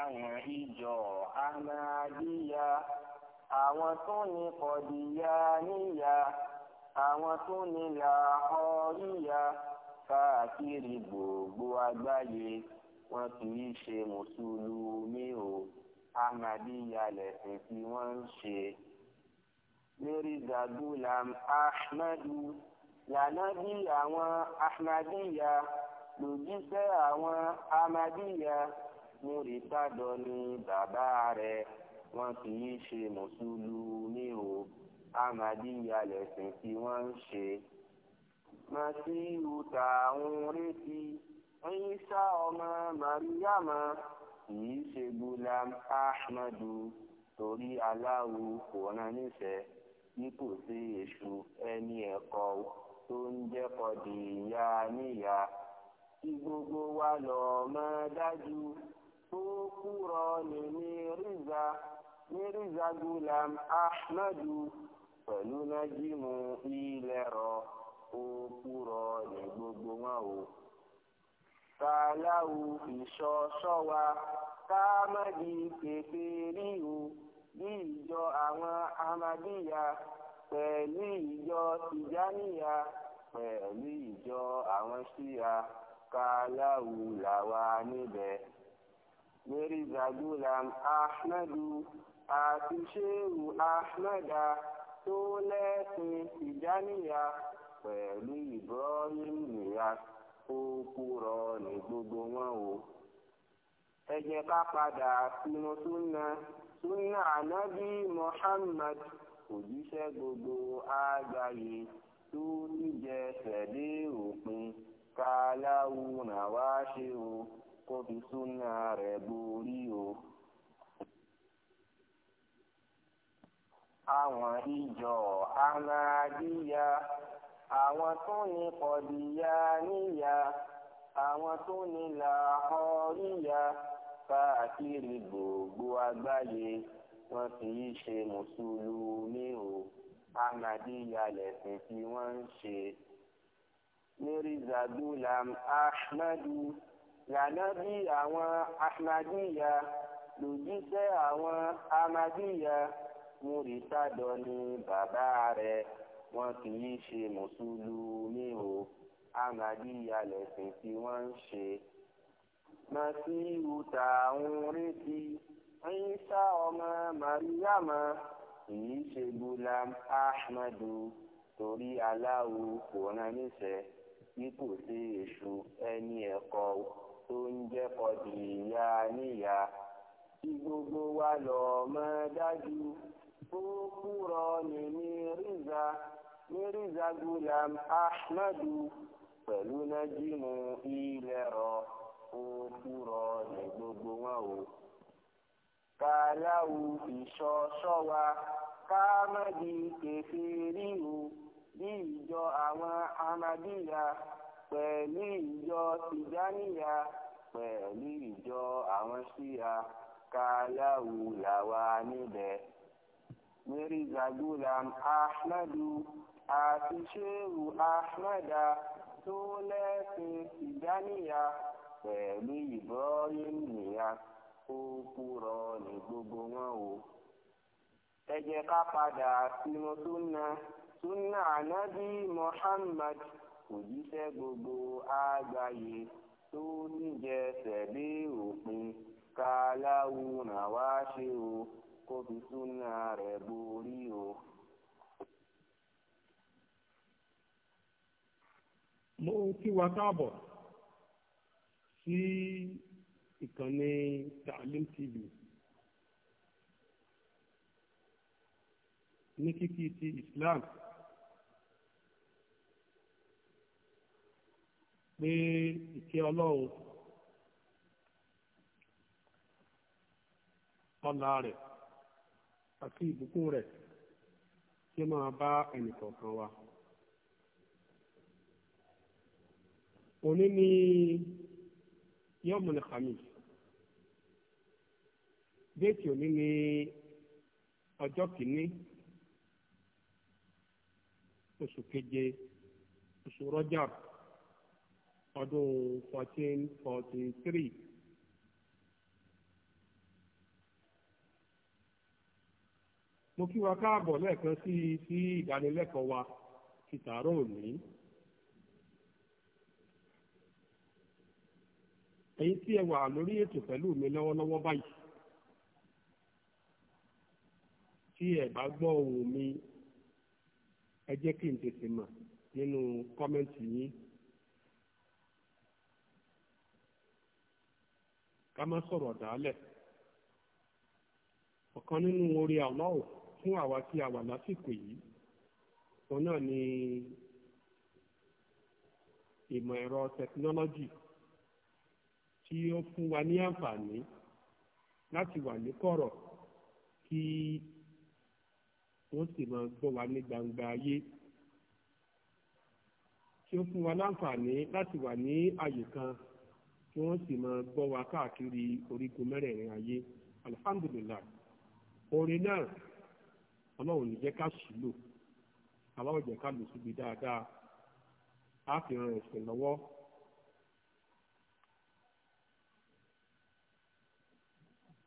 àwọn ìjọ ahmadiyya àwọn tó ní kọdíyà níyà àwọn tó ní làhọríyà káàkiri gbogbo àgbáyé wọn kì í ṣe mùsùlùmí o ahmadiyya lẹ̀sìn tí wọ́n ń ṣe. Mirza Ghulam Ahmadu lànábì àwọn ahmadiyya lòjíṣẹ́ àwọn ahmadiyya. múri gbàdọ ni bàbá rẹ̀ wọ́n kì í ṣe mùsùlùmí o amadiya lẹ̀sìn tí wọ́n ń ṣe. masihu tá à ń retí Ìsá ọmọ mariama kì í ṣe gulam ahmadu torí aláwo kò rán bí kò sí èṣù ẹni ẹ̀kọ́ tó ń jẹ́kọ̀ dìyà níyà kí gbogbo wa lọ́ọ́ mọ̀ dájú. Pókúrọ̀nì ní Ríza ní Ríza Gulam Ahmadu pẹ̀lú Nájímù Ilẹ̀rọ Pókúrọ̀nì gbogbo wọn o. Sàláwù ìṣọ́ ṣọ́wa káàmọ́dì pèpè rí o bí ìjọ àwọn amadiya pẹ̀lú ìjọ tijaniya pẹ̀lú ìjọ àwọn siya kàláwù làwa nibe. mirza gulam ahmadu àti shehu ahmada tó lẹ́sìn tìjáníyà pẹ̀lú ibrahim niyas ó kúrọ ní gbogbo wọn o ẹ jẹ́ ká padà sínú súnà súnà ànábì muhammad òjíṣẹ́ gbogbo àgbáyé tó níjẹsẹ̀ dé òpin ká láwùrán wá ṣe o. tó fi súnà rẹ̀ borí o. àwọn ìjọ ahmadiyya àwọn tó ní kọdíyà níyà àwọn tó ní làhọríyà káàkiri gbogbo àgbáyé wọn kì í ṣe mùsùlùmí o ahmadiyya lẹ̀sìn tí wọ́n ń ṣe. Mirza Ghulam Ahmadu lànà bí àwọn ahmadiyya lòjíṣẹ́ àwọn ahmadiyya múrítàdọ ni bàbá rẹ̀ wọn kì í ṣe mùsùlùmí o ahmadiyya lẹ̀sìn tí wọ́n ń ṣe. masihu tá à ń retí Ìsá ọmọ Màríyàmá kìí ṣe Gulam Ahmadu torí aláwo kò rán níṣẹ́ bí kò sí èṣù ẹni ẹ̀kọ́ o. tó ń jẹ́ kọ̀dìyà níyà tí gbogbo wa lọ mọ̀ dájú ó kúrọ ní mírízà mírízà gulam ahmadu pẹ̀lú nájímù ilẹ̀ rọ ó kúrọ ní gbogbo wọn o. kàláwù ìṣọ́ṣọ́ wa ká má kẹfẹ́ rí o bí ìjọ àwọn amadíyà. pẹ̀lú ìjọ tìjáníyà pẹ̀lú ìjọ àwọn ṣíya káláwù làwa níbẹ̀. mirza gulam ahmadu àti shehu ahmada tó lẹ́sìn tìjáníyà pẹ̀lú ibrahim nìyà ó kúrọ ní gbogbo wọn o. ẹ jẹ́ ká padà sínú súnà súnà ànábì muhammad òjíṣẹ́ gbogbo àgbáyé tó níjẹsẹ̀ dé òpin káláwù ràn wá ṣe o kó fi súnà rẹ̀ borí o. mo kí wa káàbọ̀ sí ìkànnì Taalim TV ní kíkí ti Islam. pé ìkẹ́ ọlọ́run ọlá rẹ̀ àti ìbùkún rẹ̀ kí ó máa bá ẹnìkọ̀ọ̀kan wa. òní ni yọ́mùn kàmí déètì òní ni ọjọ́ kìíní oṣù keje oṣù rọ́jà ọdún 1443. forty three. mo kí wa káàbọ̀ lẹ́ẹ̀kan sí sí ìdánilẹ́kọ̀ọ́ wa ti tàárọ̀ òní. ẹ̀yin tí ẹ wà lórí ètò pẹ̀lú mi lọ́wọ́lọ́wọ́ báyìí tí ẹ bá gbọ́ ohùn mi ẹ jẹ́ kí n tètè mọ̀ nínú kọ́mẹ́ǹtì yín. kama má sọ̀rọ̀ dálẹ̀ ọ̀kan nínú orí Allah fún àwa tí a wà lásìkò yìí òun náà ni ìmọ̀ ẹ̀rọ tẹkinọ́lọ́jì tí ó fún wa ní àǹfààní láti wà ní kọ̀rọ̀ kí wọ́n sì máa gbọ́ wa ní gbangba ayé tí ó fún wa láǹfààní láti wà ní àyè kan kí wọ́n sì máa gbọ́ wa káàkiri orígun mẹ́rẹ̀ẹ̀rin ayé alihamdulilayi orin náà ọlọ́run ní jẹ́ ká ṣìlò aláwọ̀ jẹ́ ká lò síbi dáadáa á fi ran ẹ̀sìn lọ́wọ́.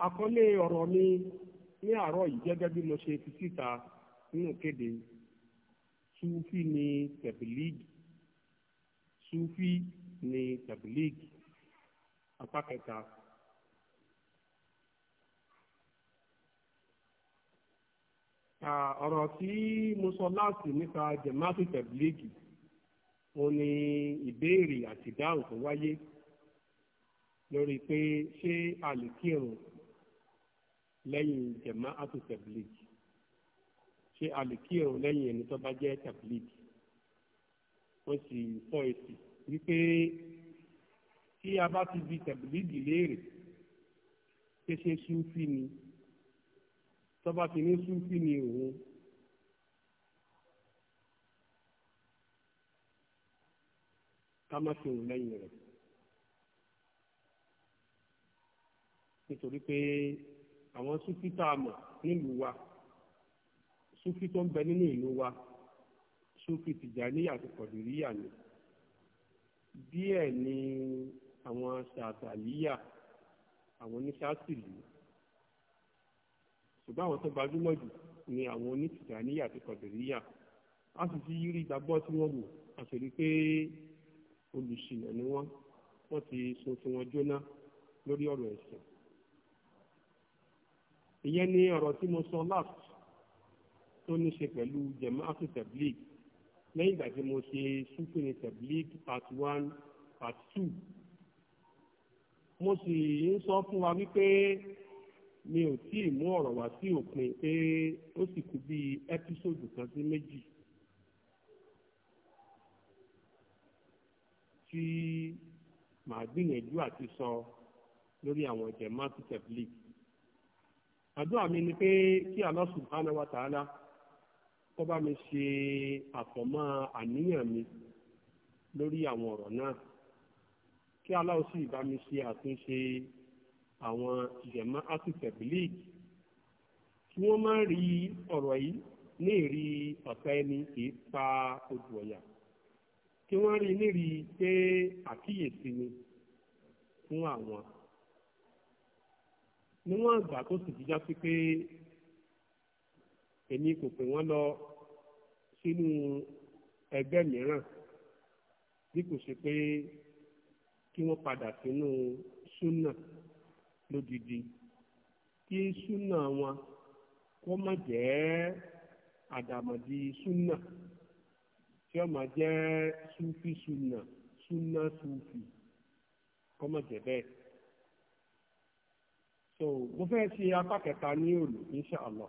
àkọlé ọ̀rọ̀ mi ní àárọ̀ yìí gẹ́gẹ́ bí mo ṣe fi síta nínú kéde sufi ni tẹ̀bílíìgì sufi ni tẹ̀bílíìgì apá kẹta. ọ̀rọ̀ tí mo sọ láti nípa jẹ̀mátì tẹ̀bílíìgì ó ní ìbéèrè àti ìdáhùn tó wáyé lórí pé ṣé a lè kírun lẹ́yìn jẹ̀mátì tẹ̀bílíìgì ṣé a lè kírun lẹ́yìn ẹni tó bá jẹ́ tẹ̀bílíìgì wọ́n sì fọ́ èsì wípé tí a bá ti bi tẹ̀bílíìgì léèrè ṣeṣe súnfì ni tọ́ba ti ní súnfì ni òun ká má ṣe òun lẹ́yìn rẹ̀ nítorí pé àwọn súnfì tá a mọ̀ nílùú wa súnfì tó ń bẹ nínú ìlú wa súnfì tìjàníyà àti kọ̀dìríyà ni díẹ̀ ni àwọn ṣàtàlíyà àwọn oníṣàṣìlú ṣùgbọ́n àwọn tó gbajúmọ̀ jù ni àwọn onítìjàníyà àti kọ̀dìríyà a sì ti rí ìgbàgbọ́ tí wọ́n wò a sì rí pé olùṣìnà ni wọ́n wọ́n ti sun tí wọ́n jóná lórí ọ̀rọ̀ ẹ̀sìn ìyẹn ni ọ̀rọ̀ tí mo sọ last tó ní ṣe pẹ̀lú jẹ̀máàtù tẹ̀blík lẹ́yìn ìgbà tí mo ṣe súnfìní tẹ̀blík part one part two mo sì ń sọ fún wa wípé mi ò tí ì mú ọ̀rọ̀ wá sí òpin pé ó sì kú bí ẹ́písòdù kan sí méjì tí màá gbìyànjú àti sọ lórí àwọn jẹ̀mátì tẹ̀blì. àdúrà mi ni pé kí Allah subhanahu wa ta'ala kó bá mi ṣe àfọ̀mọ́ àníyàn mi lórí àwọn ọ̀rọ̀ náà kí Allah sì bá mi ṣe àtúnṣe àwọn ìjẹ̀mọ́ asùtẹ̀bílíìgì kí wọ́n má rí ọ̀rọ̀ yìí ní ìrí ọ̀tá ẹni kì í pa odò ọ̀yà kí wọ́n rí nírí pé àkíyèsí ni fún àwọn níwọ̀n àgbà tó sì jíjá sí pé èmi kò pè wọ́n lọ sínú ẹgbẹ́ mìíràn bí kò ṣe pé kí wọ́n padà sínú súnà lódìdí kí súnà wọn kó má jẹ́ àdàmọ̀dì súnà tí ó máa jẹ́ súfì súnà súnà súfì kó má jẹ́ bẹ́ẹ̀. so mo fẹ́ ṣe apá kẹta ní òòlù inṣàlá.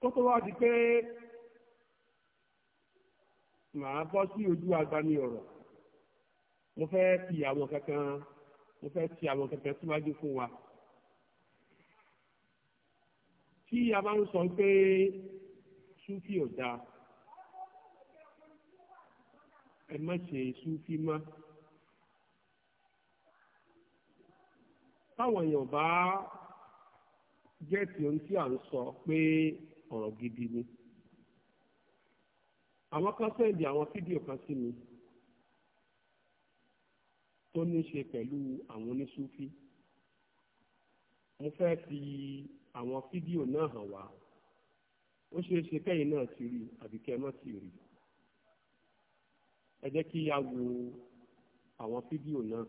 kó tó wá di pé màá bọ́ sí ojú agbani ọ̀rọ̀ mo fẹ́ ti àwọn kankan mo fẹ́ ti àwọn kankan síwájú fún wa. tí a bá ń sọ pé súfì ò dáa ẹ má ṣe súfì mọ́. táwọn èèyàn bá gẹ́ẹ̀tì ohun tí à ń sọ pé ọ̀rọ̀ gidi ni àwọn kan sẹ́ndì àwọn fídíò kan sí mi tó ní ṣe pẹ̀lú àwọn oníṣúfí mo fẹ́ fi àwọn fídíò náà hàn wá ó ṣeé ṣe kẹ́yìn náà ti rí àbí kẹ́ má ti rí ẹ jẹ́ kí a wo àwọn fídíò náà.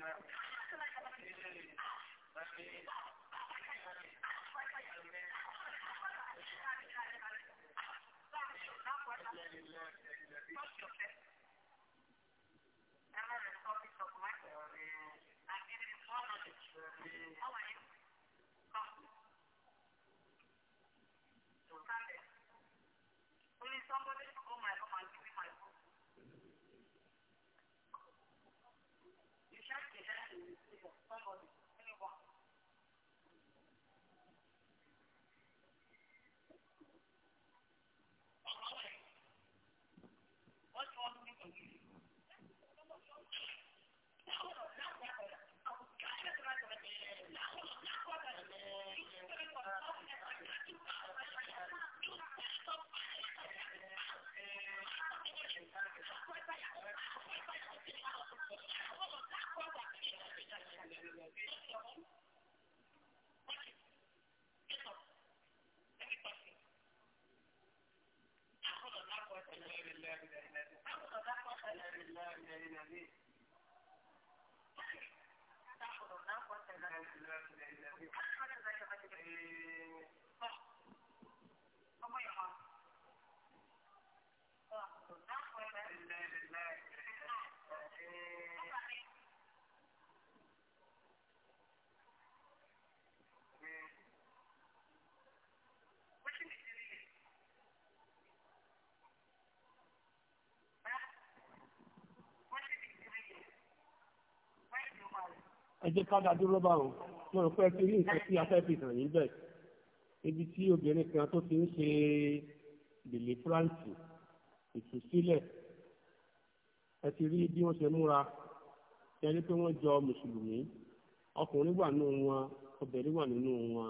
Thank you. ẹjẹ́ káàdà dúró bá wọn wọn ò fẹ́ fi rí nǹkan tí afẹ́fẹ́ hàn níbẹ̀ ibi tí obìnrin kan tó ti ń ṣe bèlè fúráǹsì ìtúsílẹ̀ ẹ ti rí bí wọ́n ṣe múra ẹni pé wọ́n jọ mùsùlùmí ọkùnrin wà nínú wọn obìnrin wà nínú wọn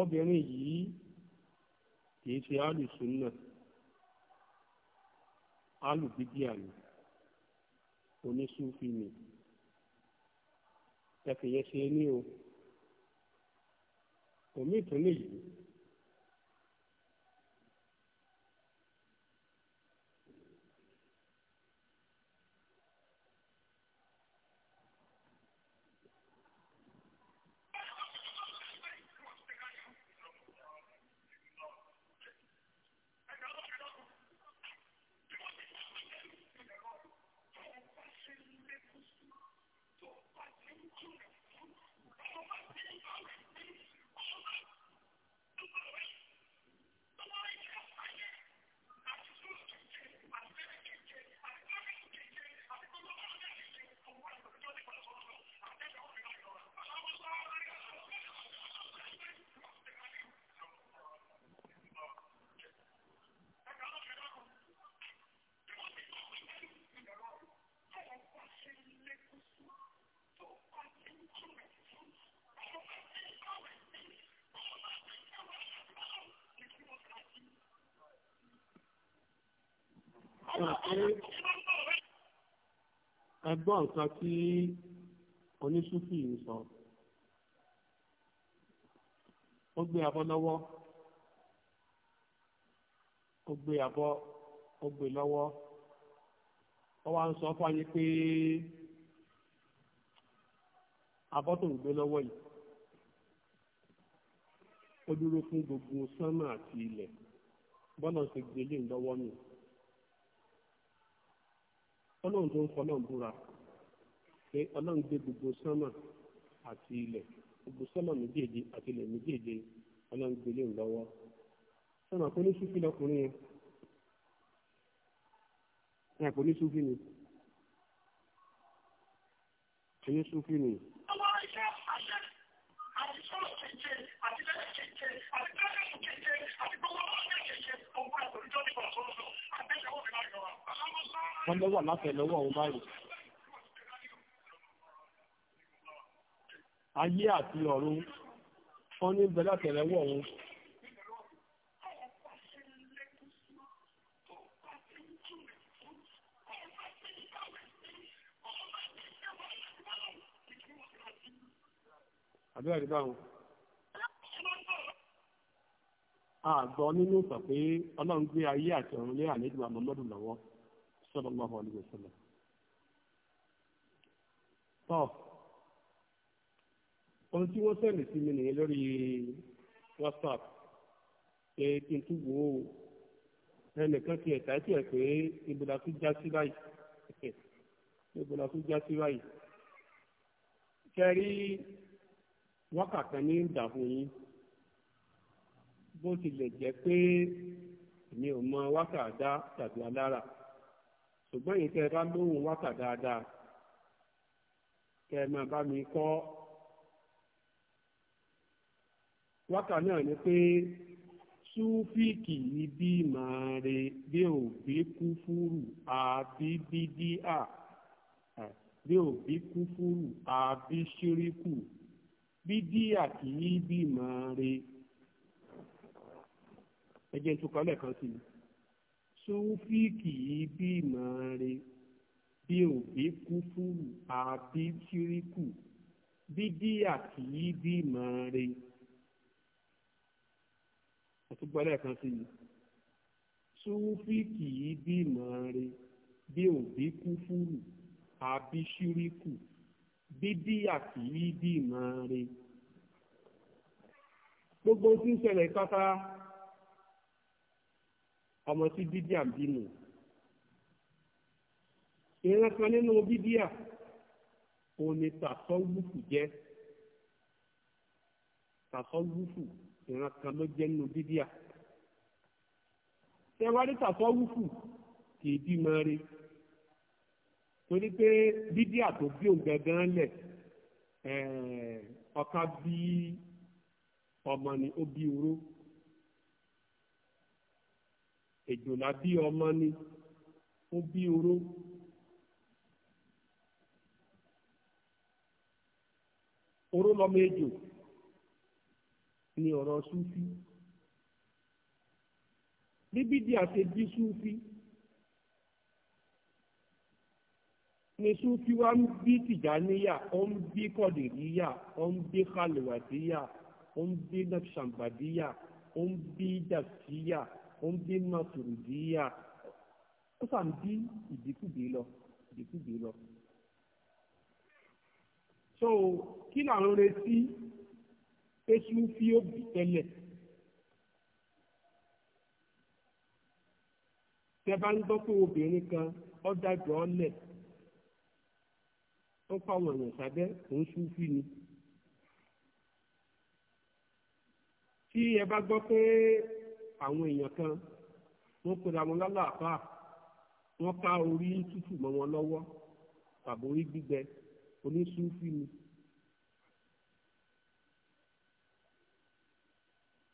obìnrin yìí kìí ṣe alùsùnà alùbídíà ni oníṣúfì ni ẹ fìyẹn ṣe é ní o òmíì tó níyìí. ẹgbọ́n nǹkan tí oníṣúfì ń sọ ó gbé abọ́ lọ́wọ́ ó gbé abọ́ ó gbé lọ́wọ́ ó wá ń sọ fáyé pé abọ́ tó ń gbé lọ́wọ́ yìí ó dúró fún gbogbo sánmà àti ilẹ̀ bọ́lá ti gbélé lọ́wọ́ nù ọlọ́run tó ń kọ́ ọlọ́run búra pé ọlọ́run gbé gbogbo sánmà àti ilẹ̀ gbogbo sánmà méjèèje àti ilẹ̀ méjèèje ọlọ́run gbé lé lọ́wọ́ sánmà kò ní súfì lọkùnrin yẹn ẹ̀ kò ní súfì ni ẹ̀yìn súfì nìyẹn. wọ́n lọ́wọ́ láfẹ́ lọ́wọ́ ọ̀hún báyìí. ayé àti ọ̀run wọ́n ní bẹ láfẹ́ lọ́wọ́ àbúrò àdúgbò àwọn àgbọ̀ nínú ìtàn pé ọlọ́run gbé ayé àti ọ̀run lé àlejò lọ́wọ́. sallallahu alaihi wasallam tọ́ ohun tí wọ́n sẹ́ndì sí mi nìyẹn lórí whatsapp pé kí n tún wò ó ẹnìkan ti ẹ̀ka tí ẹ̀ pé ìbùdó àti já sí báyìí ìbùdó àti já sí báyìí kẹrí wákàtí ní ìdààmú yín bó tilẹ̀ jẹ́ pé èmi ò mọ wákàtí dá tàbí alára ṣùgbọ́n yìí tẹ́ ẹ bá lóhùn wákà dáadáa kẹ́ ẹ máa bá mi kọ́ wákà náà ni pé súfíìkì ibi máa re bí òbí kú fúrù àbí bídíà bí òbí kú fúrù àbí ṣíríkù bídíà kì í bí máa re ẹ jẹ́ n lẹ́ẹ̀kan sí i. Súfí kìí bí màá re bí òbí kúfúrù àbí ṣíríkù bí díà kìí bí màá re. Àtúgbọ́ lẹ́ẹ̀kan sí i. Súfí kìí bí màá re bí òbí kúfúrù àbí ṣíríkù bí díà kìí bí màá re. Gbogbo tí ń ṣẹlẹ̀ pátá ọmọ tí bídíà ń bínú ìran kan nínú bídíà òun ni tàṣọ́wùfù jẹ́ tàṣọ́wùfù ìran kan ló jẹ́ nínú bídíà tẹ́wárí tàṣọ́wùfù kì í bímọ rí torí pé bídíà tó bí òun gangan lẹ̀ ọ̀ka bí ọmọ ni ó bí oró èjòlá bí ọmọ ni ó bí oró oró lọmọ ejò ni ọ̀rọ̀ súfí níbi di àti bí súfí ni súfí wa ń bí tìjàníyà ó ń bí kọ̀dìríyà ó ń bí kàlùwàdíyà ó ń bí nàṣàmbàdíyà ó ń bí dàsíyà ó ń bí màtùrùdíyà ó sàn bí ìdíkùdé lọ ìdíkùdé lọ. so kí làwọn retí esu fi ó bì tẹ́lẹ̀. tẹ bá ń gbọ́ pé obìnrin kan ó dájọ́ ọ́lẹ̀ ó fáwọn èèyàn sábẹ́ òun súnfí ni. tí ẹ bá gbọ́ pé àwọn èèyàn kan wọ́n pera wọn lálàáfà wọ́n ká orí tútù mọ́ wọn lọ́wọ́ tàbí orí gbígbẹ oníṣúfì ni.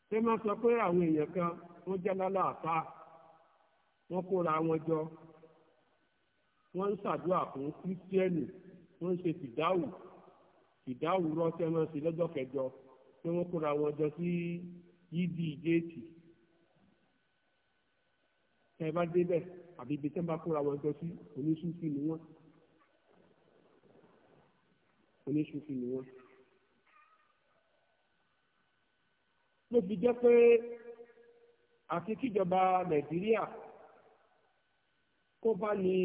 ṣé máa sọ pé àwọn èèyàn kan wọ́n jẹ́ lálàáfà wọ́n kóra wọn jọ wọ́n ń ṣàdúrà fún kírísítẹ́nì wọ́n ń ṣe fìdáwù fìdáwù rọ́ṣẹ́ máa ń ṣe lọ́jọ́ kẹjọ pé wọ́n kóra wọn jọ sí yídì géètì. tẹ ẹ bá débẹ̀ àbí ibi tẹ́ ń bá kóra wọn jọ sí oníṣúfì ni wọ́n oníṣúfì ni wọ́n. ló fi jẹ́ pé àfi kíjọba nàìjíríà kó bá ní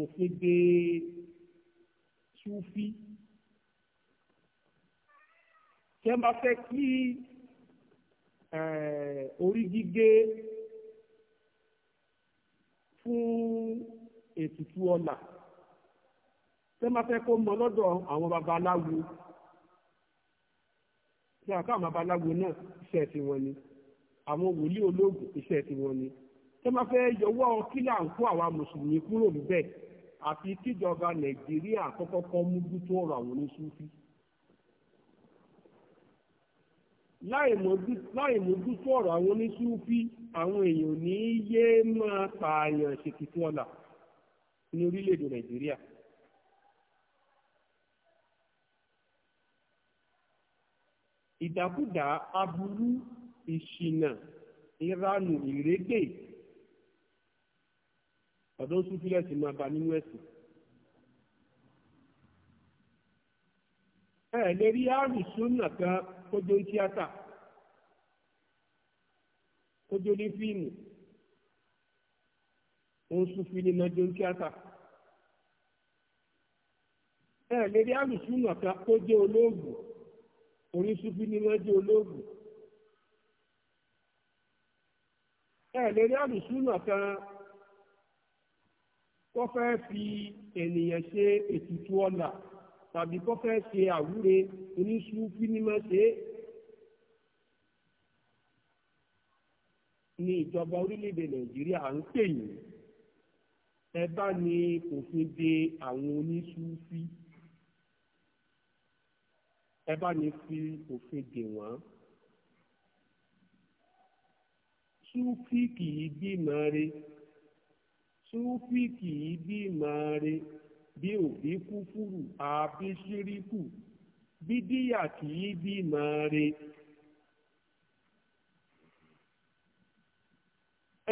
òfin de súfì tí wọ́n bá fẹ́ kí. Eh, orí gígé fún ètùtù ọlà tẹ́ máa fẹ́ kó mọ lọ́dọ̀ àwọn babaláwo tí àká àwọn babaláwo náà iṣẹ́ ti wọn ni àwọn wòlíì olóògùn iṣẹ́ ti wọn ni tẹ́ máa fẹ́ yọwọ́ kílà ń kó àwa mùsùlùmí kúrò níbẹ̀ àfi kíjọba nàìjíríà kọ́kọ́ kọ́ mú bú ọ̀rọ̀ àwọn oníṣúfì. láìmójútó ọ̀rọ̀ àwọn oníṣúfí àwọn èèyàn ní yé máa pààyàn ṣèkìtì ọ̀la ní orílẹ̀-èdè nàìjíríà. ìdàkúdà aburú ìṣìnà ìranù ìrégbè ọ̀dọ́ sùfílẹ̀ sì máa bá nínú ẹ̀sìn. ẹ lè rí àrùsúnà kan kójó ní tíátà kójó ní fíìmù òun sufi ní mọjó ní tíátà ẹ lè rí àrùsúnà kan kójó olóògùn orí sufi ní mọjó olóògùn ẹ lè rí àrùsúnà kan kó fẹ́ fi ènìyàn ṣe ètùtù ọ̀la tàbí kó fẹ́ ṣe àwúre oníṣúfí ní máa ṣe é ní ìjọba orílẹ̀-èdè nàìjíríà à ń pè yín ẹ bá ní òfin de àwọn oníṣúfí ẹ bá ní fi òfin dè wọ́n súfí kì í bí màá re súfí kì í bí màá re bí òbí kúfúrù àbí ṣíríkù bídíyà kì í bímọ re.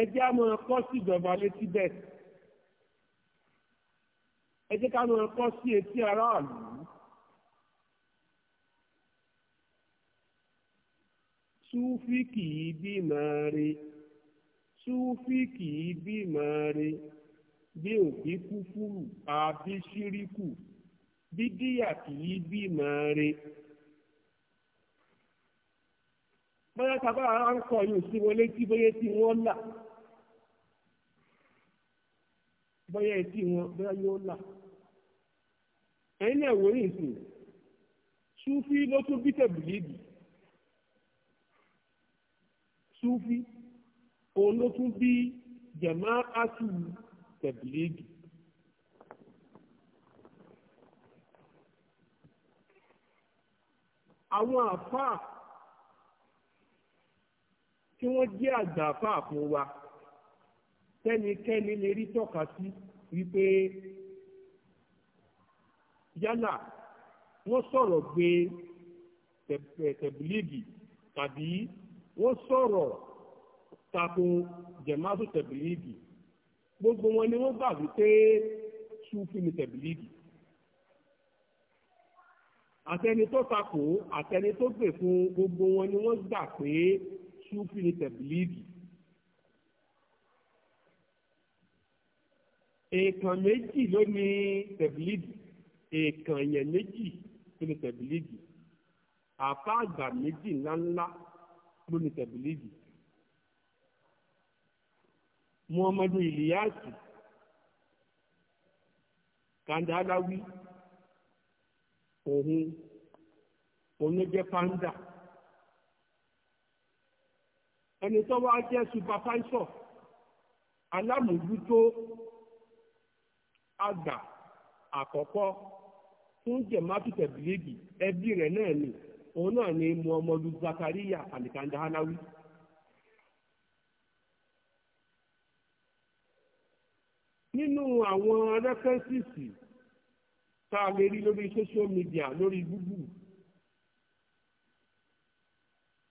ẹ jẹ́ á máa kọ́ sí ìjọba létí bẹ́ẹ̀ ẹ jẹ́ ká máa kọ́ sí etí aráàlú. Súfí kì í bímọ re. Súfí kì í bímọ re bí ò bí kúfúrù àbí ṣíríkù bí díyà kì í bí màá re. bóyá tàbá a ń kọ yóò sí wọn létí bóyá tí wọ́n là bóyá etí wọn bóyá yóò là ẹ̀yin náà wòye ìsìn súfí ló tún bí tẹ̀bìlìgì súfí òun ló tún bí jẹ̀má ásùwù tẹ̀bílíìgì àwọn àfáà tí wọ́n jẹ́ àgbà àfáà fún wa tẹ́nikẹ́ni lè rí tọ́ka sí wípé yálà wọ́n sọ̀rọ̀ gbé tẹ̀bílíìgì tàbí wọ́n sọ̀rọ̀ tako jẹ̀mátò tẹ̀bílíìgì gbogbo wọn ni wọ́n gbà wípé ṣúfì ní tẹ̀bílìgì àtẹni tó takò àtẹni tó gbè fún gbogbo wọn ni wọ́n gbà pé ṣúfì ní tẹ̀bílìgì èèkàn méjì ló ní tẹ̀bílìgì èèkàn yẹn méjì ló ní tẹ̀bílìgì àfa àgbà méjì ńláńlá ló ní tẹ̀bílìgì. muhammadu iliyasi kandalawi òun oníjẹ panda ẹni tó wá jẹ supervisor alámòójútó àgbà àkọ́kọ́ fún jẹ̀mátù tẹ̀bílẹ́gì ẹbí rẹ̀ náà ni òun náà ni muhammadu zakariya alikandahalawi. nínú àwọn rẹ́fẹ́rẹ́sìsì tá a lè rí lórí social media lórí Google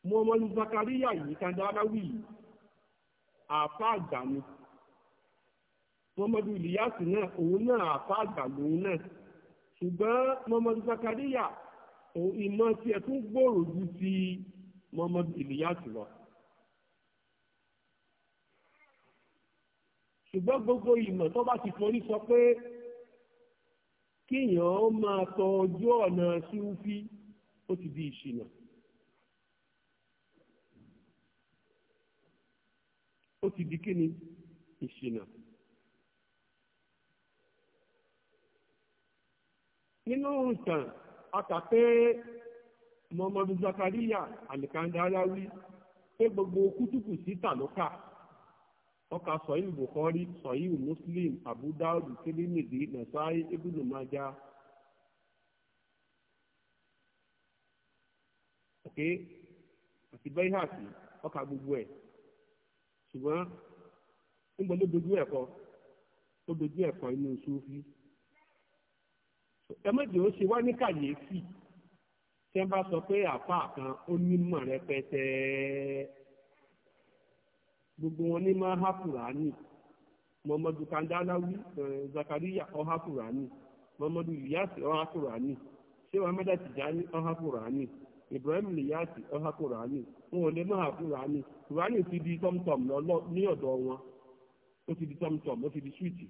Muhammadu Zakariya yìí Kandarawi àfa àgbà ni Muhammadu Ilyas náà òun náà àfa àgbà lòun náà ṣùgbọ́n Muhammadu Zakariya ìmọ̀ tiẹ̀ tún gbòòrò ju ti Muhammadu Ilyas lọ. ṣùgbọ́n gbogbo ìmọ̀ tó bá ti forí sọ pé kíyàn ó máa tọ ojú ọ̀nà súnfí ó ti di ìṣìnà ó ti di kíni ìṣìnà nínú ìtàn àtàpẹ́ Muhammadu Zakariya Alikandarawi pé gbogbo kútùkù síta ló kà ọkà sọ̀yìn bukhari sọ̀yìn muslim abu dawud tirimidi nasai ibn maja òkè àti bayhati ọkà gbogbo ẹ̀ ṣùgbọ́n nígbà ló dojú ẹ̀kọ́ ó dojú ẹ̀kọ́ inú sufi ẹ méjì ó ṣe wá ní kàyéfì tí wọ́n bá sọ pé àfa kan ó nímọ̀ rẹpẹtẹ gbogbo wọn ní máa há kùránì muhammadu kandalawi eh, zakariya ọha kùránì muhammadu iyasi ọha kùránì ṣé muhammadu tijani ọha kùránì ibrahim iyasi ọha kùránì wọn ò lè máa há kùránì kùránì ti di tọ́mtọ́m lọ́lọ́ ní ọ̀dọ̀ wọn ó ti di tọ́mtọ́m ó ti di súwìtì.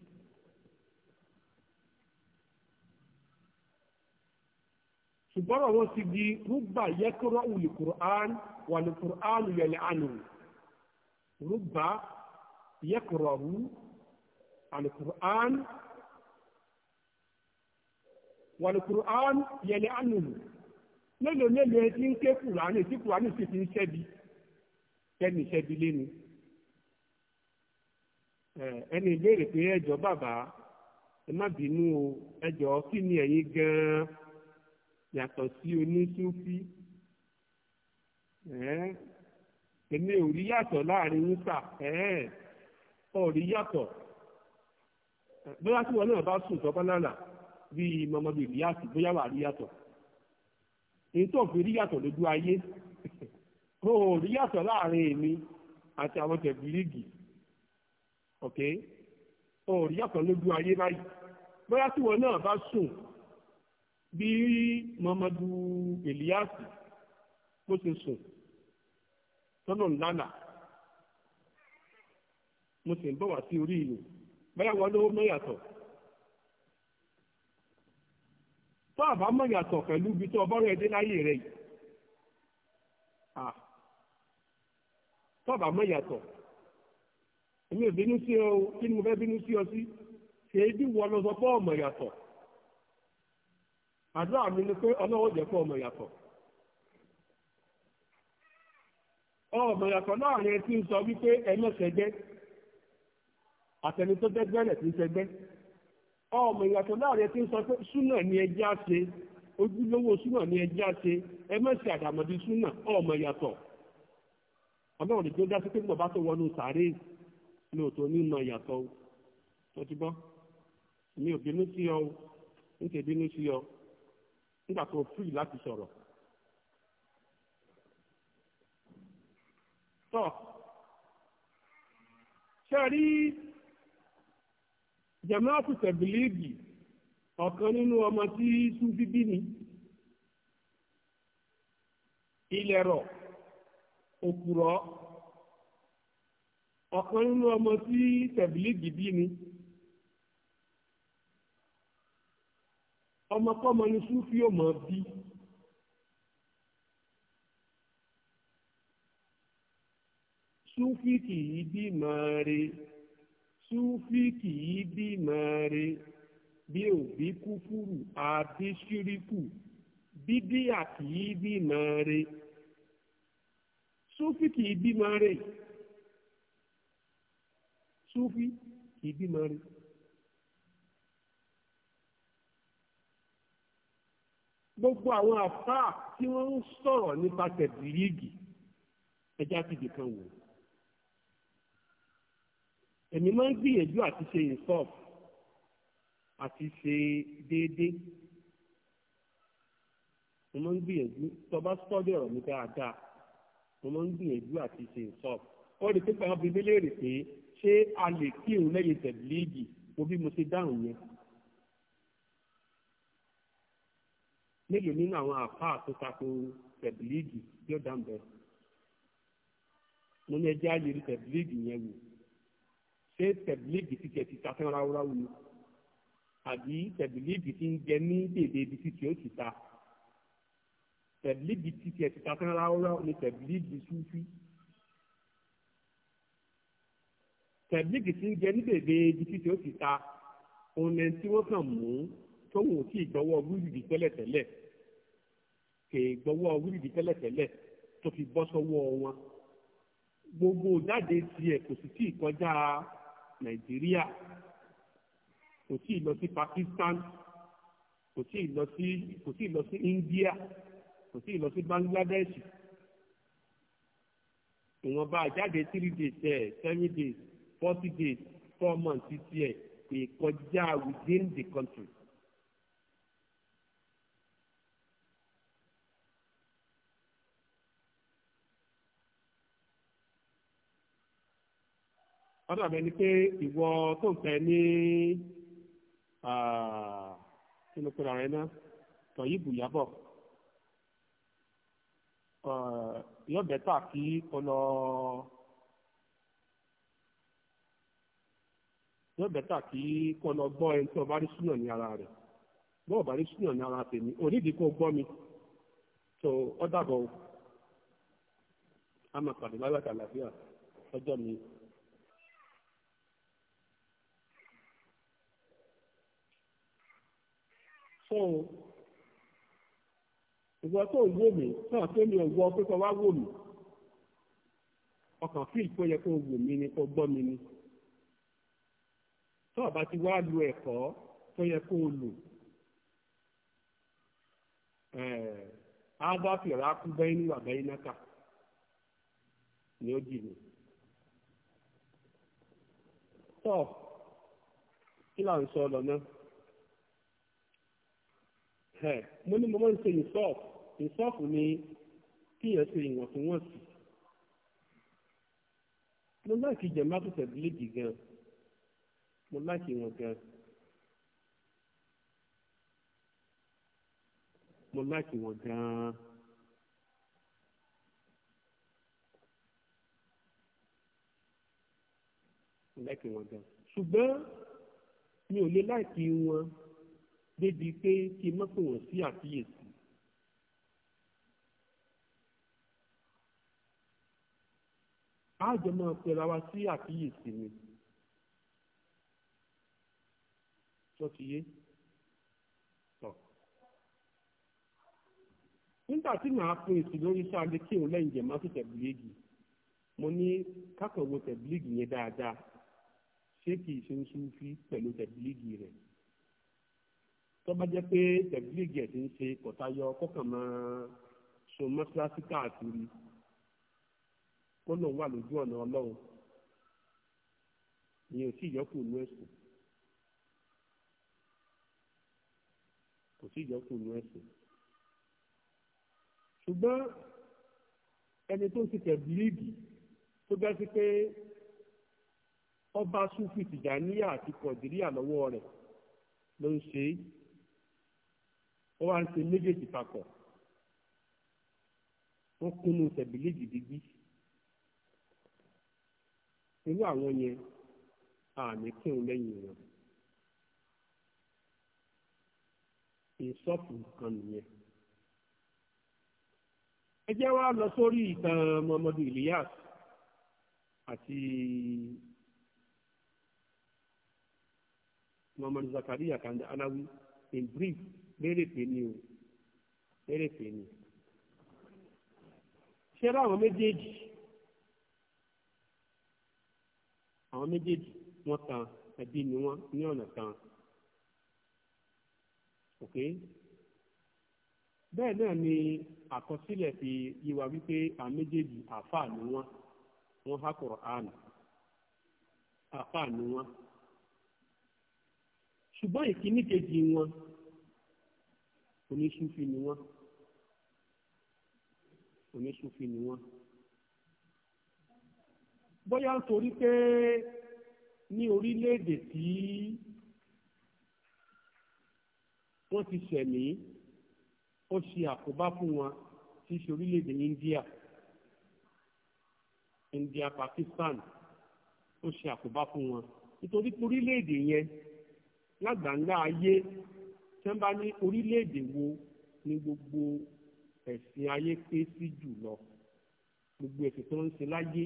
ṣùgbọ́n àwọn ti di rúgbà yẹ́kọ́rọ́ òlì kùránì wà ní kùránì yẹ̀lẹ́ ànú. رب يقرأ القرآن والقرآن يلعنه mélòó mélòó ẹ ti ń ké kùránì tí kùránì sì ti ń ṣẹ́bi ẹni ṣẹ́bi lẹ́nu ẹni ìbéèrè pé ẹjọ́ bàbá ẹ má bínú o ẹjọ́ kí ni ẹ̀yin gan-an yàtọ̀ sí oníṣúfí èmi ò rí yàtọ̀ láàrin wúta ẹ̀ẹ́n ò rí yàtọ̀ bóyá tí wọn náà bá sùn tọ́ bánánà bíi mọmọdé rí yàtọ̀ bóyá wà rí yàtọ̀ èyí tó fi rí yàtọ̀ lójú ayé ò rí yàtọ̀ láàrin èmi àti àwọn tẹ̀bílíìgì ok ò rí yàtọ̀ lójú ayé báyìí bóyá tí wọn náà bá sùn bí mọmọdé Èlíyàsì bó ṣe sùn. tọ́lọ̀ ńlánà mo sì ń bọ̀ wá sí orí ìlú báyà wọn lówó mọ́ tó àbá pẹ̀lú ibi tó ọbọ̀rọ̀ ẹdẹ láyé rẹ̀ yìí tó àbá èmi ò bínú ọ kí ni mo fẹ́ bínú sí ọ sí ṣe é bí wọn lọ sọ pé ọmọ ìyàtọ̀ láàrin tí ń sọ wípé ẹlẹ́sẹ̀gbẹ́ àtẹni tó dẹ́gbẹ́ rẹ̀ tí ń sẹgbẹ́ ọmọ ìyàtọ̀ láàrin tí ń sọ pé súnà ní ẹjẹ́ á ojúlówó súnà ní ẹjẹ́ á ṣe súnà ọmọ ìyàtọ̀ ọlọ́run tó dá sí pé bàbá tó wọnú ọ ọ nígbà tó láti tọ́ ṣe rí jamaatu tẹ̀bílíìgì ọ̀kan nínú ọmọ tí súnfí bí ni ilẹ̀rọ̀ òkùrọ̀ ọ̀kan nínú ọmọ tí tẹ̀bílíìgì bí ni ọmọkọ́mọ ni súnfí ò mọ̀ bí. súfì kì í bímọ re súfì kì í bímọ re bí òbí kúfúrù àbí ṣíríkù bídíà kì í bímọ re súfì kì í bímọ re súfì kì í bímọ re. gbogbo àwọn àfáà tí wọ́n ń sọ̀rọ̀ nípa tẹ̀bílíìgì ẹja ti dìkan wò ó èmi máa ń gbìyànjú àti ṣe insop àti ṣe déédéé mo máa ń gbìyànjú tó bá sọ́dí ọ̀rọ̀ mi dáadáa mo máa ń gbìyànjú àti ṣe insop ó rí pípa ọbẹ̀ mi léèrè pé ṣé a lè kírun lẹ́yìn tẹ̀bílíìgì mo bí mo ṣe dáhùn yẹn. mélòó nínú àwọn àfáà tó tako tẹ̀bílíìgì yóò dáhùn bẹ́ẹ̀ mo ní ẹjẹ́ àyè tẹ̀bílíìgì yẹn wò ṣé tẹ̀bílíìgì ti jẹ ti ta fẹ́ ráúráú ni àbí tẹ̀bílíìgì ti ń jẹ ní dèdè ibi tí tí ó ti ta tẹ̀bílíìgì ti jẹ ti ta fẹ́ ráúráú ni tẹ̀bílíìgì súfí tẹ̀bílíìgì ti ń jẹ ní dèdè ibi tí tí ó ti ta òun tí wọ́n kàn mú tóun ò tí ì gbọ́wọ́ wíìlì tẹ́lẹ̀tẹ́lẹ̀ kè é gbọ́wọ́ wíìlì tẹ́lẹ̀tẹ́lẹ̀ tó fi bọ́ sọ́wọ́ wọn gbogbo jáde tiẹ̀ kò sì tí ì kọjá nàìjíríà kò tí ì lọ sí pakistan kò tí ì lọ sí kò tí ì lọ sí india kò tí ì lọ sí bangladesh ìwọ̀nba àjáde three days ẹ̀ eh, seven days forty days four months ti tiẹ̀ kò kọjá within the country. wọ́n ga ni pé ìwọ tó ń tẹ ní nínú pẹ̀lú tọ náà tọ̀yí bùyábọ̀ yóò kí o lọ yóò bẹ́tà kí kó lọ gbọ́ ẹni tó bá rí súnà ní ara bọ́ọ̀ bá rí súnà ara tèmi onídìí gbọ́ mi tó ọ́ dàbọ̀ o a máa pàdé ọjọ́ mi. fún o ìwọ tó ń wò mí náà tó ní wá wò mí ọkàn tó wò mí ni kó mi ni tó ti wá lu tó yẹ kó lò eh, kú ni ó dì kí là ń sọ ọ lọ náà. mo ní mo máa ń ṣe ìsọ́ọ̀fù ìsọ́ọ̀fù ni kíyàn ṣe ìwọ̀ntúnwọ̀nsì mo láìkí jẹ̀má tó tẹ̀bílẹ̀dì gan mo láìkí wọn gan mo láìkí wọn gan. mo láìkí wọn gan ṣùgbọ́n mi ò lè láìkí wọn débi pé kí n mọ́pẹ̀ wọ́n sí àkíyèsí. àjọ máa wa sí àkíyèsí ni. sọ́tìyé. nígbà tí màá pin èsì lórí sáadé kí òun lẹ́yìn jẹ̀mọ́ sí tẹ̀bílíìgì mo ní kákọ̀wé tẹ̀bílíìgì yẹn dáadáa ṣé kìí ṣe ń súnfí pẹ̀lú tẹ̀bílíìgì rẹ̀ tó bá jẹ́ pé tẹ̀gbílìgì ẹ̀ ti ń ṣe kọ̀tayọ kọ́kàn máa so mọ́ṣáláṣí káàkiri kó lòun wà lójú ọ̀nà ọlọ́run ìyẹn ò tí ìyọkù inú ẹ̀sìn kò tí ìyọkù inú ẹ̀sìn ṣùgbọ́n ẹni tó ń ti tẹ̀gbílìgì tó bá sí pé ọba sufi tìjàníyà àti kọ̀dìríà lọ́wọ́ rẹ̀ ló ń ṣe é wọ́n wá ń ṣe méjèèjì papọ̀ wọ́n kúnnú tẹ̀bílì gidigidi irú àwọn yẹn àmì kírun lẹ́yìn wọn ìsọ́pù kan nìyẹn. ẹ jẹ́ wá lọ sórí ìtàn Muhammadu Ilyas àti Muhammadu Zakaria Kanda Alawi in brief. lérè pé ni o lérè pé ni ṣé àwọn méjèèjì àwọn méjèèjì wọ́n tan ẹbí ni wọ́n ní ọ̀nà kan ok bẹ́ẹ̀ náà ni àkọsílẹ̀ fi yíwa wípé àwọn méjèèjì àfáà ni wọ́n wọ́n há àná. àfáà ni wọ́n ṣùgbọ́n ìkíní kejì wọn oníṣúfì ni wọ́n oníṣúfì ni wọ́n bóyá nítorí pé ní orílẹ̀-èdè tí wọ́n ti ṣẹ̀mí ó ṣe àkóbá fún wọn tí í ṣe orílẹ̀-èdè India India Pakistan ó ṣe àkóbá fún wọn nítorí orílẹ̀-èdè yẹn lágbàńlá ayé tí wọ́n bá ní orílẹ̀-èdè wo ni gbogbo ẹ̀sìn ayé pé sí jù lọ gbogbo ẹ̀sìn tó ń ṣe láyé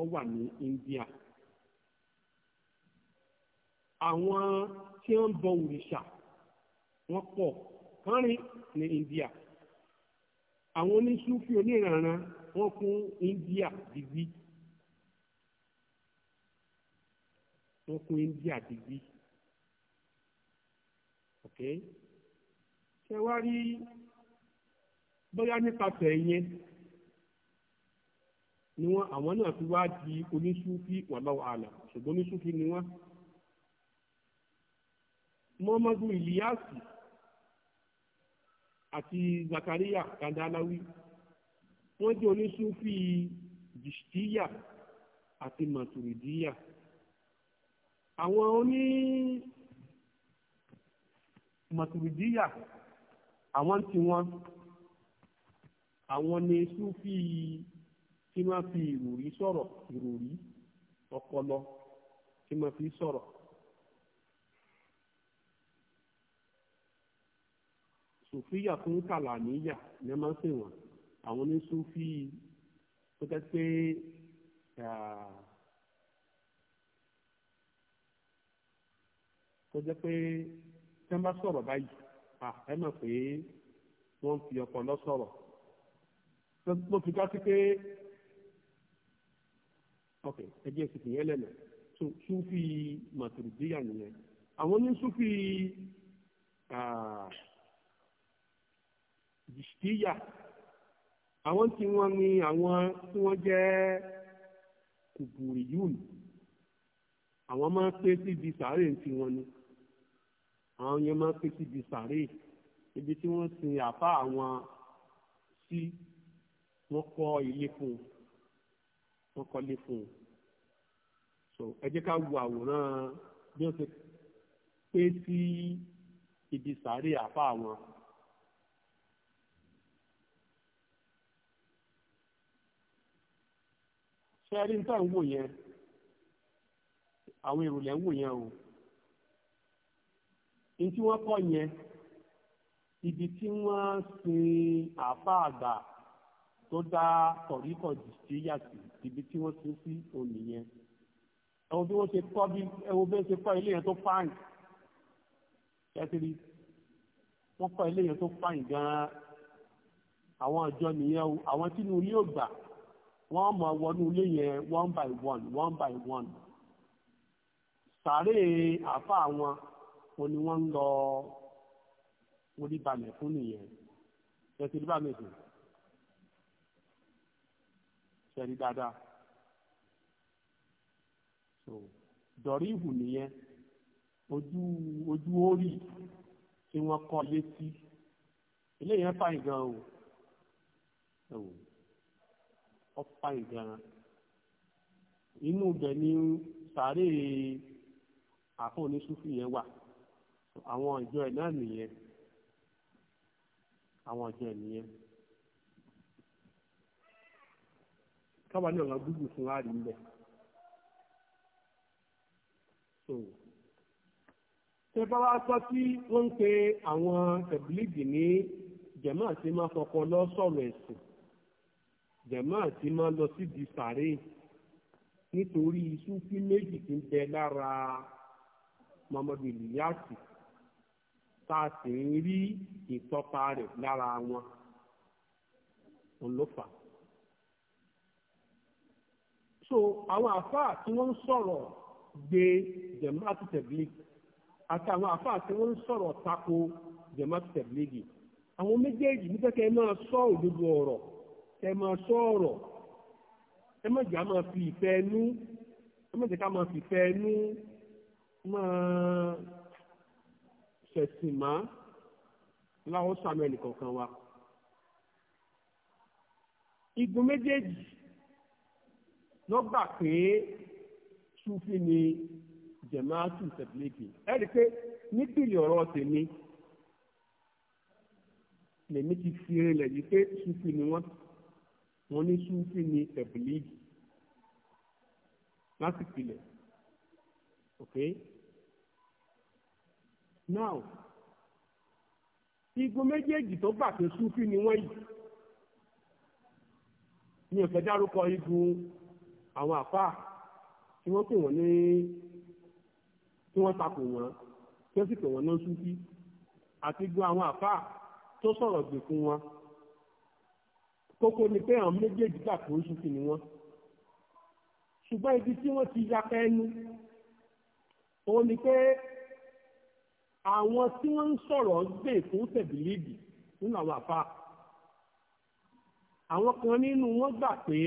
ó wà ní India àwọn tí wọ́n ń bọ òrìṣà wọ́n pọ̀ kánrin ní India àwọn oníṣúfì oníranran wọ́n fún India digbí wọ́n fún India digbí ṣe wá rí bóyá nípasẹ̀ ìyẹn ni wọn àwọn náà fi wá di oníṣúfí wàláwà àlà ṣùgbọ́n oníṣúfí ni wọ́n. Muhammadu Iliyasi àti Zakaria Kandalawi wọ́n jẹ́ oníṣúfí jìṣtíyà àti màtùrìdíyà. Àwọn oní mọ̀tìrìdíyà àwọn tí wọ́n àwọn ni súfì tí wọ́n fi ìròrí sọ̀rọ̀ ìròrí ọpọlọ tí wọ́n fi sọ̀rọ̀. sùfíyà tó ń kàlà níyà ní máa ń sìn wọn àwọn ní sùfí tó jẹ́ pé tó jẹ́ pé tí wọ́n bá sọ̀rọ̀ báyìí à ẹ mọ̀ pé wọ́n ń fi ọpọlọ sọ̀rọ̀ ló fi dá sí pé ok ẹjẹ sì fìyẹn lẹ́nu súfì màtìrìdíyà nìyẹn àwọn ní súfì jìṣìdíyà àwọn tí wọ́n ní àwọn tí wọ́n jẹ́ kùbùrìyùn àwọn máa ń pé síbi sàárè ń tiwọn ni àwọn yẹn máa ń pè síbi sàárè ibi tí wọ́n sin àfa àwọn sí wọ́n kọ́ ilé fún un wọ́n kọ́lé fún un so ẹ jẹ́ ká wo àwòrán bí wọ́n ṣe pé sí ibi sàárè àfa àwọn. ṣé ẹ rí nítorí wò yẹn àwọn èrò lẹ́ ń wò yẹn o ní tí wọ́n kọ́ yẹn ibi tí wọ́n sin àfa àgbà tó dá kọ̀ríkọ̀ jìṣẹ́yà sí ibi tí wọ́n sin sí òní yẹn ẹ̀wọ̀n bí wọ́n ṣe kọ́ bí ẹ̀wọ̀n bí wọ́n ṣe kọ́ ilé yẹn tó fáìn kẹ́tìrì wọ́n kọ́ ilé yẹn tó fáìn gan-an àwọn àjọ nìyẹn o àwọn tínú ilé ò gbà wọ́n mọ̀ wọnú ilé yẹn one by one one by one sàárè àfa àwọn ó ní wọ́n ń lọ oníbàmẹ̀ fún nìyẹn ṣẹ́tì oníbàmẹ̀ fún ṣẹ́ni dáadáa so dọ̀rí ìhù nìyẹn ojú ojú orí tí wọ́n kọ́ létí eléyìí ń fàyè gan o ẹ̀wò ọ fàyè gan inú ibẹ̀ ni sàárè àfọ̀ oníṣúfì yẹn wà. àwọn ìjọ ẹ̀ náà nìyẹn àwọn ìjọ ẹ̀ nìyẹn káwa ní ọ̀nà fún wa rí bá wá sí wọ́n pe àwọn tẹ̀bílíìgì ní jẹ̀mọ́ àti máa fọkọ lọ sọ̀rọ̀ ẹ̀sìn jẹ̀mọ́ àti máa lọ sí di sàárè nítorí súfí méjì ti ń bẹ lára tá a sì ń rí ìtọ́pa rẹ̀ lára wọn òun ló fà. so àwọn àfáà tí wọ́n ń sọ̀rọ̀ gbé jẹ̀mátì tẹ̀blígì àtàwọn àfáà tí wọ́n ń sọ̀rọ̀ tako jẹ̀mátì tẹ̀blígì àwọn méjèèjì ní pé kẹ́ ẹ máa sọ òdodo ọ̀rọ̀ kẹ́ ẹ máa sọ ọ̀rọ̀ ẹ má jẹ́ ká máa fi ìfẹ́ ẹnu ẹ má jẹ́ ká máa fi ìfẹ́ ẹnu máa ṣẹ̀sìn má láwọn sàmì ẹnìkọ̀ọ̀kan wa. igun méjèèjì ló gbà pé ṣúfì ni jẹ̀máàtù tẹ̀bílẹ́kì ẹ rí i pé nípìnlẹ̀ ọ̀rọ̀ tèmi lèmi ti fi rinlẹ̀ yìí pé ṣúfì ni wọ́n wọ́n ní ṣúfì ni tẹ̀bílẹ́kì láti pilẹ̀. Okay? now igun méjèèjì tó gbà pé súfì ni wọ́n yìí mi ò fẹ́ dárúkọ igun àwọn àfáà tí wọ́n pè wọ́n ní tí wọ́n takò wọ́n tí wọ́n sì pè wọ́n ní súfì àti igun àwọn àfáà tó sọ̀rọ̀ gbè fún wọn kókó ni pé àwọn méjèèjì gbà pé súfì ni wọ́n ṣùgbọ́n ibi tí wọ́n ti yapa ẹnu òun ni pé àwọn tí wọ́n ń sọ̀rọ̀ gbè fún tẹ̀bílíìgì nínú àwọn àfa àwọn kan nínú wọn gbà pé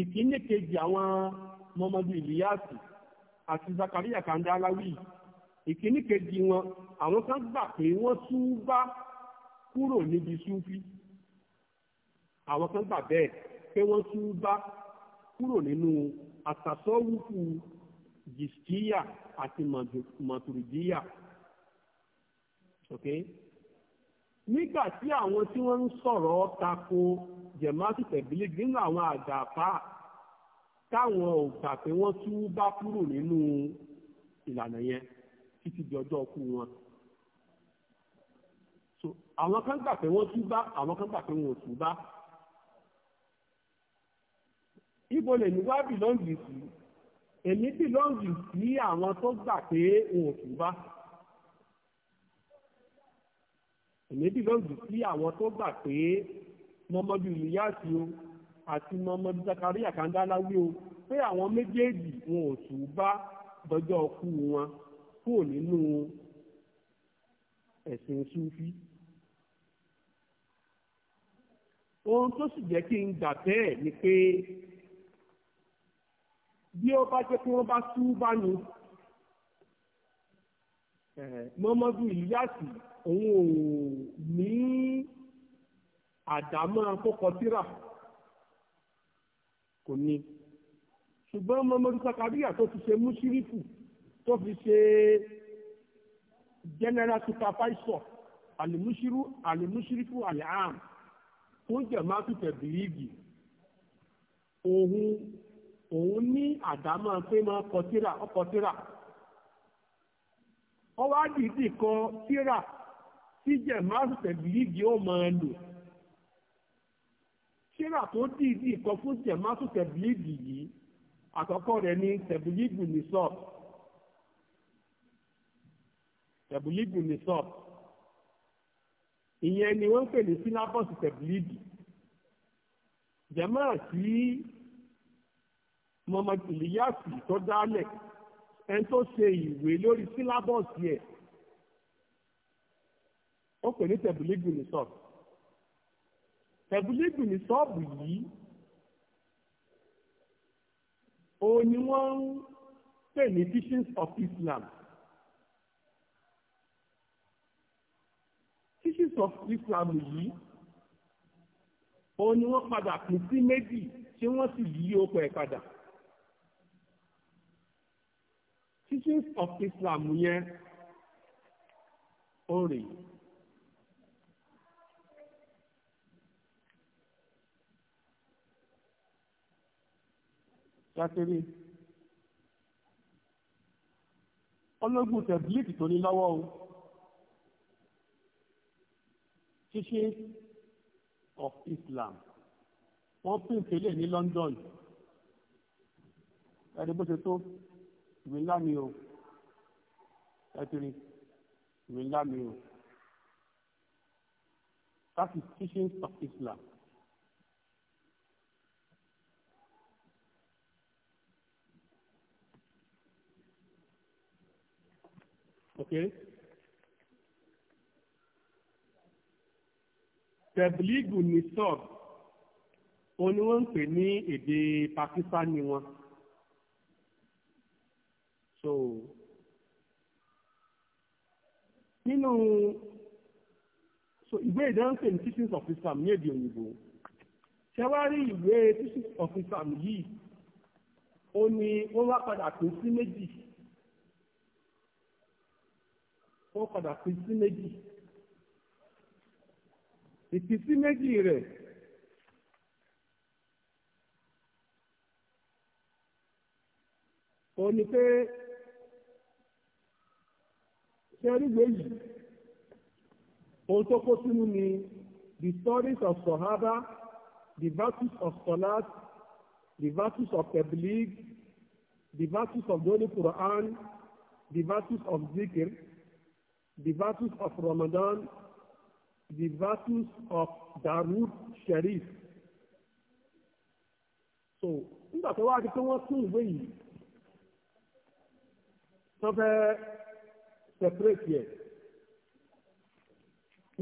ìkíní kejì àwọn mọmọdé ìlíyàsì àti Zakaria Kandalawi ìkíní kejì wọn àwọn kan gbà pé wọ́n tún bá kúrò níbi súfí àwọn kan gbà bẹ́ẹ̀ pé wọ́n tún bá kúrò nínú àtàsọ́wùkù jìstíyà àti màtùrìdíyà ok nígbà tí àwọn tí wọ́n ń sọ̀rọ̀ tako jẹ̀mátì tẹ̀bílì nínú àwọn àgbàfà táwọn ò gbà pé wọ́n tú bá kúrò nínú ìlànà yẹn títí di ọjọ́ ọkú wọn so àwọn kan gbà pé wọ́n tú bá àwọn kan gbà pé wọn ò tú bá ibo lè ní wá bìlọ́ǹgì sí èmi bìlọ́ǹgì sí àwọn tó gbà pé wọn ò bá. èmébì lòdì sí àwọn tó gbà pé mọmọdù ìlíyàsí o àti mọmọdù zakaria kandaláwí o pé àwọn méjèèjì wọn ò tù ú bá dọjọ́ ọkú wọn kúrò nínú ẹ̀sìn súfí ohun tó sì jẹ́ kí n gbà bẹ́ẹ̀ ni pé bí ó bá jẹ́ pé wọ́n bá tú bá ní mọ́mọ́dún ìlíyàsí òun ò ní àdámọ́ akókọtíra kò ní ṣùgbọ́n Muhammadu Zakaria tó fi ṣe mùsírìfù tó fi ṣe general supervisor alimusiru alimusirifu aliam fún jẹ̀mátù tẹ̀bìlìgì òun òun ní àdámọ́ pé máa kọ tíra ọkọ tíra ọwọ́ àdìdì kọ tíra tí jẹ̀máàsì tẹ̀bílíìgì ó máa lò ṣíra tó dìídì ìkọ fún jẹ̀máàsì tẹ̀bílíìgì yìí àkọ́kọ́ rẹ̀ ní tẹ̀bílíìgì ní sọ́ọ̀b tẹ̀bílíìgì ní sọ́ọ̀b ìyẹn ni wọ́n ń pè ní sílábọ̀sì tẹ̀bílíìgì jẹ̀máàsì mọ̀mọ́tìlíyàsì tó dálẹ̀ ẹni tó ṣe ìwé lórí sílábọ̀sì ẹ̀ ó pè ní tẹ̀bùlígù ní sọ́ọ̀bù tẹ̀bùlígù ní sọ́ọ̀bù yìí òun ni wọ́n ń pè ní teachings of Islam teachings of Islam yìí òun ni wọ́n padà pín sí méjì tí wọ́n sì yí ọkọ ẹ̀ padà. teachings of Islam yẹn ó rèé. ṣàkéré ológun tẹ̀bílìkì tó ní lọ́wọ́ o ṣíṣe of Islam wọ́n pín ìpele ní London ẹni bó ṣe tó ìwé ńlá mi o ẹtìrì ìwé ńlá mi o that is teachings of Islam okay tẹ̀blígù ní sọ́ọ̀bù òun ni wọ́n ń pè ní èdè pakistani wọn so nínú so ìwé ìdánsè ní teachings of Islam ní èdè òyìnbó ṣẹwárí ìwé teachings of Islam yìí ó ní wọ́n wá padà pín sí méjì wọ́n padà pín sí méjì ìpín sí méjì rẹ̀ ó ní pé ṣẹ́rígbé yìí ohun tó kó sínú ni the stories of Sahaba the virtues of Salat the virtues of Tabligh the virtues of the Holy Quran the virtues of Zikr the virtues of Ramadan, the virtues of Dawood Sharif. So, nígbà tó wá di pé wọ́n tún ìwé yìí, wọ́n fẹ́ separate yẹ.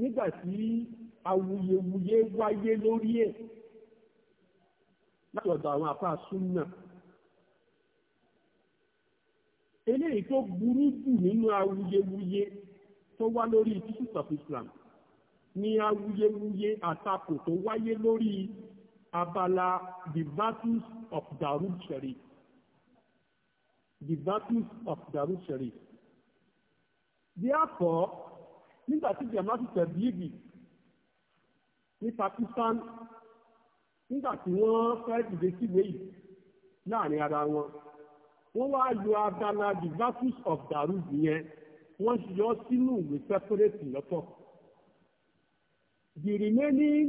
Nígbà tí awuyewuye wáyé lórí ẹ̀ láti ọ̀dọ̀ àwọn àfáà súnmọ̀. Eléyìí tó burú jù nínú awuyewuye tó wá lórí Jesus of Islam ní awuyewuye àtakò tó wáyé lórí abala the virtues of Darul Sharif the virtues of Darul Sharif. Therefore, nígbà tí Jamaat Tablighi ní Pakistan nígbà tí wọ́n fẹ́ dìde síwèé yìí láàrin ara wọn wọ́n wá yọ abala the virtues of Darul yẹn wọ́n yọ sínú ìwé sẹ́pẹ́rẹ́tì lọ́tọ̀. the remaining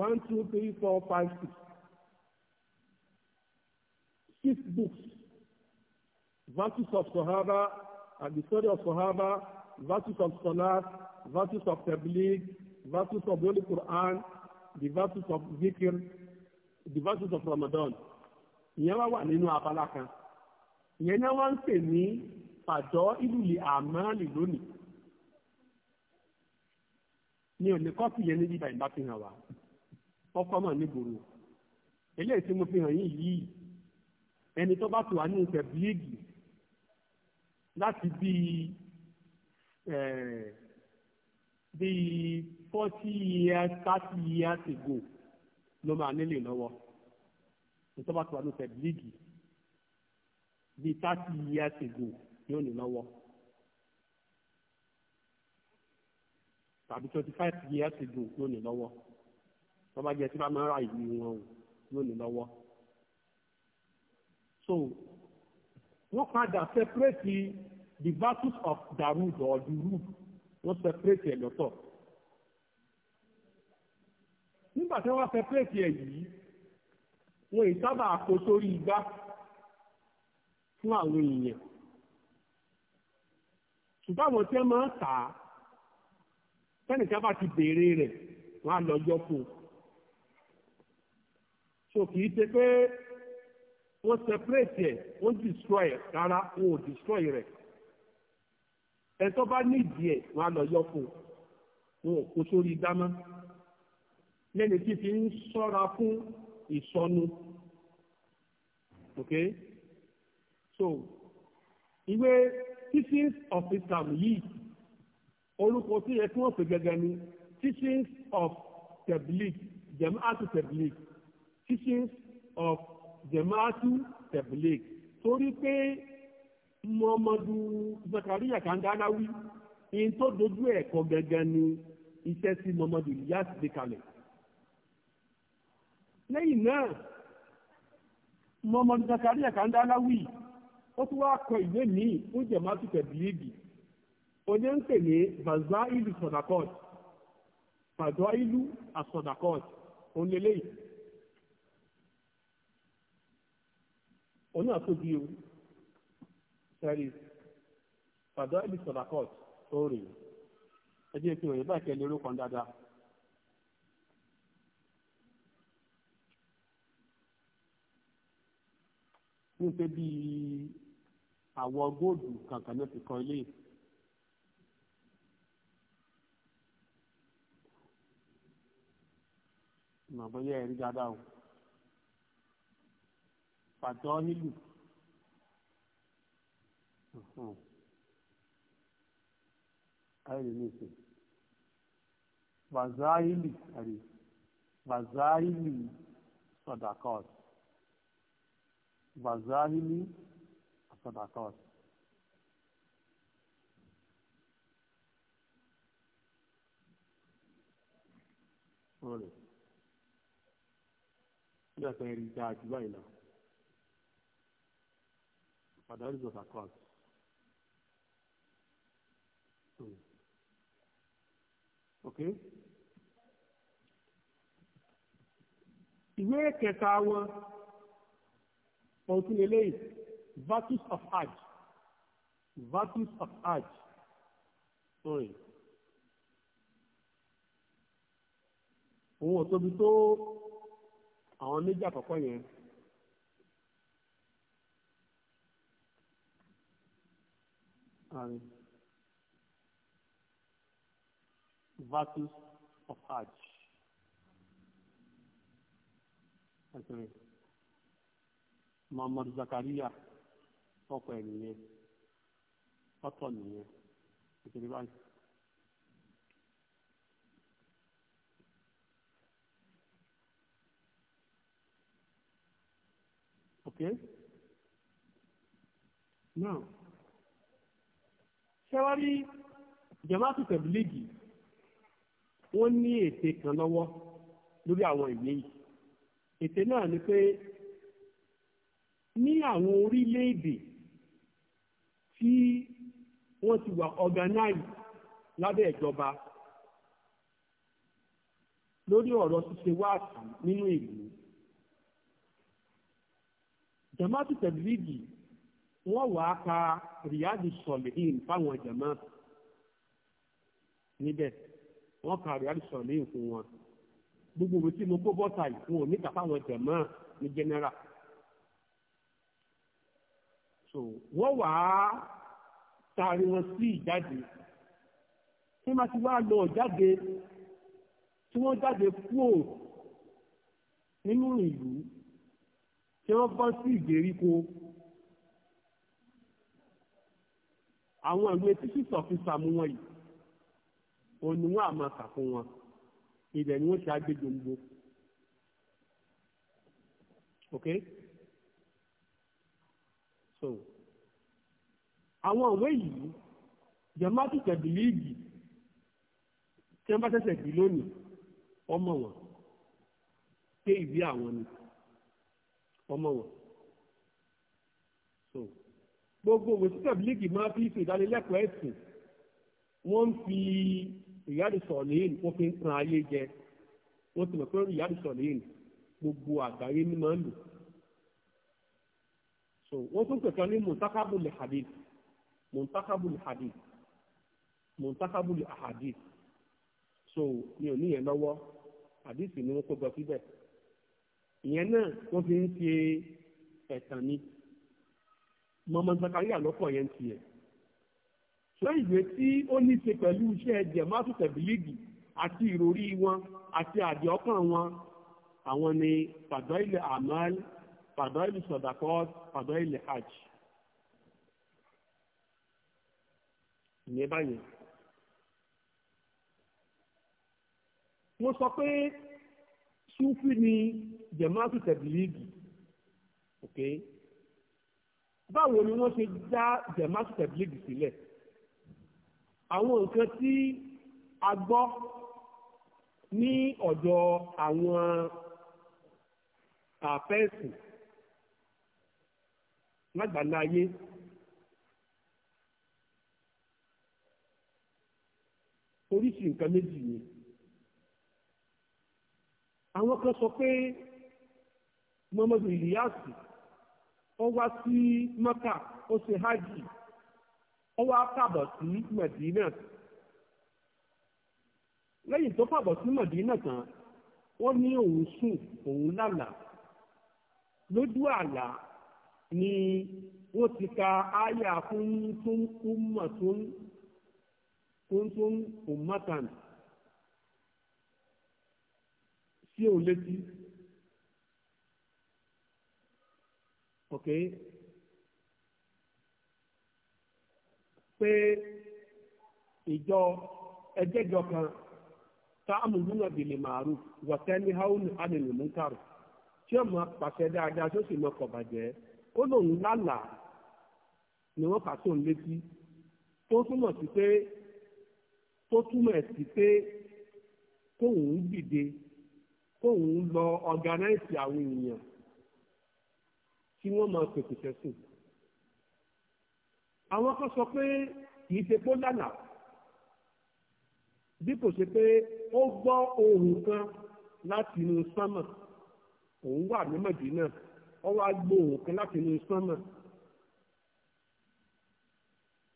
one two three four five six six books virtues of sahaba and the story of sahaba virtues of salat virtues of tabligh virtues of holy quran the virtues of zikr the virtues of ramadan ìyẹn wá wà nínú abala kan ìyẹn náà wá ń pè ní pàjọ́ ìlúlẹ̀ àmọ́lì lónìí ni ò ní kọ́pì yẹn níbi ìbàyìn bá fi hàn wá ọkọ̀ mọ̀ nígboro eléyìí tí mo fi hàn yín yìí ẹni tó bá ti wà nínú tẹ̀bílíìgì láti bíi bíi forty years thirty years ago ló máa nílè lọ́wọ́ ẹni tó bá ti wà nínú tẹ̀bílíìgì bíi thirty years ago. yóò ní lọ́wọ́ tàbí twenty five years ago yóò ní lọ́wọ́ tó bá jẹ́ tí bá máa ń ra ìlú wọn o yóò ní lọ́wọ́ so wọ́n padà separate the battles of darud or durud wọ́n separate ẹ̀ lọ́tọ̀ nígbà tí wọ́n separate ẹ̀ yìí wọ́n ì sábà kó sórí igbá fún àwọn èèyàn. ṣùgbọ́n àwọn tí wọ́n máa ń tà á tẹ́nìkan bá ti béèrè rẹ̀ wọ́n á lọ yọ fún un. so kì í ṣe pé wọ́n separate ẹ̀ wọ́n destroy ẹ̀ rárá wọn ò destroy rẹ̀ ẹ̀ tó bá nídìí ẹ̀ wọ́n á lọ yọ fún un wọn ò kó sórí dámá lẹ́ni tí fi ń ṣọ́ra fún ìsọnù ok so ìwé teachings of Islam yìí orúkọ tí yẹ kí wọ́n pè gẹ́gẹ́ ni teachings of tabligh jamaatu tabligh teachings of jamaatu tabligh torí pé muhammadu zakariya kandalawi in tó dojú ẹ̀kọ́ gẹ́gẹ́ ni iṣẹ́ tí muhammadu yas gbé kalẹ̀ lẹ́yìn náà muhammadu zakariya kandalawi ó tún wáá kọ ìwé míì fún jẹ̀mátì tẹ̀bílíìbì oní ń pè ní bàzá ìlú sọ̀dàkọ́t bàzá ìlú àsọ̀dàkọ́t òun lélẹ́yìí òun náà tóbi o sẹ́rí bàzá ìlú sọ̀dàkọ́t ó rè é ẹjẹ́ fi hàn yín báyìí kẹ́lẹ́ orúkọ dáadáa. ní pé bíi àwọ̀ góòdù kankan náà fi kan ilé yìí. ìmọ̀bọ́ yẹ ẹ̀rí dáadáa o pàtó nílù ayé ní ìsìn vazaili ẹ̀rí vazaili sọ̀dàkọ́t vazaili. صدقات ọ̀rẹ́ ní àtẹ ẹ̀rí dáa jù báyìí lọ pàdánù zakat hmm. ok ìwé kẹta wọn ọ̀tún eléyìí virtues of Hajj virtues of Hajj sorry òun ò tóbi tó àwọn méjì àkọ́kọ́ yẹn virtues of Hajj. Muhammad Zakaria fọ́kọ ẹ̀ nìyẹn ọ̀tọ̀ nìyẹn ìpínlẹ̀ báyìí. okay now ṣẹ́wárí jamaatu tẹ̀bílíìgì wọ́n ní ète kan lọ́wọ́ lórí àwọn ìwé yìí ète náà ni pé ní àwọn orílẹ̀-èdè tí wọ́n ti wà organize lábẹ́ ìjọba lórí ọ̀rọ̀ ṣíṣe wáàsí nínú ìlú jamaatu tẹ̀lígì wọ́n wàá ka riyadu sọ̀lẹ́hìn fáwọn jama níbẹ̀ wọ́n ka riyadu sọ̀lẹ́hìn fún wọn gbogbo òwe tí mo kó bọ́ta yìí fún òní kà fáwọn jama ní general so wọ́n wà á taari wọn sí ìjáde tí wọ́n ti wá lọ jáde tí wọ́n jáde kúò nínú ìlú tí wọ́n bọ́ sí ìgbèríko àwọn ìwé títí sọ̀fíìsà mú wọn yìí òun ni wọ́n àmọ́ kà fún wọn ibẹ̀ ni wọ́n ti agbègbè ń gbó okay so àwọn ìwé yìí jamaatu tẹ̀bílíìgì tí wọ́n bá tẹ̀sẹ̀ bí lónìí ọmọ wọn pé ìwé ni ọmọ wọn so gbogbo òwe tí ma fi ṣe ìdánilẹ́kọ̀ọ́ ẹ̀sìn wọ́n ń fi ìyáàdì sọ̀rọ̀ yìí fi ń tan ayé jẹ wọ́n ti gbogbo àgbáyé ni máa so wọ́n tún pèkan ní muntakabul hadith muntakabul hadith muntakabul ahadith so mi ò níyẹn lọ́wọ́ hadith ni wọ́n kó gbọ́ síbẹ̀ ìyẹn náà wọ́n fi ń ṣe ẹ̀tàn ni mọ̀mọ́ zakaria lọ́pọ̀ yẹn ti yẹ ṣé ìwé tí ó ní ṣe pẹ̀lú iṣẹ́ ẹ̀jẹ̀ mátù tẹ̀bílíìgì àti ìròrí wọn àti àdìọ́kàn wọn àwọn ni fàdọ́ ilẹ̀ àmàlẹ́ fàdọ́ìlì sọ̀dàkọ́ fàdọ́ìlì hajj ìyẹn báyìí mo sọ pé súfì ni jẹ̀máàtù tẹ̀bìlìgì ok báwo ni wọ́n ṣe dá jẹ̀máàtù tẹ̀bìlìgì sílẹ̀ àwọn nǹkan tí a gbọ́ ní ọ̀dọ̀ àwọn àfẹ́sìn lágbàlá ayé oríṣi nǹkan méjì ni àwọn kan sọ pé Muhammadu Iliyasi ó wá sí Maka ó ṣe hajj ó wá kàbọ̀ sí Madina lẹ́yìn tó kàbọ̀ sí Madina tán wọ́n ní òun sùn òun lálàá lójú àlá ni wọ́n ti ka àyà kuntum si kuntum ummatan sí òun létí. ok pé ìjọ ẹgbẹ́jọ kan ta'muruna bil ma'ruf wa tanhauna 'anil munkar tí ó mọ pàṣẹ dáadáa tó sì mọ kọ̀ ó lòun lálàá ni wọ́n kà sóun létí tó túmọ̀ sí pé tó túmọ̀ sí pé kóun dìde kóun lọ ọ̀gánáìsì àwọn èèyàn tí wọ́n máa pèpè sẹ́sìn. àwọn kan sọ pé kì í ṣe pé ó lálàá bí kò ṣe pé ó gbọ́ ohùn kan láti inú sámà òun wà ní Mẹ̀dínà ó wá gbóhùn kan láti inú sánmà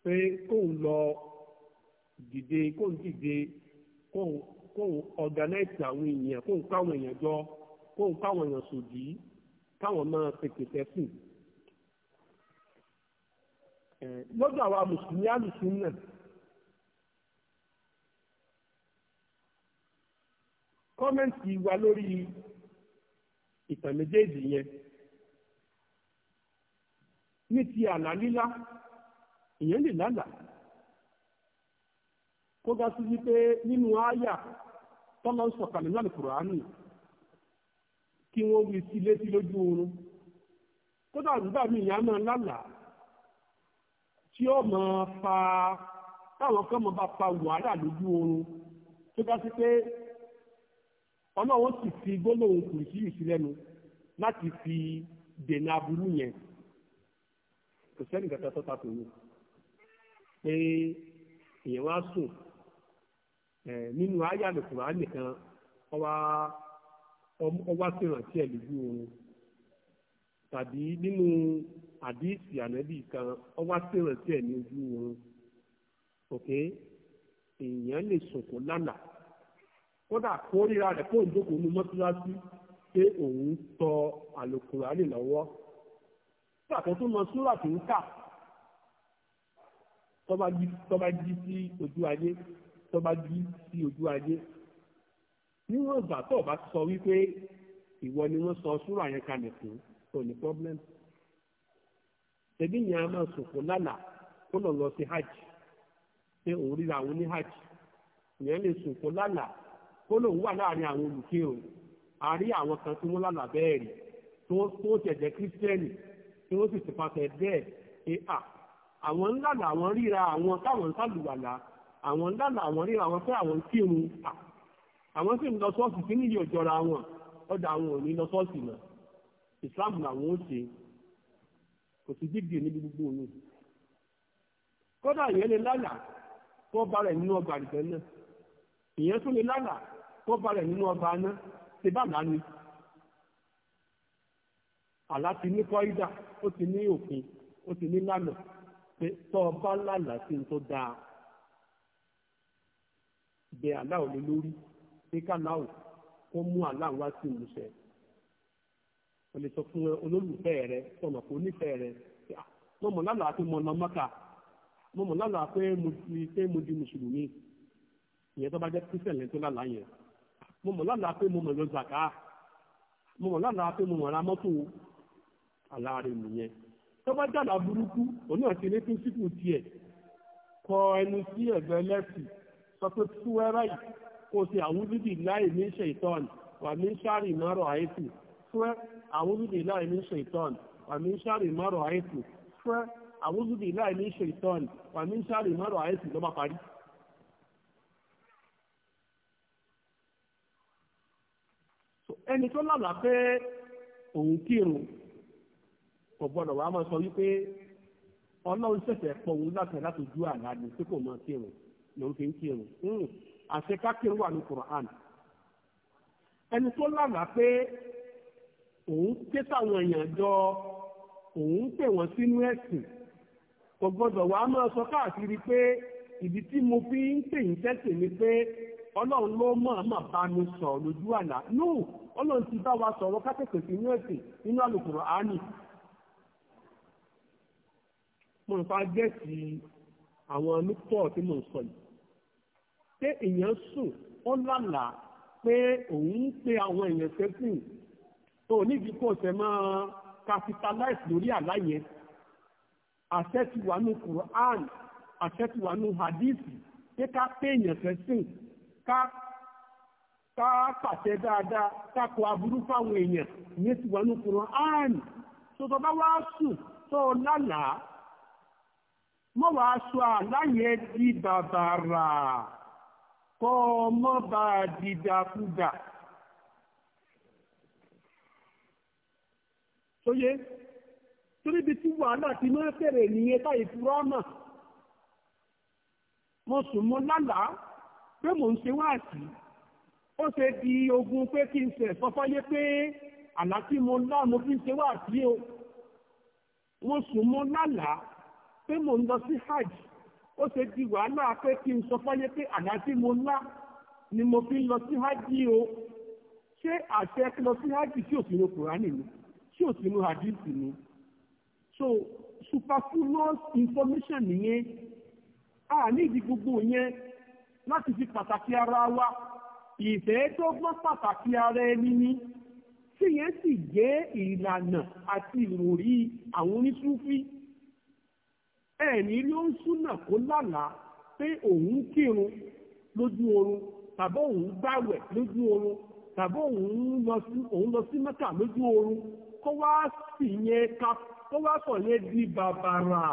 pé kóun lọ dìde kóun dìde kóun kóun ọ̀gánáìtì àwọn èèyàn kóun káwọn èèyàn jọ kóun káwọn èèyàn sòdì káwọn máa pètè tẹ́sìn lọ́dọ̀ àwa mùsùlùmí àlùsùn náà kọ́mẹ́ǹtì wa lórí ìtàn méjèèjì yẹn ní ti àlá lílá èèyàn lè lálà kó ga sí wípé nínú àyà tọ́lọ́ ń sọ̀kalẹ̀ náà Kùránì kí wọ́n wí sí létí lójú oorun kódà nígbà míì ìyá máa lálà tí ó máa fa táwọn kan máa bá pa wàhálà lójú oorun tó ga sí pé ọlọ́run sì fi gbólóhùn kùrìsì yìí sí lẹ́nu láti fi dènà aburú yẹn kò sẹ́ni kankan tó takò wò pé èèyàn wá sùn nínú ayáàlú kùrán ọwá ọwá fìràn lójú oorun tàbí nínú àdíìsì ànábì kan ọwá fìràn tí ẹ oorun ok èèyàn lè sòkò lánàá kódà kórìíra rẹ̀ kó ń dókòó nu mọ́tíláṣí pé òun tọ àlòkùrán lọ́wọ́. pàtó tó mọ súrà tó ń kà tọ́ba jí sí ojú ayé tọ́ba jí sí ojú ayé níwọ̀n ìgbà tó ni wọ́n sọ súrà yẹn kalẹ̀ fún ní pọ́blẹ́mù yẹn a máa kó lọ lọ hajj òun àwọn ní hajj yẹn lè kó o àwọn kan tí wọ́n bẹ́ẹ̀ rí tó tó tí wọ́n sì ti bẹ́ẹ̀ pé à àwọn ńlá làwọn ríra àwọn táwọn sálùwàlà àwọn ńlá làwọn ríra àwọn fẹ́ àwọn kírun à àwọn sì ń lọ sọ́ọ̀sì sí níyì ọ̀jọ́ra wọn ọ̀dà àwọn ò lọ sọ́ọ̀sì náà Islam làwọn ó ṣe kò sí dídì níbi gbogbo mi kódà ìyẹn lè lálà kó bá rẹ̀ nínú ọgbà àdìgbẹ́ náà ìyẹn tún lè lálà ó ti ní òfin ó ti ní lànà pé tọ́ ọ bá lànà sí ní tó dáa bẹ aláwọ̀ lé lórí pé káláwọ̀ kó mú aláwọ̀ wá sí ìmúṣẹ o lè sọ fún olólùfẹ́ rẹ tọ̀nà kó nífẹ̀ẹ́ rẹ ah, mọ̀mọ́ lálàá pé mo lọ mọ́kà mọ̀mọ́ lálàá pé mo ti pé mo di mùsùlùmí ìyẹn tó bá jẹ́ kírísítẹ̀lì tó lálàá yẹn ah, mọ̀mọ́ lálàá pé mo mọ̀ lọ zàká mọ̀mọ́ lálàá pé mo mọ̀ ra mọ́tò aláàrẹ nìyẹn tó bá dàgbà burúkú òun náà ti ní píńsípù tiẹ̀ kọ ẹnu sí ẹ̀gbẹ́ lẹ́fì sọ pé tú ẹrẹ́ yìí kò sí àwùjúdì láì ní ṣe ìtọ́n wà ní sáré mọ́rọ̀ àìsù fẹ́ àwùjúdì láì ní ṣe ìtọ́n wà ní sáré mọ́rọ̀ àìsù fẹ́ àwùjúdì láì ní ṣe ìtọ́n wà ní sáré mọ́rọ̀ àìsù ló bá parí. ẹni tó lálàá pé òun kírun kò gbọ́dọ̀ wàá máa sọ wípé ọlọ́run ṣẹ̀ṣẹ̀ pọ̀ òun láti láti ojú àlá ni pé kò mọ kírun lòun fi ń kírun hmm. àṣẹ kákírun wà ní Qur'an ẹni tó lánàá pé òun ké sáwọn èèyàn jọ òun pè wọ́n sínú ẹ̀sìn kò gbọ́dọ̀ wàá máa sọ káàkiri pé ìdí tí mo fi ń pè yín tẹ́sìn ni pé ọlọ́run ló mọ̀ọ́mọ̀ bá mi sọ̀rọ̀ lójú àlá nù ọlọ́run ti bá wa sọ̀rọ̀ kákẹ́kẹ́ sínú ẹ̀sìn nínú àlùkùránì mo n fa gẹ̀ẹ́sì àwọn nítọ̀ tí mo ń sọ yìí pé èèyàn sùn ó lálà pé òun ń pe àwọn èèyàn sẹ́sìn tó nídìí kò ṣe máa capitalize lórí àlá yẹn àṣẹ ti wà ní Quran àṣẹ ti wà ní hadith pé ká pé èèyàn sẹ́sìn ká ká pàṣẹ dáadáa ká kọ aburú fáwọn èèyàn ìyẹn ti wà ní Quran tó tọ́ bá wá sùn tó lálàá mọ́ wàá sọ àláyé di bàbàrà kọ́ ọmọ bá dìdàkudà. Tóyé, torí bí tí wàhálà ti máa fèrè nìyẹn táyì fúrámà. Mo sùn mo lálàá pé mò ń ṣe wáàsí. Ó ṣe di ogun pé kí n ṣẹ̀ fọ́fáyé pé àlá tí mo lá mo fi ń ṣe wáàsí o. Mo sùn mo lálàá pé mò ń lọ sí hajj ó ṣe di wàhálà pé kí n sọ fáyé pé àlá tí mo ńlá ni mo fi ń lọ sí hajj o ṣé àṣẹ lọ sí hajj tí ò sínú kùránì ni tí ò sínú hadith ni so superfluous information nìyẹn a nídìí gbogbo yẹn láti fi pàtàkì ara wa ìfẹ́ tó gbọ́n pàtàkì ara ẹni ni tí sì jẹ́ ìlànà àti ìròrí àwọn oníṣúfí. ẹ̀ẹ̀ni rí ó ń súnà kó lálàá pé òun kírun lójú oorun tàbí òun gbàwẹ̀ lójú oorun tàbí òun lọ sí mẹ́ta lójú oorun kó wá sì yẹn ká kó wá sọ bàbàrà.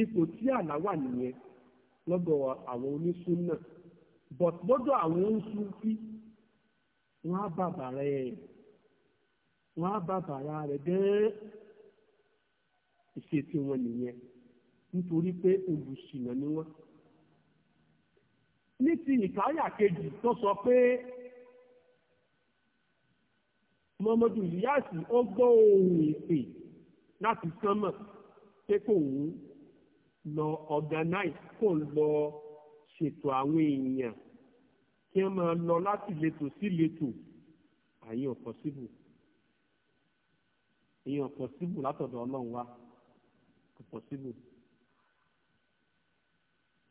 ipò tí àlá wà nìyẹn lọ́dọ̀ àwọn onísúnà but lọ́dọ̀ àwọn wọ́n á bàbàrà ẹ̀ wọ́n á bàbàrà rẹ̀ ìṣe tí wọn nìyẹn nítorí pé olùṣìnà ni wọn. ní ti ìkáyà kejì tó sọ pé mọ́mọ́dù yíyáàsì ó gbọ́ ohun ìpè láti sánmọ̀ pé kò ń lọ organize kò ń lọ ṣètò àwọn èèyàn kí wọ́n máa lọ láti ìletò sí ìletò àyè ọ̀pọ̀ síbù èèyàn ọ̀pọ̀ síbù látọ̀dọ̀ ọlọ́run wá kò pọ̀síbù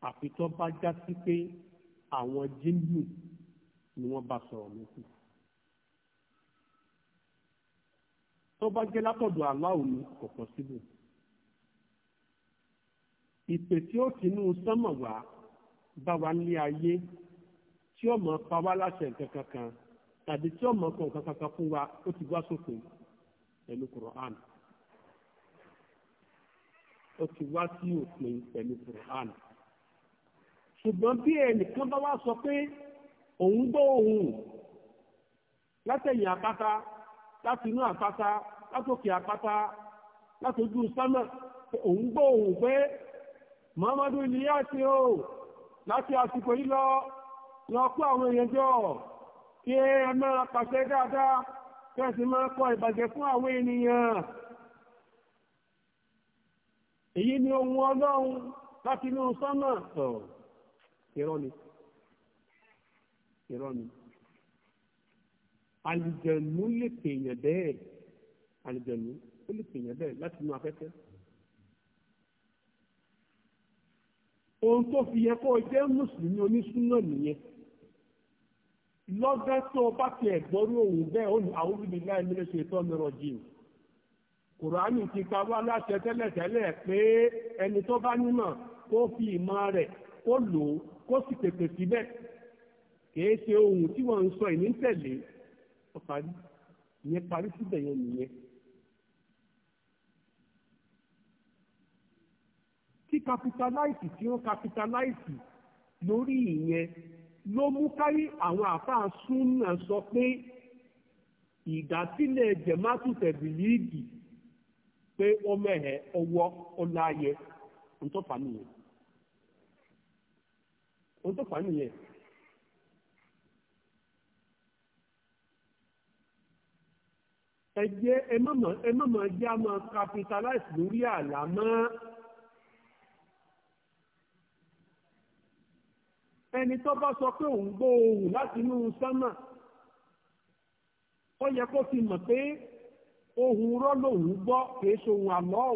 àfi tó bá já sí pé àwọn jíndù ni wọ́n bá sọ̀rọ̀ lókù. tó bá jẹ́ látọ̀dọ̀ aláwo ni kò pọ̀síbù. ìpè tí ó tinú sánmọ̀ wá bá wa ní ayé tí ó mọ̀ pa wá láṣẹ nǹkan kankan tàbí tí ó mọ̀ kọ̀ kankan fún wa ó ti wá sófin pẹ̀lú Kùránì. ó ti wá sí òpin pẹ̀lú Quran ṣùgbọ́n bí ẹnìkan bá wá sọ pé òun gbọ́ ohùn látẹ̀yìn àpáta láti inú àpáta látòkè àpáta látòjú sámà òun gbọ́ pé Muhammadu ti o láti àsìkò lọ lọ àwọn èèyàn jọ kí ẹ máa pàṣẹ dáadáa kọ ìbàjẹ́ fún àwọn ènìyàn. èyí ni ohun ọlọ́run láti inú sánmà ọ̀ irọ́ ni irọ́ ni àlùjẹ̀nú lè pèèyàn bẹ́ẹ̀ àlùjẹ̀nú ó lè pèèyàn bẹ́ẹ̀ láti inú afẹ́fẹ́ ohun tó fi yẹ kó o jẹ́ mùsùlùmí onísúná nìyẹn lọ́gán tó bá ti ẹ̀gbọ́rú òun bẹ́ẹ̀ ó ní àwọn olùdílé àìmílẹ̀ ṣe tọ́ mìíràn jìn kùránì ti pa wá láṣẹ tẹ́lẹ̀tẹ́lẹ̀ pé ẹni tó bá nímọ̀ kó fi ìmọ̀ rẹ̀ kó lò ó kó sì pèpè síbẹ̀ kìí ṣe ohun tí wọ́n ń sọ ìní tẹ̀lé ó parí ìyẹn parí síbẹ̀ yẹn nìyẹn. kí kapitaláìsì tí ó kapitaláìsì lórí ìyẹn ló mú kárí àwọn àfáà súnà sọ pé ìdásílẹ̀ jẹ̀mátù ìdì pé ó mẹ́hẹ̀ ọwọ́ ó láàyè ohun tó fà á nìyẹn ohun tó fà á nìyẹn. ẹ jẹ́ ẹ mọ̀mọ́ ẹ mọ̀mọ́ jẹ́ àmọ́ capitalize lórí àlá mọ́. ẹni tó bá sọ pé òun gbọ́ láti inú sánmà ó yẹ kó fi mọ̀ pé ohun rọ́ gbọ́ kìí ṣohun àlọ́ ò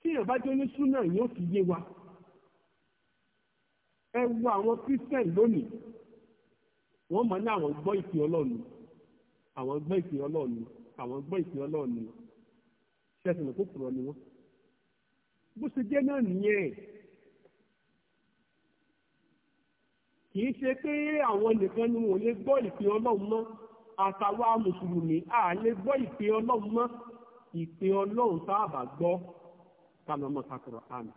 tí èèyàn bá jẹ́ onísúnà yóò fi yé wa ẹ wo àwọn christian lónìí wọ́n mọ̀ ní àwọn gbọ́ ìpè ọlọ́ọ̀ni àwọn gbọ́ ìpè ọlọ́ọ̀ni àwọn gbọ́ ìpè ọlọ́ọ̀ni ṣẹ́sìn òkúkúrọ̀ ni wọ́n bó ṣe jẹ́ náà nìyẹn kìí ṣe pé àwọn nìkan ni wọ́n lè gbọ́ ìpè ọlọ́run mọ́ àtàwa mùsùlùmí à lè gbọ́ ìpè ọlọ́run mọ́ ìpè ọlọ́run sáàbà gbọ́ kálọ́mọ́ ta kùránì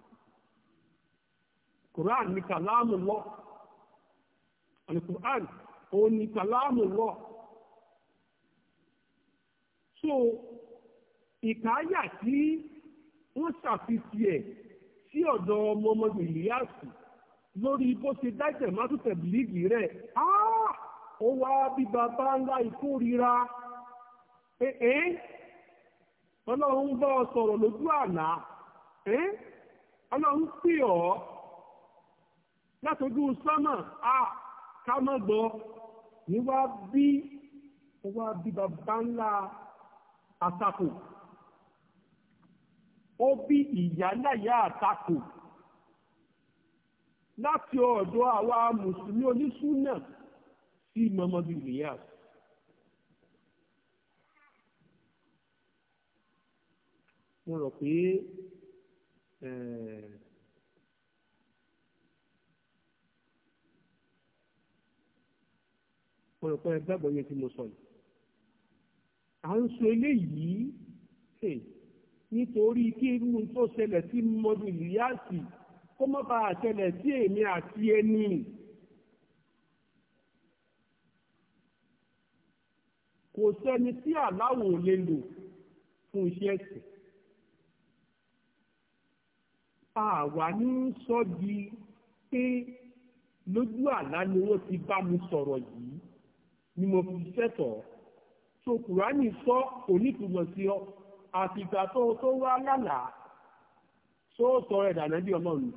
kùránì ni kàlámù lọ alukur'an òun ni kàlámù lọ so ìkáyà tí wọ́n ṣàfihàn ẹ̀ sí ọ̀dọ̀ ọmọ ọmọ ìlíyàsì lórí bó ṣe dájẹ̀ mọ́tò tẹ̀bílíìgì rẹ̀ ah! ó wá bí bàbá ńlá ìkórira eh, eh? ọlọ́run ń bọ́ sọ̀rọ̀ lójú àná eh? ọlọ́run pè ọ́ látọjú a ah! ká mọ́ gbọ́ wa wá bí wá bí bàbá ńlá àtakò ó bí láti ọ̀dọ̀ àwa mùsùlùmí onísúnà sí mọ́mọ́dé ìrìyà. mo rò pé mo rò pé ẹgbẹ́ àgbọ̀yẹ tí mo sọ yìí à ń sọ eléyìí nítorí kí irú tó ṣẹlẹ̀ sí mọ́mọ́dé ìrìyà sí i kó má bàa àtẹlẹ̀ sí èmi àti ẹni. kò sẹ́ni tí àláwò lè lò fún iṣẹ́ ẹ̀sìn. àwa ní sọ di pé lójú àlá ni wọ́n ti bá mi sọ̀rọ̀ yìí ni mo fi ṣẹ̀tọ̀ so kùránì sọ kò sí ọ àtìgbà tó tó wá lálàá tó ẹ̀dà náà bí ọlọ́run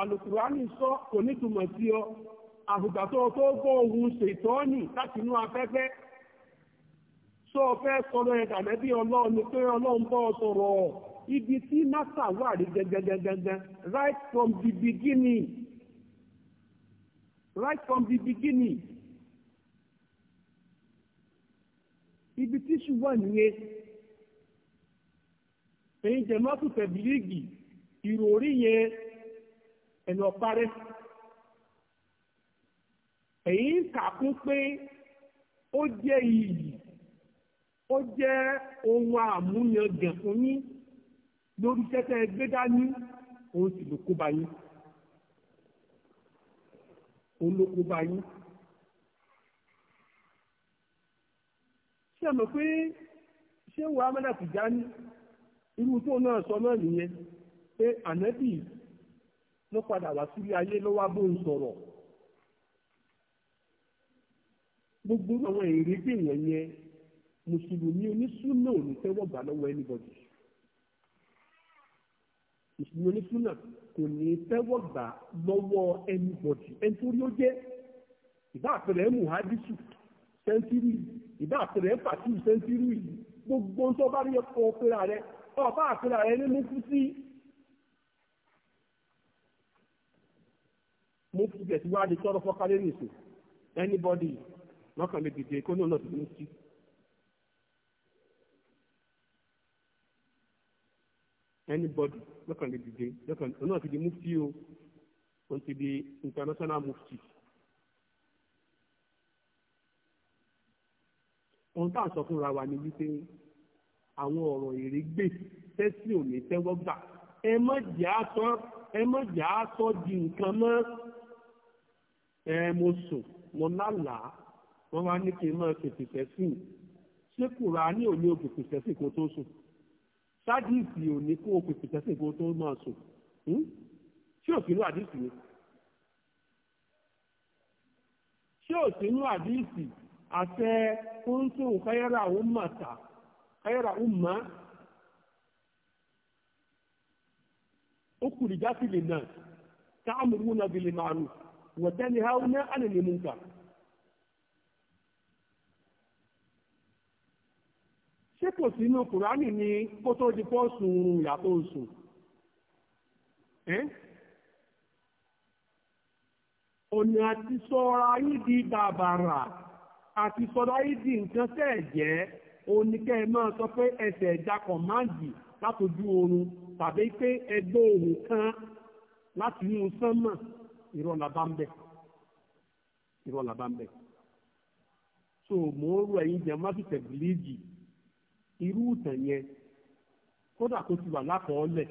alukurani sọ kò nítumọ̀ sí ọ àfùgbà tó o tó gbọ́ ohun ṣètọ́ọ̀nì láti inú afẹ́fẹ́ tó o fẹ́ sọ̀rọ̀ ẹ̀ dàbẹ́bí pé ọlọ́run bọ́ sọ̀rọ̀ ibi tí nasa wà rí gẹ́gẹ́gẹ́gẹ́ right from the beginning right from the beginning ibi tí ṣùgbọ́n nìyẹn èyí jẹ́ mọ́tò tẹ̀bílíìgì ìròrí yẹn ẹ lọ parẹ́ èyí ń pé ó jẹ́ iyì ó jẹ́ ohun àmúyangàn fún yín lórí tẹ́tẹ́ gbé dání òun sì ló mọ̀ pé ṣé wàá mẹ́ta tìjà ní irú tó náà sọ náà nìyẹn pé ló padà wá sílé ayé ló wá bóun sọ̀rọ̀ gbogbo àwọn èrè gbìyàn yẹn mùsùlùmí onísùnà ò ní tẹ́wọ́ gbà lọ́wọ́ anybody mùsùlùmí onísùnà kò ní tẹ́wọ́ gbà lọ́wọ́ anybody ẹni tó rí ó jẹ́ ìbá àpẹẹrẹ muhadisu sẹ́ńtírì ìbá àpẹẹrẹ fàtíù sẹ́ńtírì gbogbo ń tọ́ bá rí ọkọ̀ ọ̀pẹ̀rẹ̀ rẹ ọ̀bá àpẹẹrẹ rẹ ní mú kú sí mufti bẹ̀ tí wọ́n di tọ́rọ fọ́ká lórí anybody lọ́kàn lè dìde kó náà lọ sí anybody lọ́kàn lè dìde lọ́kàn náà ti di mufti o ó ti di international mufti. ohun tá à ń sọ fúnra wa ni wípé àwọn ọ̀rọ̀ èrè gbè tẹ́sí òní tẹ́wọ́ gbà ẹ mọ̀ jẹ́ àtọ́ ẹ mọ̀ jẹ́ àtọ́ di nǹkan mọ́. ẹ mo sùn mo lálàá wọn wá ní kí n máa pèpè sẹ́sìn ṣé ò ní o pèpè sẹ́sìn kó tó sùn sádìsì ò kó o pèpè sẹ́sìn kó tó máa sùn hm? ṣé òsínú àdìsì ni ṣé òsínú àdìsì àtẹ káyọ̀rọ̀ àwọn màtà káyọ̀rọ̀ àwọn ó kùrìjá náà táàmù rúnà وتنهون عن المنكر ṣé kò sí inú kùránì ni kó tó di pọ́ sùn oorun ìyá tó ń sùn ọ̀nà àti sọ́ra yìí di bàbàrà àti sọ́ra yìí di nǹkan tẹ́ẹ̀jẹ́ oníkẹ́ ẹ máa sọ pé ẹsẹ̀ ẹ̀dá kọ̀máǹdì látòjú oorun tàbí pé ẹgbẹ́ òun kan láti inú sánmà irọ́ la bá ń bẹ̀ irọ́ la bá ń bẹ̀ so mò ń rọ ẹ̀yin jẹ́ mọ́tìtẹ̀ bìlíìgì irú ìtàn yẹn kódà kó ti wà lákọọ́lẹ̀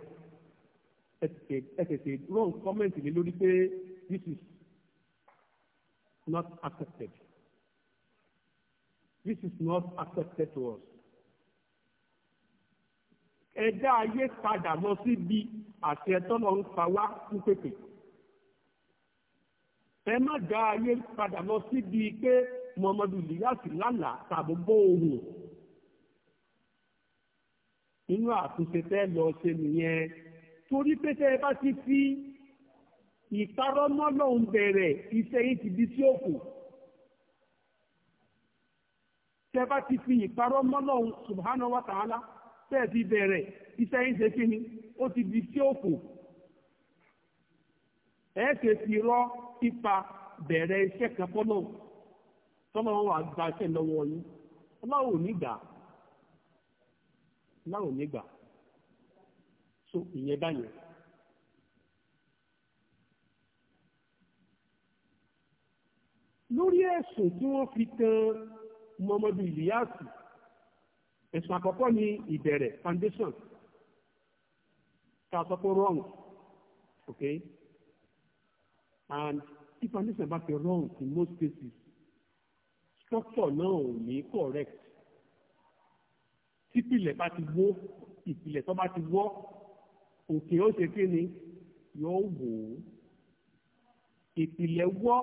ẹ tètè rán kọ́mẹ́ǹtì mi lórí pé this is not accepted this is not accepted to us ẹ̀dá ayé padà lọ síbi àṣẹ tọ́lọ́ ń pa wá fún pèpè. ẹ má dá ayé padà lọ síbi pé muhammadu liyasi lánàá tàbí bó ohun inú àtúnṣe tẹ́ lọ ṣe nìyẹn torí pé tẹ́ bá ti fi ìparọ́ mọ́lọ́hún bẹ̀rẹ̀ iṣẹ́ yìí ti di sí òkú bá ti fi subhanahu wa ta'ala ti yìí ṣe kí ni ó ti di sí ẹ ṣe fi rọ́ pípa bẹ̀rẹ̀ iṣẹ́ kan fọ́lọ́ tọ́lọ́ wà gba iṣẹ́ lọ́wọ́ yín ọlọ́run ò ní gbà ọlọ́run ò ní gbà so ìyẹn báyìí. lórí ẹ̀sùn tí wọ́n fi kan Muhammadu Ilyasu ẹ̀sùn àkọ́kọ́ ni ìbẹ̀rẹ̀ foundation tá a sọ pé wrong okay and tí foundation bá ti wrong in most cases structure náà ò ní correct típìlẹ̀ bá ti wó ìpìlẹ̀ tó bá ti wọ́ òkè ó ṣe kí ni yóò wò ó ìpìlẹ̀ wọ́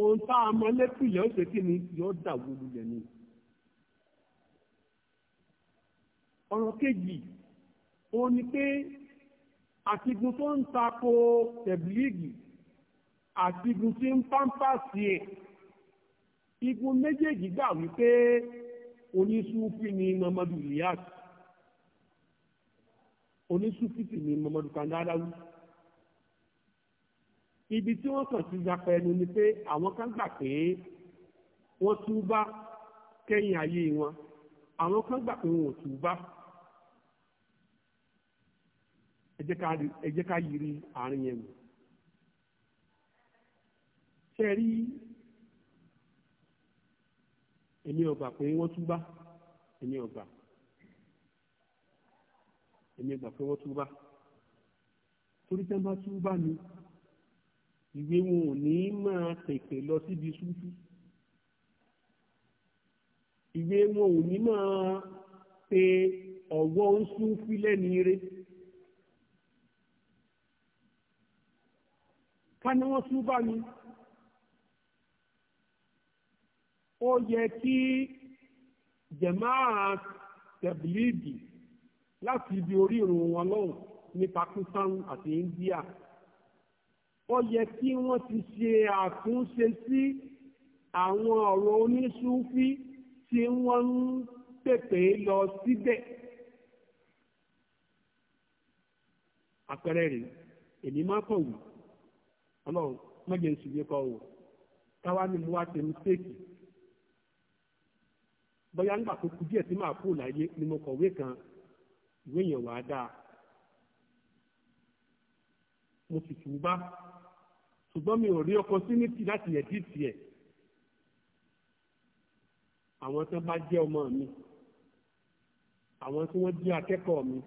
ohun tá a mọ lẹ́pìlẹ̀ ó ṣe kí ni yóò dà wúlú yẹn ni. ọ̀rọ̀ kejì ó ní pé àtigun tó ń tako tẹ̀bílíìgì àtigun tí ń pámpásì ẹ̀ igun méjèèjì gbà wípé onísúfì ni Muhammadu Ilyas onísúfì sì ni Muhammadu Kandalawi ibi tí wọ́n kàn sí yapa ẹnu ni pé àwọn kan gbà pé wọ́n túbá kẹ́yìn ayé wọn àwọn kan gbà pé wọn ò túbá ẹ jẹ́ ká yiri àárín yẹn mu ṣe rí èmi ọgbà pé wọ́n tún bá èmi ọgbà èmi ọgbà pé wọ́n tún bá torí tẹ́ bá tún bá mi ìwé wọn ò ní máa tètè lọ síbi súnfún ìwé wọn ò ní máa pe ọ̀wọ́ ń súnfún lẹ́nu eré. ká ní wọ́n súbà ni ó yẹ kí jẹ̀máà tẹ̀bílíìgì láti ibi orí ìrùn wọn lọ́hùn ní Pakistan àti India ó yẹ kí wọ́n ti ṣe àtúnṣe sí àwọn ọ̀rọ̀ oníṣúfí tí wọ́n ń pèpè lọ síbẹ̀. àpẹẹrẹ rèé èmi máa kọ̀wé ọlọ́run mọ́jẹ̀ ń ṣùgbọ́n kọ́ o káwá ni mo wá ṣe mistake bóyá nígbà tó kú díẹ̀ tí màá kú láyé ni mo kọ̀wé kan ìwé yẹn wàá dáa mo sì tù ú bá ṣùgbọ́n mi ò rí opportunity láti yẹ̀ dí tiẹ̀ àwọn tó bá jẹ́ ọmọ mi àwọn tí wọ́n jẹ́ akẹ́kọ̀ọ́ mi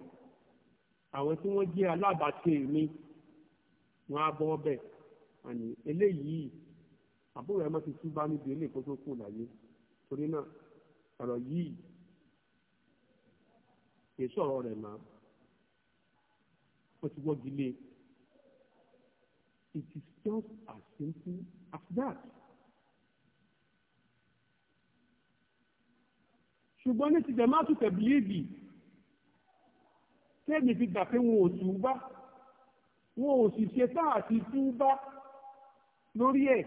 àwọn tí wọ́n jẹ́ alábàáṣe mi wọ́n á bọ́ bẹ́ẹ̀ àní eléyìí àbúrò ẹ má ti túbá níbi ilé ìkó kù láyé torí náà ọ̀rọ̀ yìí kì í sọ̀rọ̀ rẹ̀ mọ́ ó ti wọ́gi lé it is just as simple as that. ṣùgbọ́n ní ti jẹ̀mátù tẹ̀bílíìbì tẹ́ẹ̀mì fi gbà pé wọn ò túbá wọn ò sì ṣe tá àti túbá lórí ẹ̀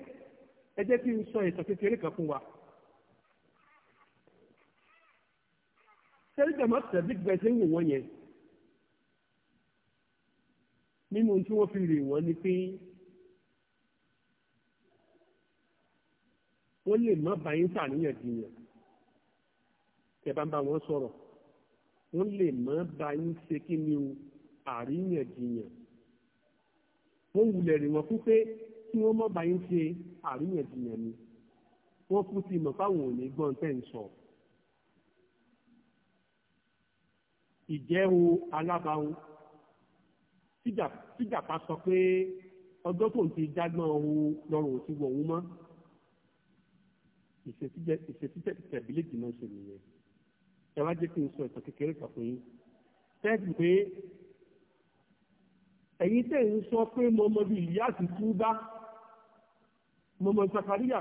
ẹ jẹ́ kí n sọ ìtàn kékeré kan fún wa. sẹ́rí jàmọ́ tẹ̀bí gbẹ̀sẹ̀ ń wò wọ́n yẹn nínú tí wọ́n fi rè wọ́n ni pé wọ́n lè má bá yín ṣàníyànjiyàn tẹ̀ bá ń bá wọn sọ̀rọ̀ wọ́n lè má bá yín ṣe kí ni o àríyànjiyàn wọ́n wulẹ̀ rè wọ́n fún pé kí wọ́n mọ̀ báyìí ṣe àríyànjiyàn ni wọ́n kú ti mọ̀ fáwọn òní gbọ́n tẹ́ ń sọ. ìjẹ́wò alábàáwò tíjàpá sọ pé ọjọ́ tó ń ti jágbọ́n ohun lọ́rùn òsì wọ̀ ohun mọ́ ìṣètítẹ̀ tẹ̀bílẹ̀ jìnnà ṣe nìyẹn ẹ wá jẹ́ kí n sọ ìtàn kékeré kan fún yín tẹ́sí pé ẹ̀yin tẹ̀ ń sọ pé mo mọ bí ìyá àti túbá mọ̀mọ́ Zakaria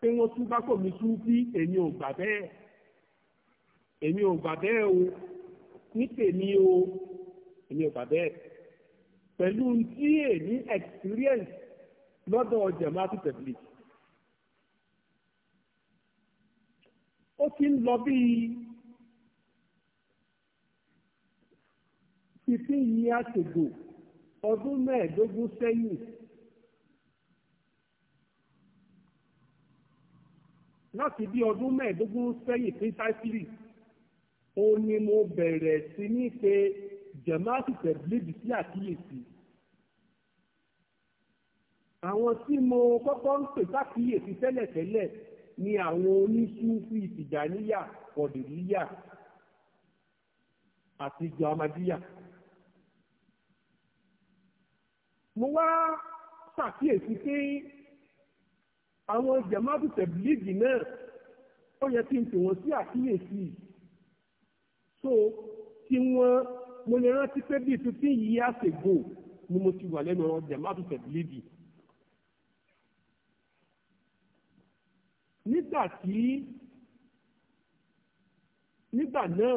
pé wọ́n tún bá kò mí tún bí èmi ò gbà bẹ́ẹ̀ èmi ò gbà bẹ́ẹ̀ o ní tèmi o èmi ò gbà bẹ́ẹ̀ pẹ̀lú tí èmi experience lọ́dọ̀ jẹ̀mátì tẹ̀lé. ó ti ń lọ bíi fifteen years ago ọdún mẹ́ẹ̀ẹ́dógún sẹ́yìn. láti bí ọdún mẹ́ẹ̀ẹ́dógún sẹ́yìn precisely ó ní mo bẹ̀rẹ̀ sí ní pé jẹ̀máàtì tẹ̀bílẹ́dì sí àkíyèsí àwọn tí mo kọ́kọ́ ń pè sákìyèsí tẹ́lẹ̀tẹ́lẹ̀ ni àwọn oníṣúfì ìtìjàníyà kọ̀dìríyà àti ìjọ amadíyà mo wá ṣàkíyèsí pé àwọn jamaatu tẹ̀blíìgì náà ó yẹ kí n tì wọ́n sí àkíyèsí so kí wọ́n mo lè rántí pé bíi fifteen years ago ni mo ti wà lẹ́nu ọ̀rọ̀ jamaatu tẹ̀blíìgì. nígbà tí nígbà náà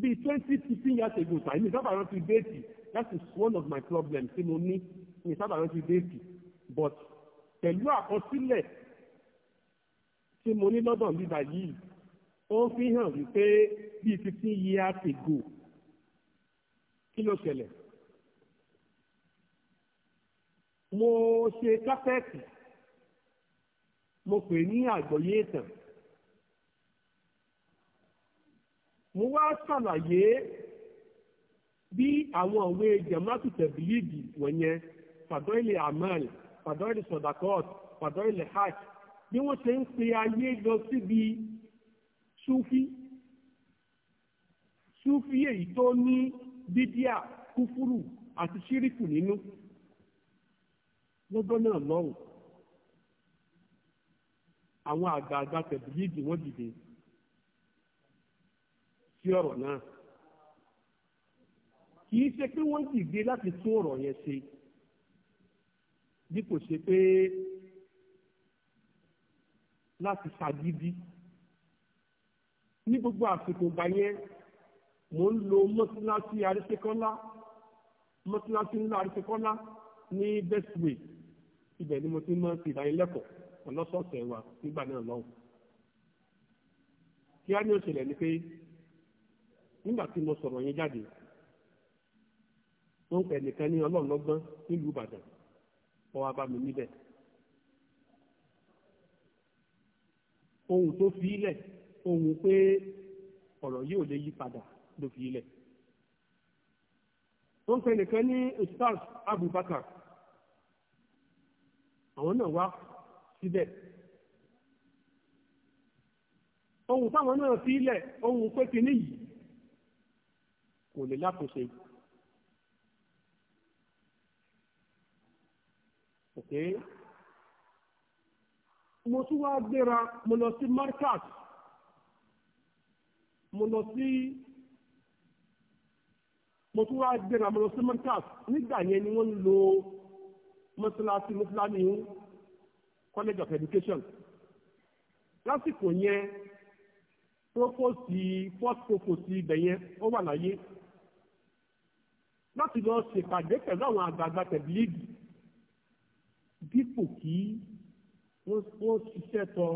bíi twenty fifteen years ago tàbí mi sábà rántí déètì that is one of my problems tí mo ní mi sábà rántí déètì but pẹ̀lú àkọsílẹ̀ tí mo ní lọ́dọ̀ bíbá yìí ó fi hàn wípé bíi fifteen years ago kí ló ṣẹlẹ̀ mo ṣe kápẹ́ẹ̀tì mo pè ní àgbọ́yé ìtàn mo wá ṣàlàyé bí àwọn òwe jẹ̀mátùtẹ̀ bìlíìdì wọ̀nyẹn fàdọ́ ilé àmàlẹ̀ fàdọ́ìlì sọ̀dàkọ́t fàdọ́ìlì hajj bí wọ́n ṣe ń pe ayé lọ síbi súfí súfí èyí tó ní bídíà kúfúrù àti ṣíríkù nínú lọ́gbọ́n náà lọ́hùn àwọn àgbààgbà tẹ̀bílíìdì wọ́n dìde sí ọ̀rọ̀ náà kì í ṣe pé wọ́n dìde láti tún ọ̀rọ̀ yẹn ṣe bí kò ṣe pé láti ṣàgídí ní gbogbo àsìkò gbà yẹn mò ń lo mọ́tíláṣí arísẹ́kọ́lá mọ́tíláṣí ńlá arísẹ́kọ́lá ní best way ibẹ̀ ni mo ti máa ń fi ìdánilẹ́kọ̀ọ́ ọlọ́sọ̀ọ̀sẹ̀ wa nígbà náà lọ́hùn. kí á ní ó ṣẹlẹ̀ ni pé nígbà tí mo sọ̀rọ̀ yẹn jáde wọ́n pẹ̀ nìkan ní ọlọ́ọ̀lọ́gbọ́n nílùú Ìbàdàn ó wá bá mi níbẹ̀. ohun tó fi ilẹ̀ ohun pé ọ̀rọ̀ yìí ò lè yí padà ló fi ilẹ̀. wọ́n pe nìkan ní ustaz abubakar àwọn náà wá síbẹ̀. ohun táwọn náà fi ilẹ̀ ohun pé kinní yìí kò lè lákòóso okay mo tún wá gbéra mo lọ sí market mo lọ sí mo tún wá gbéra mo lọ sí market nígbà yẹn ni wọ́n lo mọ́sálásí mọ́sálásí college of education lásìkò yẹn proposal first proposal ibẹ̀ yẹn wà láyé láti lọ ṣèpàdé pẹ̀lú àwọn àgbààgbà dípò kí wọ́n ṣiṣẹ́ tọ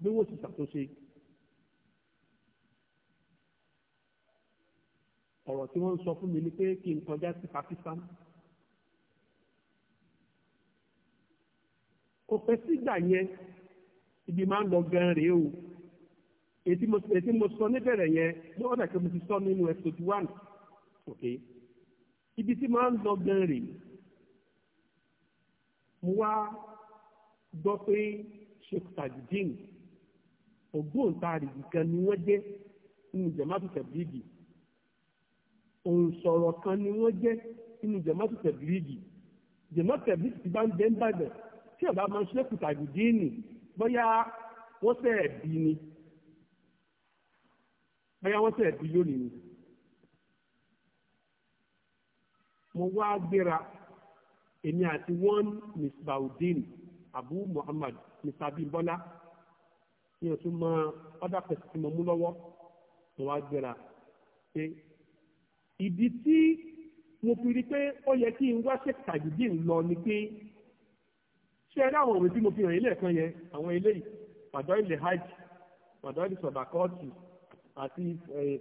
bí wọ́n ti ṣàtúnṣe. ọ̀rọ̀ tí wọ́n ń sọ fún mi ni pé kí n kọjá sí Pakistan. kò pẹ́ sígbà yẹn ibi máa ń lọ gan rèé o ètí mo ètí mo sọ níbẹ̀rẹ̀ yẹn ní ọ̀dà kí mo ti sọ nínú episode one ok ibi tí máa ń lọ gan rèé. mo wá gbọ́ pé sheikh tajudeen ògbóǹtarìgì kan ni wọ́n jẹ́ nínú jamaatu tẹ̀bílíìgì kan ni wọ́n jẹ́ nínú jamaatu tẹ̀bílíìgì jamaatu tẹ̀bílíìgì ti bá ń bẹ́ ń bàgbẹ́ tí ọ̀gá máa ń sheikh tajudeen bóyá wọ́n sẹ̀ bí ni ni èmi àti one miss baudin abu muhammad mr abimbola ní o tún mọ ọdà pẹ̀sì tí mo mú lọ́wọ́ mo wá gbéra pé ìdí tí mo fi rí pé ó yẹ kí n wá ṣe tàgídì lọ ni pé ṣé ẹ dáhùn òwe tí mo fi hàn ilé ẹ̀kan yẹn àwọn eléyìí pàdọ́ ilẹ̀ hajj pàdọ́ ilẹ̀ sọ̀dàkọ́ọ̀tì àti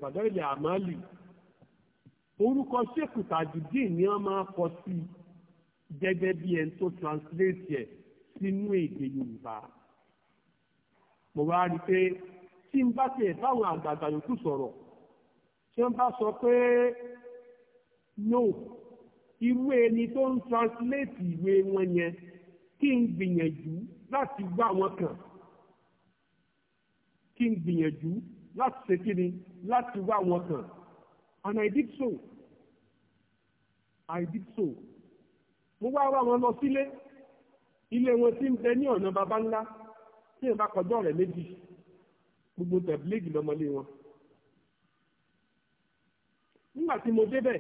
pàdọ́ ilẹ̀ àmàlì orúkọ ṣèkù tàgídì ni wọ́n máa kọ sí i gẹ́gẹ́ bí ẹni tó translate ẹ̀ sínú èdè Yorùbá mo wá rí i pé tí n bá tiẹ̀ báwọn àgbààgbà yòókù sọ̀rọ̀ tí wọ́n bá sọ pé no irú ẹni tó ń translate ìwé wọn yẹn kí n gbìyànjú láti gbá wọn kàn kí n gbìyànjú láti ṣe kí ni láti wá wọn kàn and I did so I did so mo wá wá wọn lọ sílé ilé wọn ti ń bẹ ní ọ̀nà baba ńlá tí èèyàn bá kọjọ́ rẹ̀ méjì gbogbo tẹ̀bílẹ́gì lọ́mọlé wọn. nígbà tí mo débẹ̀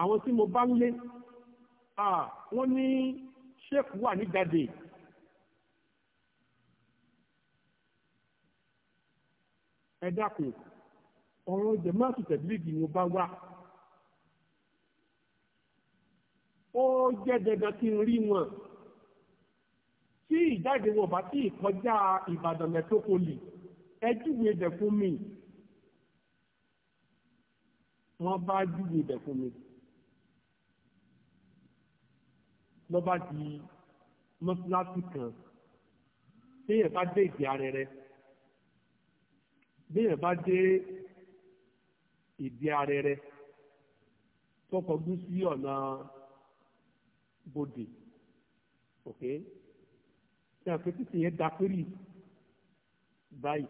àwọn tí mo bá ń lé wọ́n ní sheik wà ní gàdé ẹ dákun ọ̀rọ̀ jẹ̀máàtù tẹ̀bílẹ́gì ni mo bá wá. ó jẹ́ dandan kí n rí wọn tí ìjáde wọn bá tí ìkọjá ìbàdàn mẹtọkọlì ẹ júwèé bẹ fún mi wọn bá júwèé bẹ fún mi lọ bá di mọ́sálásí kan téèyàn bá dé ìdí ara rẹ béèyàn bá dé ìdí ara rẹ tọkọ gún ọ̀nà bòdì ok ṣe àpótí tìyẹn dapẹ́rì báyìí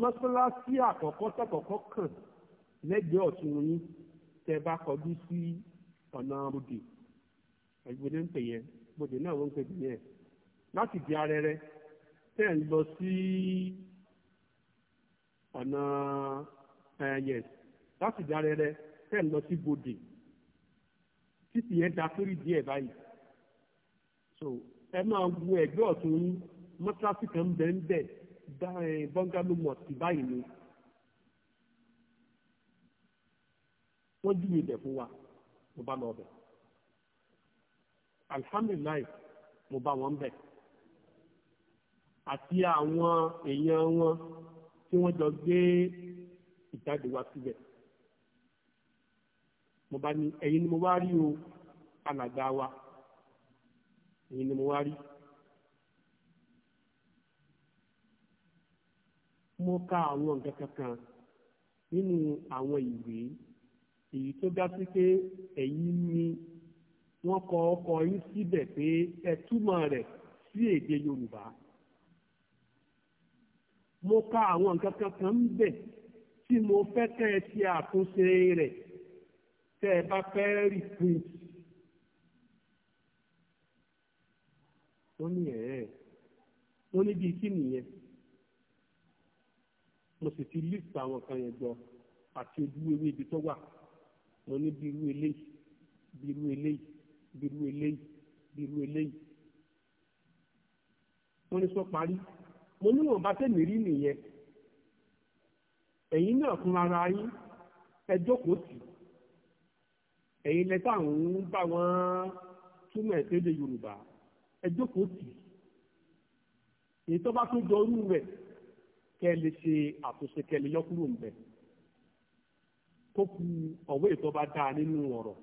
mọ́sálásí àkọ́kọ́ tọ̀kọ́kọ́ kàn lẹ́gbẹ̀ẹ́ ọ̀tún yín tẹ́ bá kọjú sí ọ̀nà bòdì ẹgbẹ́ni ń pè yẹn bòdì náà wọ́n ń pè yẹn láti di arẹrẹ tẹ́ ń lọ sí ọ̀nà ẹ̀yẹ eh, láti di arẹrẹ tẹ́ ń lọ sí bòdì títì yẹn da sórí díẹ̀ báyìí so ẹ máa wo ẹgbẹ́ ọ̀tún yín mọ́tíráṣí kan bẹ́ẹ̀ ń bẹ̀ dá bọ́ngálò mọ̀tì báyìí ni wọ́n júwe bẹ̀ fún wa mo bá lọ bẹ̀ alihamdulilayi mo bá wọn bẹ̀ àti àwọn èèyàn wọn tí wọ́n jọ gbé ìjáde wa síbẹ̀. Si mo bá ní ẹ̀yin ni mo wá rí o alàgbà wa ẹ̀yin ni mo wá rí. mo ka àwọn nǹkan kankan nínú àwọn ìwé èyí tó dá sí pé ẹ̀yin ni wọ́n kọ ọkọ yín síbẹ̀ pé ẹ túmọ̀ rẹ̀ sí èdè Yorùbá. mo ka àwọn nǹkan kankan ń bẹ̀ tí mo fẹ́ kẹ́ ẹ ṣe àtúnṣe rẹ̀ tẹ́ ẹ bá fẹ́ recruit ó ní ẹ̀ ẹ́ ó ní bíi kí nìyẹn mo sì ti list àwọn kan yẹn jọ àti ojú ewé ibi tó wà mo ní bí irú eléyìí bí irú eléyìí bí irú eléyìí bí irú eléyìí wọ́n ní sọ parí mo ní wọ́n bá tẹ̀mí rí nìyẹn ẹ̀yin náà fúnra ara yín ẹ jókòó tì í ẹ̀yin lẹ́tà ń bá wọn túmọ̀ èdè Yorùbá ẹ jókòó tì èyí tó bá tún dọrú rẹ̀ kẹ́ ẹ lè ṣe àtúnṣe kẹ́ ẹ lè yọ kúrò ń bẹ̀ tó ku ọ̀wé ètò bá dáa nínú ọ̀rọ̀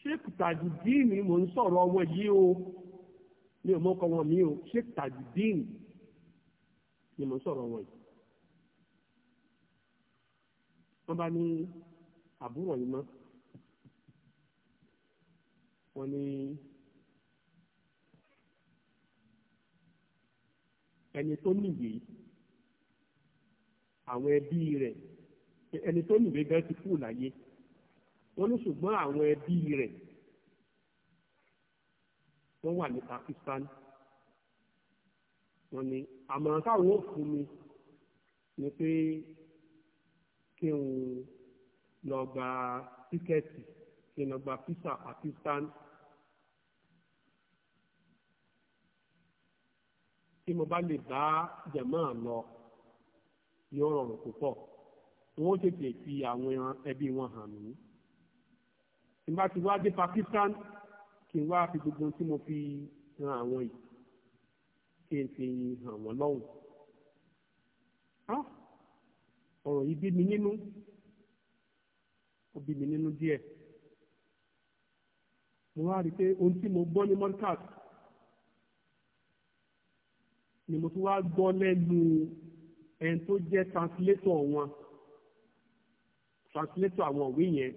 ṣéèkù tàjùdíìnì mò ń sọ̀rọ̀ ọwọ́ yìí o mi ò mọ́kọ wọn mi o ṣéèkù tàjùdíìnì ni mò ń sọ̀rọ̀ wọn yìí. wọ́n bá ní àbúrò yìí mọ́ wọ́n ní ẹni tó nìwé àwọn ẹbí rẹ̀ ẹni tó nìwé gan ti kú láyé wọ́n ní ṣùgbọ́n àwọn ẹbí rẹ̀ wọ́n wà ní Pakistan wọ́n ní àmọ̀ràn táwọn ò fún mi ni pé kí n lọ gba tíkẹ́ẹ̀tì kí n lọ gba físà Pakistan tí mo bá lè bá jẹ̀mọ́ lọ yóò rọrùn púpọ̀ wọn ó tètè fi àwọn ẹbí wọn hàn mí tí bá ti wá dé Pakistan kí n wá fi gbogbo tí mo fi ran àwọn yìí kí n fi hàn wọ́n lọ́hùn. Ah! ọ̀rọ̀ yìí bí mi nínú ó bí mi nínú díẹ̀ mo wá rí i pé ohun tí mo gbọ́ ní mọ́ríkàt ni mo tún wá gbọ́ lẹ́nu ẹni tó jẹ́ translator wọn translator àwọn òwe yẹn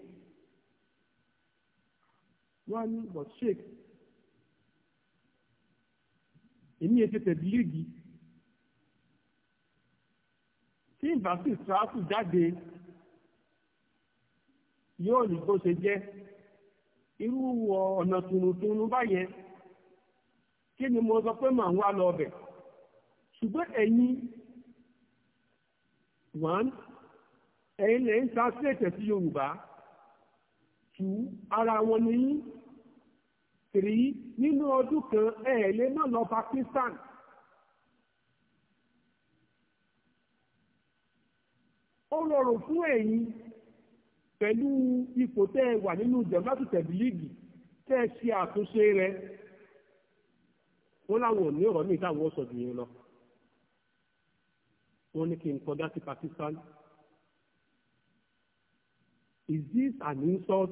wọ́n á ní but sheik èmi yẹn ti tẹ̀lé yìí bá sì tíráàkù jáde yóò ní bó ṣe jẹ́ irú ọ̀nà tunutunu báyẹn kí ni mo sọ pé màá wá lọ ọbẹ̀ ṣùgbọ́n ẹ̀yin one ẹ̀yin lè ń translate sí Yorùbá two ara wọn ni yín three nínú ọdún kan ẹ̀ lè má lọ Pakistan. ó rọrùn fún ẹ̀yin pẹ̀lú ipò tẹ́ ẹ wà nínú jẹ̀mátù tẹ̀bílíìgì tẹ́ ẹ ṣe àtúnṣe rẹ wọ́n láwọn ò ní ọ̀rọ̀ míì táwọn sọ jù yẹn lọ wọ́n ní kí n kọjá sí Pakistan is this an insult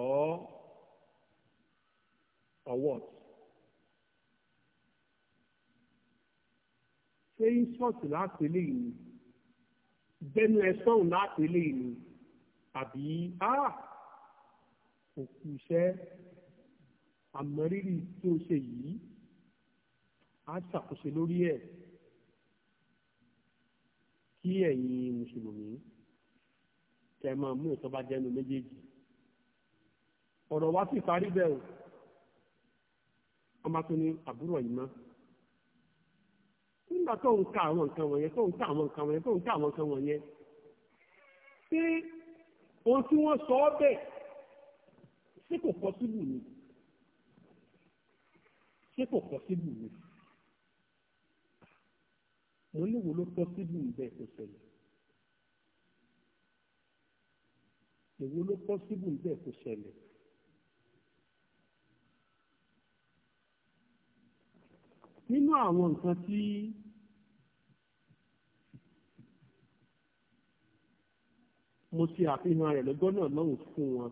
or or what ṣé insult láti lè yìí gbẹnu ẹ sọ́hùn láti ilé ìlú àbí ah, òkú iṣẹ́ àmọ́rírì tí ó ṣe yìí á ṣàkóso lórí ẹ̀ kí ẹ̀yin mùsùlùmí kẹ máa mú ìtọ́ba jẹ́nu méjèèjì ọ̀rọ̀ wa sì parí bẹ́ẹ̀ o ọmọ tó ní àbúrò yìí mọ́ nígbà tó ń ka àwọn nǹkan wọ̀nyẹn tó ń ka àwọn nǹkan wọ̀nyẹn tó ń ka àwọn nǹkan wọ̀nyẹn ṣé ohun tí wọ́n sọ ọ́ bẹ́ẹ̀ ṣé kò pọ́síbù ni ṣé kò pọ́síbù ni mo léwo ló pọ́síbù bẹ́ẹ̀ kò ṣẹlẹ̀ èwo ló pọ́síbù bẹ́ẹ̀ kò ṣẹlẹ̀. nínú àwọn nǹkan tí mo ti àfihàn rẹ̀ lọ́jọ́ náà lọ́hùn fún wọn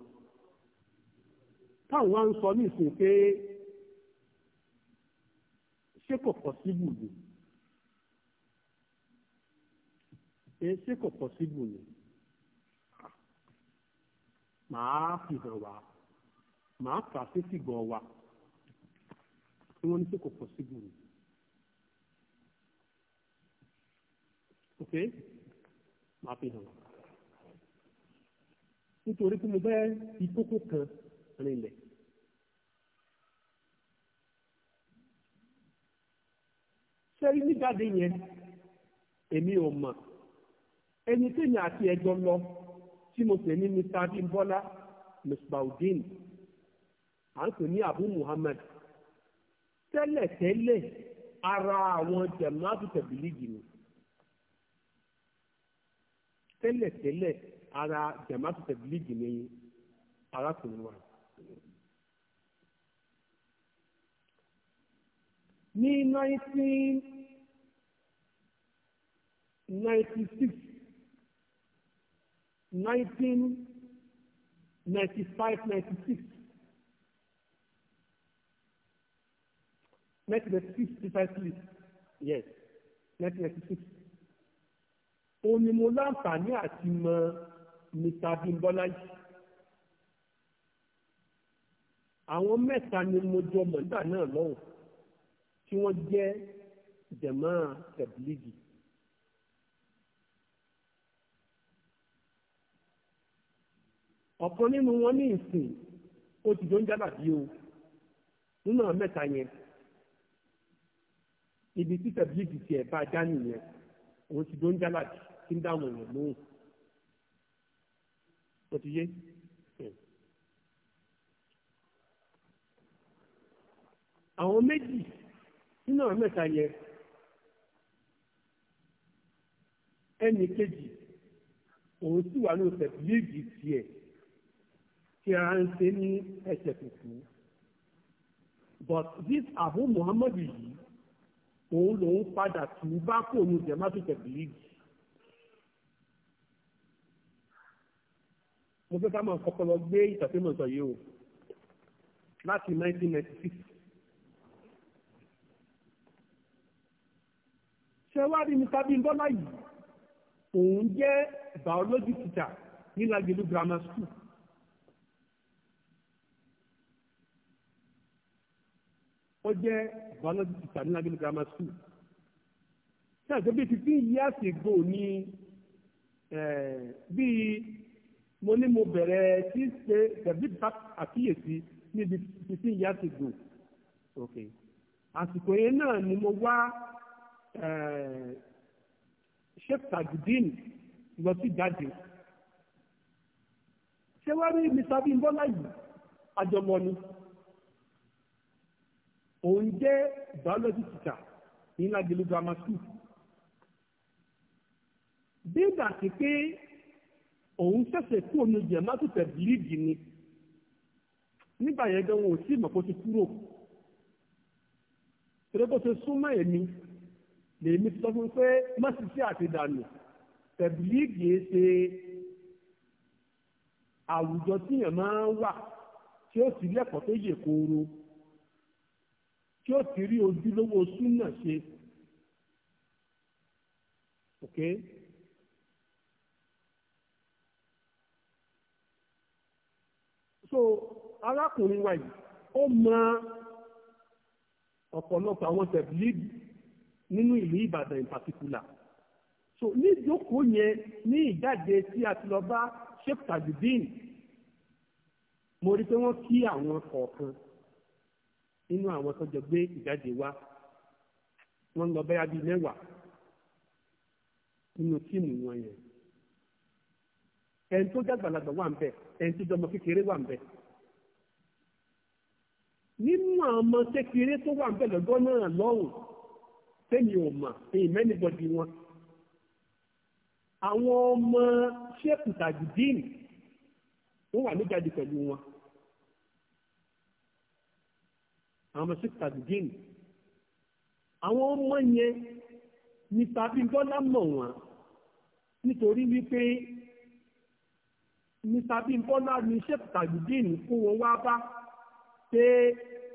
táwọn wá ń sọ ní ìsìn pé ṣé kò pọ̀síbù ni ṣé kò pọ̀síbù ni màá fi hàn wá màá kà sí fìgbọ̀ wa tí wọ́n ní ṣé kò pọ̀síbù ni. Okay? Màá fi hàn wá nítorí pé mo fẹ́ fi kókó kan rinlẹ̀. sẹ́rí níjáde yẹn èmi ò mọ̀ ẹni tèmi àti ẹjọ́ lọ tí mo pè ní mr abimbola musbaudin à ń pè ní abu muhammad tẹ́lẹ̀tẹ́lẹ̀ ara àwọn jamaatu tabiligi ni tẹ́lẹ̀tẹ́lẹ̀ ara jamaatu tẹ̀blígì ní arákùnrin wa. ní nineteen ninety six nineteen ninety five ninety six nineteen ninety six precisely yes nineteen ninety six Onimola ni mo mọ. Mr. Bimbolaji àwọn mẹ́ta ni mo jọ mọ̀gbà náà lọ́wọ́ tí wọ́n jẹ́ jẹ̀mọ́ tẹ̀bílígì. ọ̀kan nínú wọn ní ìsìn ó ti jọ ń jábà bí o nínú àwọn mẹ́ta yẹn ibi tí tẹ̀bílígì tiẹ̀ bá dá nìyẹn òun ti jọ ń jábà tí ń dáhùn èèyàn lóhùn ó ti yé. àwọn méjì nínú àwọn mẹ́ta yẹn ẹnì kejì òun sì wà ní ọ̀sẹ̀ léèjì tiẹ̀ tí a ń ṣe ní ẹsẹ̀ kùkù but this Abu Muhammad yìí òun lòun padà tù ú bá kó òun jẹ̀ má tó mo fẹ́ ká mọ̀ kọ́kọ́ lọ gbé ìtàfímọ̀ sọ yìí o láti 1996. ṣẹ́wárí Mr. sábíńbọ́lá yìí òun jẹ́ biology teacher ní Lagelu grammar school. ó jẹ́ biology teacher ní Lagelu grammar school. ṣáà tó bí fifteen years ago ní eh, bíi mo ní mo bẹ̀rẹ̀ tí ṣe tẹ̀bí bá àkíyèsí níbi fifteen years ago ok àsìkò yẹn náà ni mo wá eh, sheikh tajudeen lọ sí jáde ṣé wá rí mr bimbola yìí àjọmọ ni òun jẹ́ biology teacher ní lagelu grammar school bí ìgbà sí pé òun ṣẹ̀ṣẹ̀ kú omi jẹ̀ má tó tẹ̀ bìlíìgì ni nígbà yẹn gan wọn ò tí ì mọ̀ kó ti kúrò torí bó ṣe súnmọ́ èmi lèmi ti sọ fún pé má sì sí àtidànù tẹ̀bílíìgì yẹn ṣe àwùjọ tíyàn máa ń wà tí ó sì lẹ́kọ̀ọ́ tó yè kooro tí ó sì rí ojúlówó súnà ṣe. so arákùnrin wa yìí ó mọ ọ̀pọ̀lọpọ̀ àwọn tẹ̀bílíìgì nínú ìlú Ìbàdàn in particular so ní ìjókòó yẹn ní ìjáde tí a ti lọ bá Sheikh Tajudeen mo rí pé wọ́n kí àwọn kọ̀ọ̀kan nínú àwọn tó jọ gbé ìjáde wa wọ́n lọ bẹ́yà bíi mẹ́wàá nínú tíìmù wọn yẹn ẹni tó dàgbàlagbà wà ń bẹ ẹni tó dọmọ kékeré wà ń bẹ nínú àwọn ọmọ kékeré tó wà ń bẹ lọ́gọ́ náà lọ́hùn tẹ́mi ò mà èyí mẹ́nìbọ̀dì wọn àwọn ọmọ ṣẹ́kù tàgídìn wọ́n wà níjàdí pẹ̀lú wọn àwọn ọmọ ṣẹ́kù tàgídìn àwọn ọmọ yẹn ní tàbí dọ́là mọ̀ wọn nítorí wípé mr bimbola ní sheikh tajudeen kó wọn wá bá pé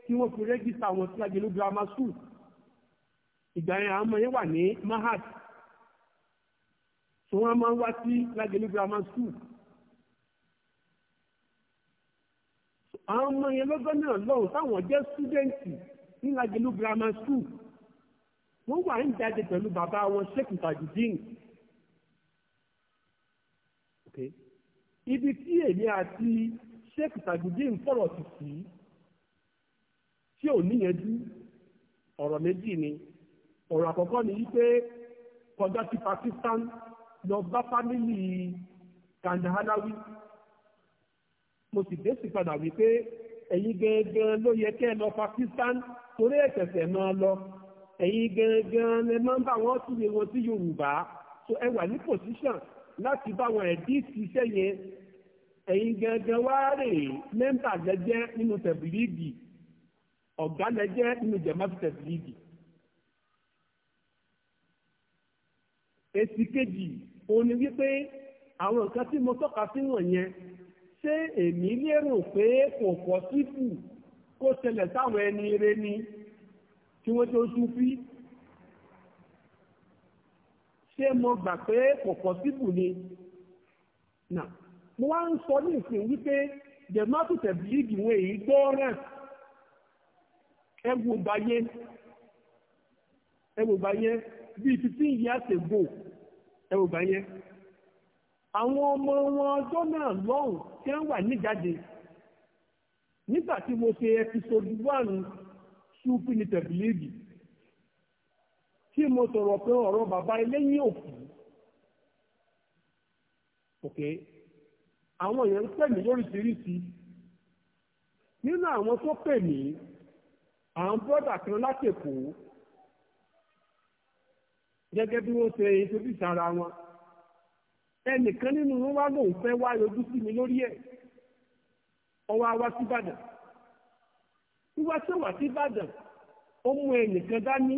kí wọ́n fi rẹ́gísítà wọn sí Agẹlú grammar school ìgbà yẹn àwọn ọmọ yẹn wà ní mahad tí wọ́n máa ń wá sí Agẹlú grammar school àwọn ọmọ yẹn lọ́jọ́ náà lọ́hùn táwọn jẹ́ súdẹ́ǹtì ní Agẹlú grammar school wọ́n wà ń jáde pẹ̀lú bàbá wọn sheikh tajudeen. Okay ibi tí èmi àti sheikh tajudeen fọ̀rọ̀ sí sí tí ò níyànjú ọ̀rọ̀ méjì ni ọ̀rọ̀ àkọ́kọ́ ni wípé kọjá sí Pakistan lọ bá fámìlì kandahalawi mo sì dé sí padà wípé ẹ̀yin gangan ló yẹ kẹ́ ẹ lọ Pakistan torí ẹ̀sẹ̀sẹ̀ máa lọ ẹ̀yin gangan lẹ máa ń bá wọn túnbẹ̀ wọn sí Yorùbá so ẹ wà ní pòsíṣàn láti báwọn ẹ̀dí ṣiṣẹ́ yẹn ẹ̀yin gangan wá rè mẹ́ńbà lẹ́jẹ́ nínú tẹ̀bílíìgì ọ̀gá lẹ́jẹ́ nínú jẹ̀mọ́tì tẹ̀bílíìgì. èsì kejì òun ni wípé àwọn nǹkan tí mo tọ́ka sí wọ̀nyẹn ṣé èmi lérò pé kò pọ̀ sífù kó ṣẹlẹ̀ sáwọn ẹni ire ni tí wọ́n tó sún fí ṣé mo gbà pé kò na ni nà mo wá ń sọ ní ìsìn wípé jẹ̀mọ́tò tẹ̀bílíìgì wọn èyí gbọ́ràn ẹwù báyé ẹwù báyé bíi fifteen years ago báyé àwọn ọmọ wọn ọjọ́ náà lọ́hùn tí wọ́n wà níjáde nígbà tí mo ṣe episode one tí mo sọ̀rọ̀ pé ọ̀rọ̀ bàbá eléyìí òkú ok àwọn èèyàn ń pè mí lóríṣiríṣi nínú àwọn tó pè mí àwọn bọ́dà kan látẹ̀kọ́ gẹ́gẹ́ bí wọ́n ṣe introduce ara wọn ẹnìkan nínú wọn wá lòun fẹ́ wá yọjú sí mi lórí ẹ̀ ọwọ́ àwa síbàdàn wíwá sẹ́wà síbàdàn ó mú ẹnìkan dání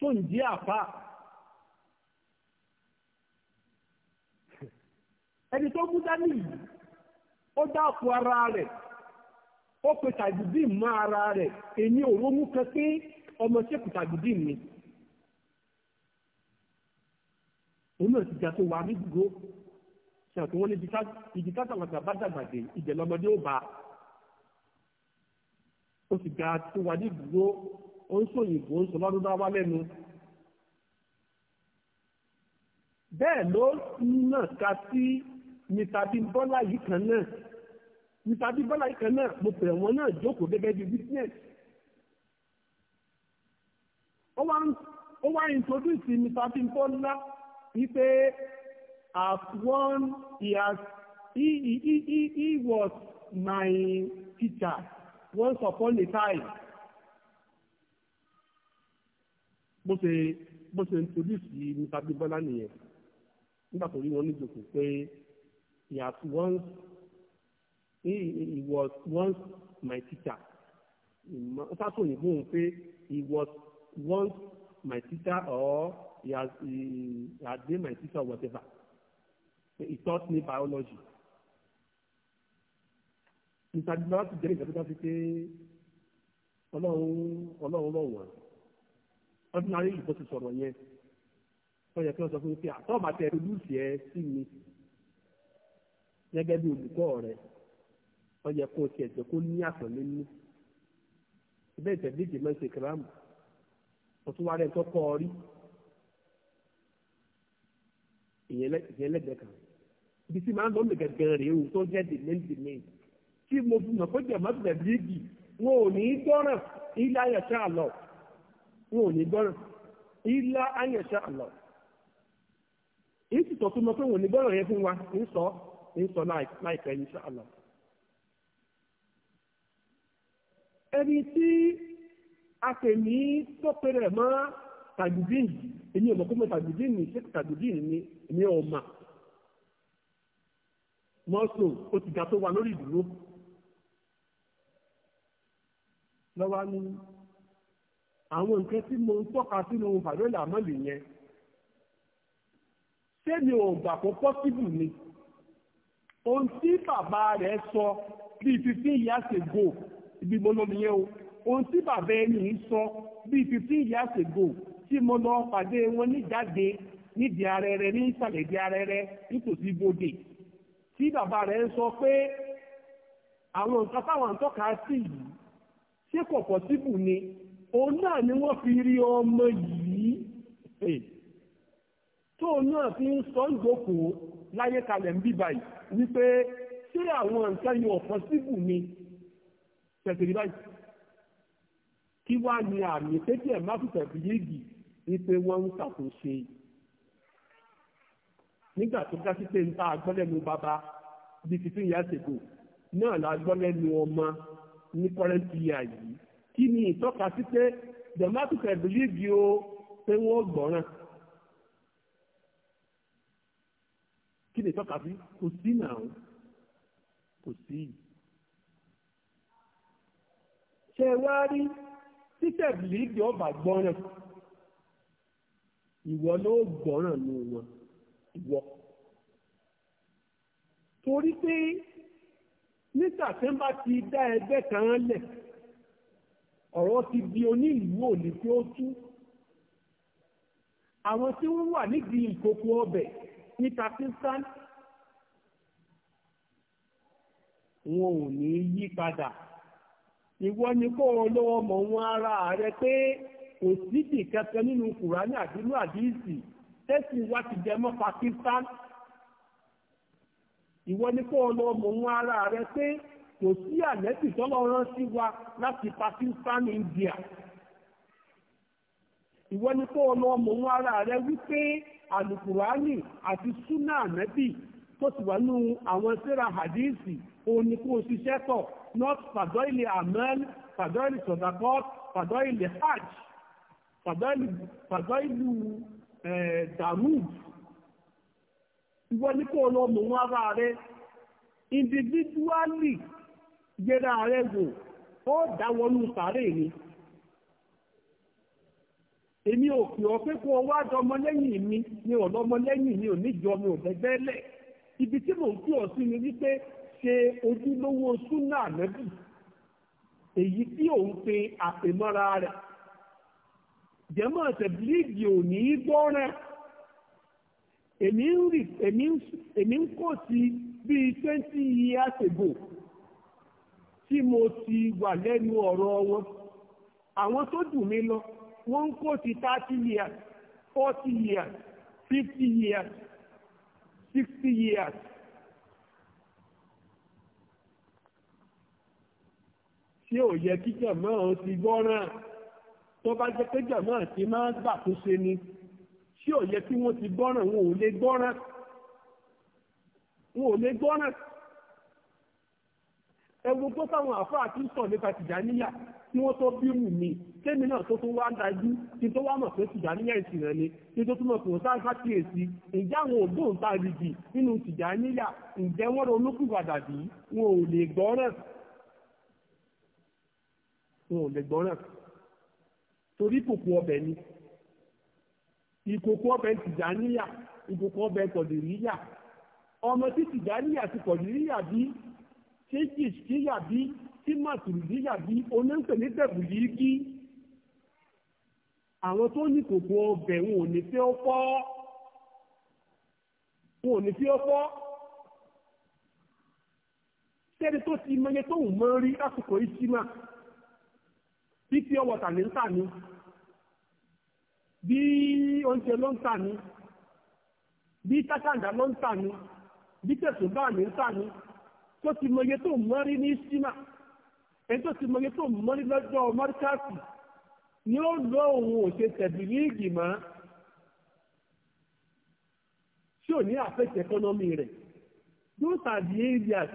tó ń jí àfà ẹni tó mú dání yìí ó dáàpò ara rẹ̀ ó pe tàbídì mọ́ ara rẹ̀ èmi ò rómú kan pé ọmọ ṣẹ́kù tàbídì mi òun náà ti jà tó wà ní gbogbo ṣàtò wọn ní ibi bá dàgbàdé ìjẹ̀lọ́mọdé ó bá ó ga tó wà ní ó ń sòyìnbó ó ń sọ lọ́dúnlọ́wọ́ lẹ́nu bẹ́ẹ̀ ló nà ká sí mr bíbọ́lá yìí kan náà mr bíbọ́lá yìí kan náà mo pè wọ́n náà jókòó gẹ́gẹ́ bí business ó wá introduce mr bíbọ́lá wípé as one he has he he he he was my teacher once upon a time. bó ṣe bó ṣe ń torí sí nípa gbígbọ́lá nìyẹn nígbà tó rí wọn níjòkó pé he has once he, he was once my teacher ó sáàtò òyìnbó òun pé he was once my teacher or he has he, he has been my teacher or whatever he taught me biology ìtàgbà ti jẹ́ ìgbàgbọ́ sí pé ọlọ́run ọlọ́run lọ́wọ́ ọdún ayé yìí bó ti sọ̀rọ̀ yẹn wọ́n yẹ kí wọ́n sọ fún mi pé àtọ́ màtẹ́ olùsì ẹ sí mi gẹ́gẹ́ bí olùkọ́ rẹ wọ́n yẹ kó tiẹ̀ jẹ́ kó ní àtọ̀lé ní ibẹ̀ ìtẹ̀bíjì máa ń ṣe kìrámù wọ́n tún wá rẹ̀ tó kọ́ ọ rí ìyẹn lẹ́gbẹ̀ẹ́ kan ibi tí màá lọ lè gẹ̀gẹ̀ rèé o tó jẹ́ dìmẹ́ǹ dìmẹ́ǹ tí mo fi mọ̀ pé jẹ̀mọ́ tẹ̀bíjì wọn ò ní í gbọ́ràn ilé ayẹ̀ṣẹ́ àlọ́ wọn ò ní gbọ́ràn ilá ayẹ̀ṣẹ́ àlọ́ tó mọ pé wọn ò ní gbọ́ràn yẹn fún wa ń sọ ń sọ láìpẹ́ ẹni tí a pè ní tọ́pẹ̀rẹ̀ mọ́ tàgùdín èmi ò àwọn nǹkan tí mo ń tọ́ka sínú ohun fàdóòlà mọ́lì yẹn sẹ́ni ò gbà kó pọ́síbù ni ohun tí bàbá rẹ̀ sọ bíi fifteen years ago ibi mo lọ nìyẹn o ohun tí bàbá ẹni yìí sọ bíi fifteen years ago tí mo lọ pàdé wọn níjáde nídìí ara rẹ ní ìsàlẹ̀ ìdí ara rẹ nítòsí bòde tí bàbá rẹ̀ sọ pé àwọn nǹkan táwọn ń sí yìí ṣé kò pọ́síbù ni òun náà ni wọ́n fi rí ọmọ yìí tóun náà fi ń sọ ìjókòó láyé kalẹ̀ ń bí báyìí wípé ṣé àwọn nǹkan yìí ọ̀kan síbù ni tẹ̀sìrì báyìí kí wá ní àmì pété ẹ̀ má fi tẹ̀sì yéègì wípé wọ́n ń ṣàtúnṣe nígbà tó dá sí pé ń ta agbọ́lẹ́nu bàbá bíi fifteen years ago náà la gbọ́ lẹ́nu ọmọ ní current year yìí kí ni ìtọ́ka sí pé dẹ̀mátùkẹ̀ bìlíìgì o pé wọ́n gbọ́ràn kí ni ìtọ́ka sí kò sí náà kò sí. ṣé wá rí títẹ̀ bìlíìgì ọba gbọ́ràn ìwọ ló gbọ́ràn nù wọn ìwọ torí pé nígbà tí wọ́n bá ti dá ẹgbẹ́ kan lẹ̀. ọ̀rọ̀ ti di onílùú òní tí ó tú àwọn tí wọ́n wà nídìí ìkòkò ọbẹ̀ ní Pakistan wọn ò ní yí padà ìwọ ni kó o lọ́wọ́ mọ̀ wọn ara rẹ pé kò sídìí kankan nínú Kùránì àdínú àdíìsì tẹ́sí wa ti jẹ mọ́ Pakistan ìwọ ni kó o lọ́wọ́ mọ̀ wọn ara rẹ pé kò sí àlẹ́sì tọ́lọ́ rán sí wa láti Pakistan India ìwọ ni kó o lọ mọ̀ wọn ara rẹ wípé alukurani àti suna ànẹ́bì tó sì wà nínú àwọn sẹ́ra hadisi òun ni kó o ṣiṣẹ́ tọ̀ not fàdọ́ ilé amẹ́l fàdọ́ ilé sọ̀dàkọ́t fàdọ́ ilé hajj fàdọ́ ìlú dàmúd ìwọ ni kó o lọ mọ̀ wọn ara rẹ individually yẹra ààrẹ wò ó dáwọlú sàárè ni èmi ò pè kó o mi ni ọ̀dọ́mọlẹ́yìn mi ò níjọ mi ò ibi tí mò ń kí ọ́ sí ni wípé ṣe ojúlówó súnà ànábì èyí tí pe àpèmọ́ra rẹ̀ jẹ́mọ́ ò ní í èmi ń sí bíi tí mo ti wà lẹ́nu ọ̀rọ̀ wọn àwọn tó jù mí lọ wọ́n ń kó ti thirty years forty years fifty years sixty years. ṣé ò yẹ kí jàmọ́ ọ ti gbọ́ràn tó bá jẹ́ pé jàmọ́ ti máa ń gbà tó ṣe ni ṣé ò yẹ kí wọ́n ti gbọ́ràn wọn ò lè gbọ́ràn wọn ò lè gbọ́ràn ẹwọ tó sáwọn àfáà tí ń sọ nípa tìjàníyà tí wọ́n tó bírù mi kémi náà tó tún wá ń dájú tí tó wá mọ̀ pé tìjàníyà ìsìnà ni tí tó túnmọ̀ pé òǹtà sákìyèsí ǹjẹ́ àwọn ògbóǹtarìgì nínú tìjàníyà ǹjẹ́ wọ́n rọ olókùnbàdà bí wọn ò lè gbọ́ràn wọn ò lè gbọ́ràn torí ìkòkò ọbẹ̀ ni ìkòkò ọbẹ̀ tìjàníyà ìkòkò ọbẹ̀ kọ̀dìríyà ọmọ tí tìjàníyà ti kọ̀dìríyà bí tí jìṣkíyàbí tí màtùrùdíyàbí onípè ní tẹ̀bù yìí kí àwọn tó ní kòkó ọbẹ̀ wọn ò ní fẹ́ ó fọ́ wọn ò ní fẹ́ ó fọ́ sẹ́ni tó ti mẹ́yẹ tó ń mọ́ rí lásìkò ìsímà bí pure water ní ń tà ní bí oúnjẹ ló ń tà ní bí tákàndá ló ń tà ní bí tẹ̀sùn báà ní ń tà ní tó ti mọye tó mọ́rí ní sima ẹni tó ti mọye tó mọ́rí lọ́jọ́ mọ́ríkàsì ni ó lọ òun ò ṣe tẹ̀bí ní ìgbìmọ̀ tí ò ní àfẹ́tẹ̀ ẹkọ́nọ́mì rẹ̀ those are the areas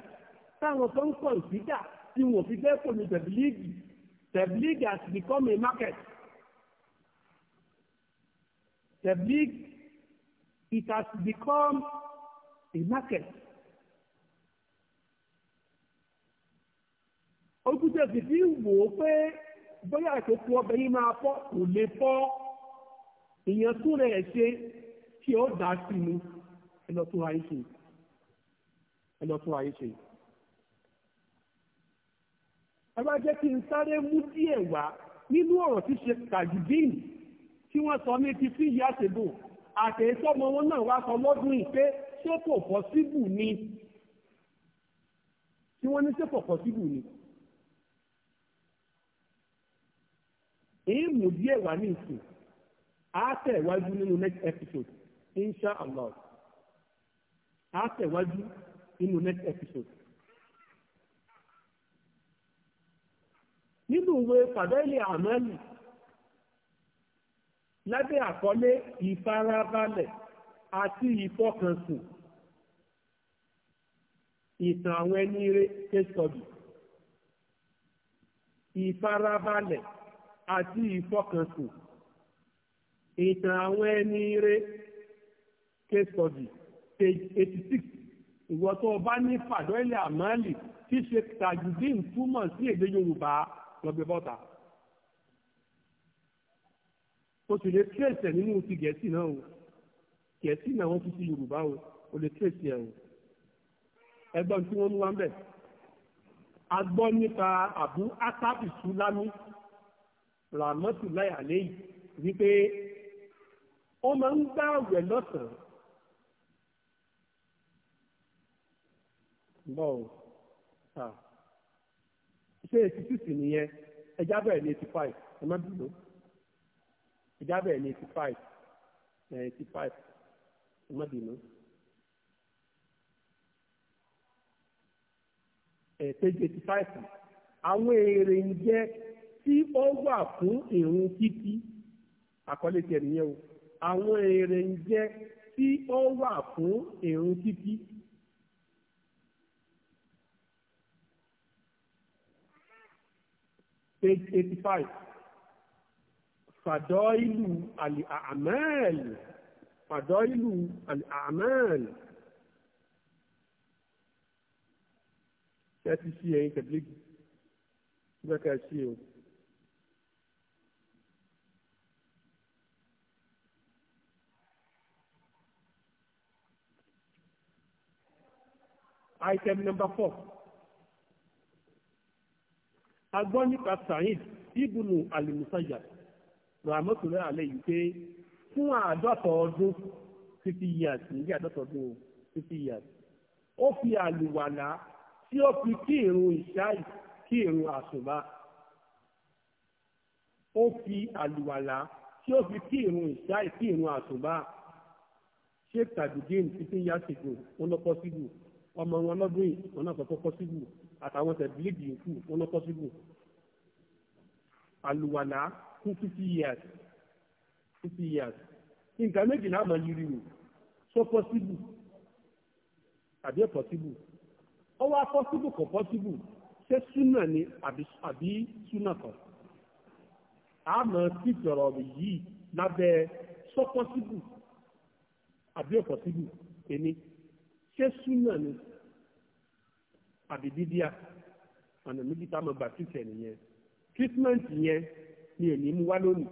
táwọn tó ń kọ̀ǹsídà tí wọ́n fi bẹ́ẹ̀ pọ̀ ní tẹ̀bí líìgì tẹ̀bí líìgì has become a market tẹ̀bí it has become a market. èèyàn sì fi wò ó pé bóyá ìkókó ọbẹ̀ yìí máa fọ́ kò lè fọ́ èèyàn tún rẹ̀ ṣe kí ó dá sí mu ẹlọ́tún ayé ṣe ẹlọ́tún ayé ṣe. ẹ bá jẹ́ kí n sáré mú díẹ̀ wá nínú ọ̀rọ̀ tí ṣe tajudeen tí wọ́n sọ ní ti fi ìyá ṣèbò àtẹ̀sọ́mọ wọn náà wá sọ lọ́dún yìí pé ṣé kò pọ̀ síbù ni tí wọ́n ní ṣé kò síbù ni. ìmú díẹ̀ wà ní ìsìn á tẹ̀wájú nínú next episode insha allah á tẹ̀wájú nínú next episode. nínú ìwé fàdẹ́lì àmọ́lì lábẹ́ àkọlé ìfarabalẹ̀ àti ìfọkànsìn ìtàn àwọn ẹni rẹ̀ case study ìfarabalẹ̀ àti ìfọkànsìn ìtàn àwọn ẹni rere case study page eighty six ìwọ tó o bá ní fàdọ́ìlẹ̀ àmọ́lì tí ṣe tajudeen túmọ̀ sí èdè Yorùbá lọ́gbẹ́ bọ́ta o sì lè tírèsì ẹ̀ nínú ti Gẹ̀ẹ́sì náà o Gẹ̀ẹ́sì náà wọ́n ti ti Yorùbá o o lè tírèsì ẹ̀ o ẹgbọ́n tí wọ́n mú wá ń bẹ̀ a gbọ́ nípa Abu Atab Sulami ràmọ́tù láyà lẹ́yìn wípé ó máa ń gbá àwẹ̀ lọ́sàn-án. bọ́ọ̀ ta ṣé eighty six nìyẹn ẹja bẹ̀rẹ̀ ní eighty five ẹ má dùn ló ẹja bẹ̀rẹ̀ ní eighty five eighty five ẹ má dùn ló. page eighty five àwọn èrè ń jẹ́ tí ó wà fún ìrun kíkí àkọlé tiẹ̀ nìyẹn o àwọn èrè ń jẹ́ tí ó wà fún ìrun kíkí. page eighty five fàdọ́ìlù àmẹ́ẹ̀lì fàdọ́ìlù àmẹ́ẹ̀lì ṣe ti ṣe ẹyin tẹ̀blẹ́gì ṣe ṣe o. item number four agbọ́ nípa Sa'id ibùnú alimusaya rahmatulahi alayhi pé fún àádọ́ta ọdún fifty years níbi àádọ́ta ọdún fifty years ó fi àlùwàlà tí ó fi kí irun ìṣáì kí irun àṣùbà ó fi àlùwàlà tí ó fi kí irun ìṣáì kí irun àṣùbà ṣé tàbí jane fifty years ago ó lọ́pọ̀ síbù. ọmọ wọn lọ́dún yìí wọn náà kọ́kọ́ pọ́síbù àtàwọn tẹ̀bílìgì yòókù wọn náà pọ́síbù àlùwàlà fifty years fifty years nǹkan méjì náà máa yiri nù sọ pọ́síbù àbí ẹ̀ pọ́síbù ọwọ́ apọ́síbù kò pọ́síbù ṣé súnà ni àbí a ṣé súnà ni àbí dídíà ọ̀nà méjì tá a máa gbà tìtẹ̀ nìyẹn treatment yẹn ni èmi mú wá lónìí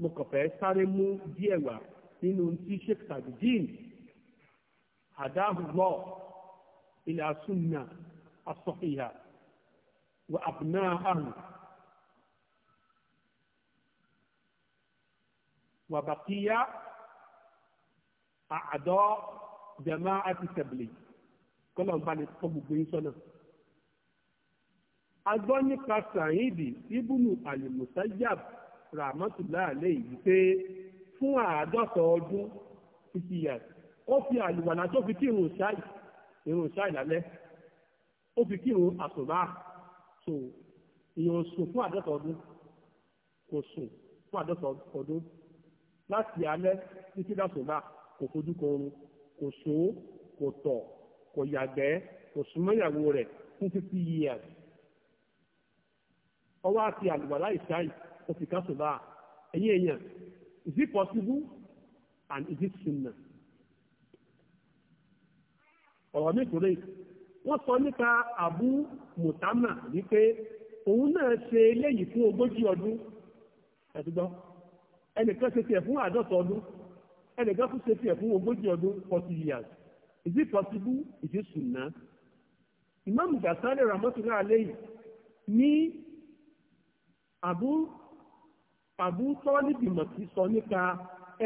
mo kàn fẹ́ sáré mú díẹ̀ wá nínú tí sheikh tajudeen adahulọ ilẹ̀ asúnà asọ́fìyà wa abúná àrùn wa bàkíyà àádọ́ jama àti tẹ̀blì kọ́lọ̀ ń bá ní kọ́ gbogbo yín sọ́nà. a gbọ́ nípa sàhídì ibùnú alimusayab rahmatullahi alayhi wípé fún àádọ́ta ọdún fifty years ó fi àlùwàlà tó fi kí irun ṣáì irun ṣáì lálẹ́ ó fi kí irun àsùnbà so èèyàn sùn fún àádọ́ta ọdún kò sùn fún àádọ́ta ọdún láti alẹ́ títí dàsùnbà kò fojú kan oorun kò só kò tọ̀ kò yàgbẹ́ kò súnmọ́ ìyàwó rẹ̀ fún fifty years ọwọ́ àti àlùwàlá ìṣáì ó fi ká sùn bá èèyàn is it possible and is it sunnah ọ̀rọ̀ nítorí wọ́n sọ nípa àbú mùtámà wípé òun náà ṣe eléyìí fún ogójì ọdún ẹ̀dùgbọ́ ẹnìkan ṣe tiẹ̀ fún àádọ́ta ọdún ẹnìkan fún ṣètì ẹ̀ fún ogójì ọdún forty years is it possible is it sunna imam gasale ramotuna aleyi ní abu abu tọ́lìbì mọ̀tí sọ nípa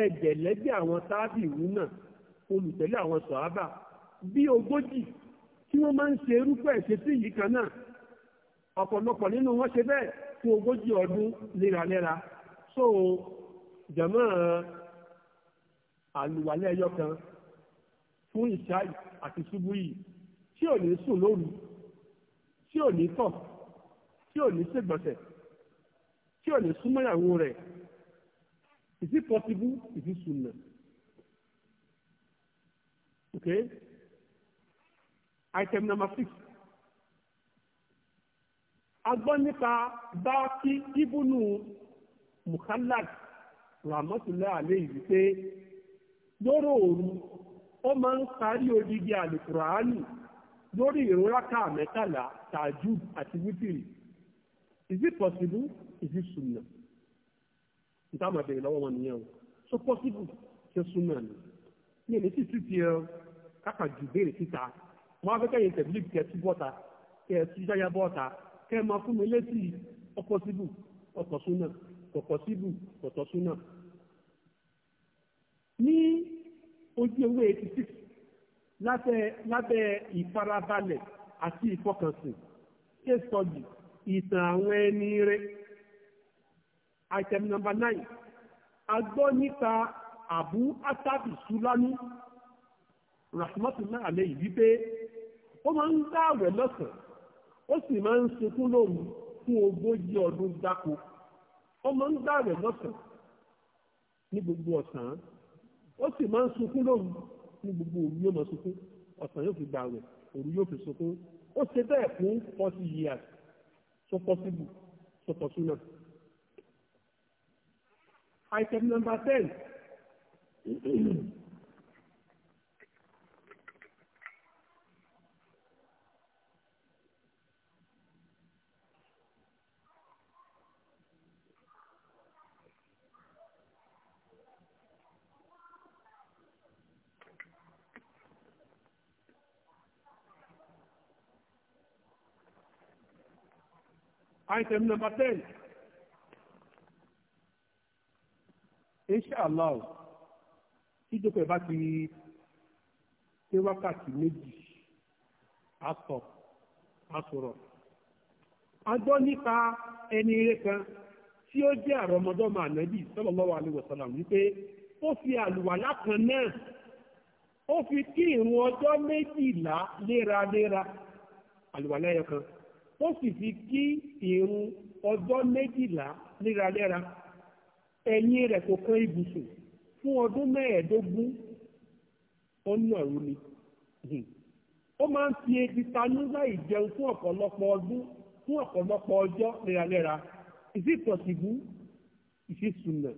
ẹgbẹ̀lẹ́gbẹ̀ àwọn táàbì ìwú náà olùtẹ̀lé àwọn sọ̀hábà bí ogójì tí wọ́n máa ń ṣe irúfẹ́ ìṣesí yìí kan náà ọ̀pọ̀lọpọ̀ nínú wọn ṣe bẹ́ẹ̀ fún ogójì ọdún léraléra so jàmáà àlùwàlẹ̀ ẹyọ kan fún ìṣáì àti ṣubú yìí tí ò ní sùn lóru tí ò ní tọ̀ tí ò ní ṣègbọ̀nsẹ̀ tí ò ní súnmọ́ ìyàwó rẹ̀ is it possible is it sunnah item number six a gbọ́ nípa bá kí ibùnú muhammad rahmatullah alayhi wípé lóró òru ó máa ń parí odidi àlùkùránì lórí ìrúnrákà mẹ́tàlá tàjú àti wítìrì is it possible is it sunna níta máa bẹ̀rẹ̀ lọ́wọ́ wọn nìyẹn o so possible ṣe sunna ni ní èmi sì tún ti ẹ ju béèrè síta wọn afẹ́kẹ́ yẹn tẹ̀lé kẹ́ tú bọ́ta kẹ́ tú yáyá bọ́ta kẹ́ máa fún mi létí ọ̀pọ̀ síbù ọ̀pọ̀ sunna ọ̀pọ̀ síbù ọ̀pọ̀ sunna ní ojú owó eighty six lábẹ́ lábẹ́ ìfarabalẹ̀ àti ìfọkànsìn case study ìtàn àwọn ẹni rẹ̀ item number nine a gbọ́ nípa àbú atabi sulani rahmatulahi alayhi wípé ó máa ń dáwẹ̀ lọ́sàn ó sì máa ń sunkún lóru fún ogójì ọdún gbáko ó máa ń lọ́sàn ní gbogbo ọ̀sán ó sì máa ń sunkún lóru ní gbogbo òru yóò máa sunkún ọ̀sán yóò fi gbà rẹ̀ òru yóò fi sunkún ó ṣe bẹ́ẹ̀ fún forty years so possible so possible. item number ten. Item number 10. Inshallah, ìjókòó ẹ̀ bá ti ṣe wákàtí méjì, àtọ̀, àsọ̀rọ̀. A nípa ẹni eré kan tí ó jẹ́ àrọmọdọ́mọ ànábì sallallahu alaihi wasallam wípé ó fi àlùwàlá kan náà ó fi kí ìrun ọjọ́ méjìlá léraléra àlùwàlá ẹyọ kan. tó sì fi kí ìrun ọjọ́ méjìlá léraléra ẹ̀yìn rẹ̀ kò kan ibùsùn fún ọdún mẹ́ẹ̀ẹ́dógún ó ń nàrú ni ó máa ń fi ebi tanú láì jẹun fún ọ̀pọ̀lọpọ̀ ọdún fún ọ̀pọ̀lọpọ̀ ọjọ́ léraléra ìsìtọ̀sìbú ìsìsùnà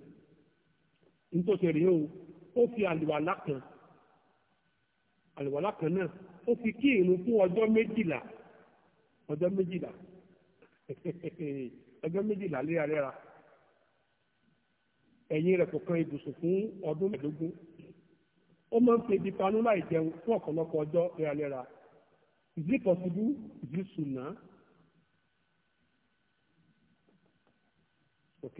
nítòsẹ̀rẹ̀ o ó fi àlùwàlá kan àlùwàlá kan náà ó fi kí ìrun fún ọjọ́ méjìlá ọjọ́ méjìlá ọjọ́ méjìlá léraléra ẹ̀yìn rẹ̀ kò kan ibùsùn fún ọdún mẹ́ẹ̀ẹ́dógún ó máa ń fi ibi panú láì jẹun fún ọ̀pọ̀lọpọ̀ ọjọ́ léraléra is it possible is it sunna ok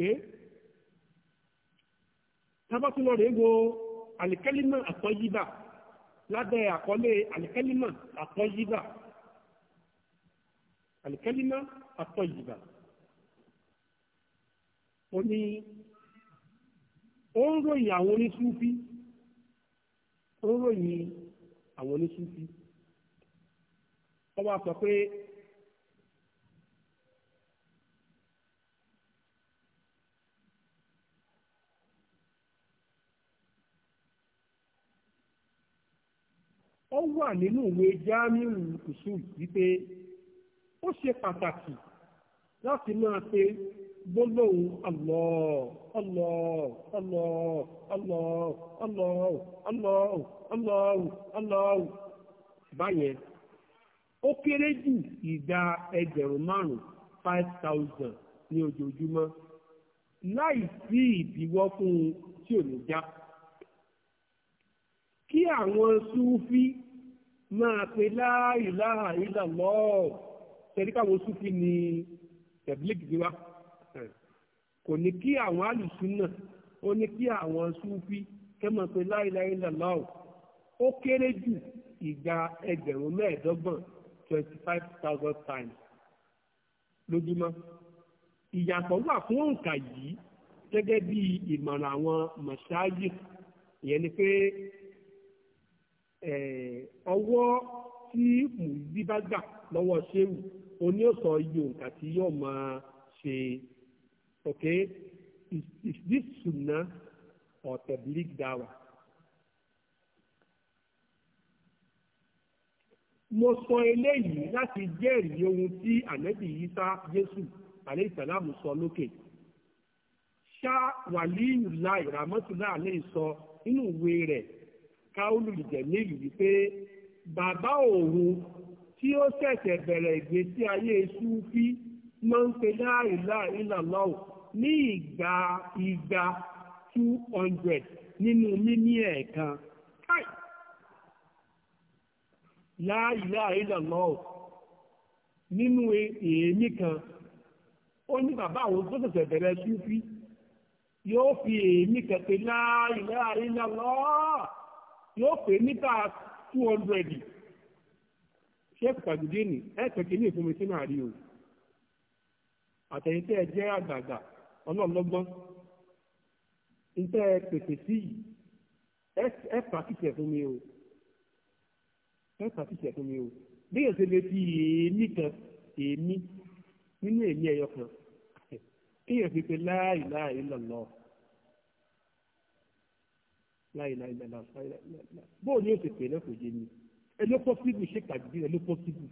tábàtúlọ̀ rẹ̀ wo alikẹ́límà àtọ́yíbà lábẹ́ àkọlé alikẹ́límà àtọ́yíbà. Alikalima àtọ̀ ìyìbà ó ní ó ń ròyìn àwọn oníṣúfí ó ń ròyìn àwọn oníṣúfí ó wá sọ pé ó wà nínú ìwé ó ṣe pàtàkì láti máa pe gbólóhùn Allah Allah Allah Allah Allah Allah Allah Allah báyẹn ó kéré jù ìdá ẹgbẹ̀rún márùn-ún five thousand ní ojoojúmọ́ láì sí ìdíwọ́ fún un tí ò ní já. Kí àwọn Súfí máa pe la ilaha illallah tẹ̀rí káwọn sufi ni tẹ̀bílíkì ti wá kò ní kí àwọn alùsùnà ó ní kí àwọn sufi kẹ́mọ̀ pé láìláì lọ́láwọ̀ ó kéré jù ìgbà ẹgbẹ̀rún mẹ́ẹ̀ẹ́dọ́gbọ̀n twenty five thousand times lójúmọ́ ìyàtọ̀ wà fún òǹkà yìí gẹ́gẹ́ bí ìmọ̀ràn àwọn mọ̀ṣáájì ìyẹn ni pé ọwọ́ tí mùsùlùmí bá gbà lọ́wọ́ ṣéwù oní òsọ iye òǹkà tí yóò máa ṣe okay is, is this sunna or tabligh dawa. mo sọ eléyìí láti jẹ́rìí ohun tí ànábì Ìsá Jésù àlẹ́ ìsàlámù sọ lókè ṣá wàlíù láì ràmọ́túlá àlẹ́ ìsọ nínú ìwé rẹ̀ káólù ìjẹ̀mí wípé bàbá òun tí ó ṣẹ̀ṣẹ̀ bẹ̀rẹ̀ ìgbésí ayé súfí máa ń pe láìlá ìlàlọ́wọ̀ ní ìgbà ìgbà two hundred nínú níní ẹ̀ẹ̀kan káì láìlá ìlàlọ́wọ̀ nínú èémí kan ó ní bàbá àwọn tó ṣẹ̀ṣẹ̀ bẹ̀rẹ̀ súfí yóò fi èémí kan pé láìlá ìlàlọ́wọ̀ yóò pè níta two hundred sheikh tajudeen ẹ pẹ̀kì ní ìfúnmi sínú àrí o àtẹ̀yìntẹ́ ẹ jẹ́ àgbààgbà ọlọ́ọ̀lọ́gbọ́n ntẹ́ ẹ pèsè sí yìí ẹ pàkìtì ẹ̀ fún o ẹ pàkìtì ẹ̀ fún o bí èsè lè fi èémí kan èémí nínú èémí ẹ̀yọ kan kéèyàn fi pe láàyè láàyè lọ́lọ́ọ̀ láìla ìlànà láìla ìlànà bóò ní òsè pè lẹ́kọ̀ọ́ jẹ ni ẹ ló pọ́sibù ṣe pàdé ẹ ló pọ́sibù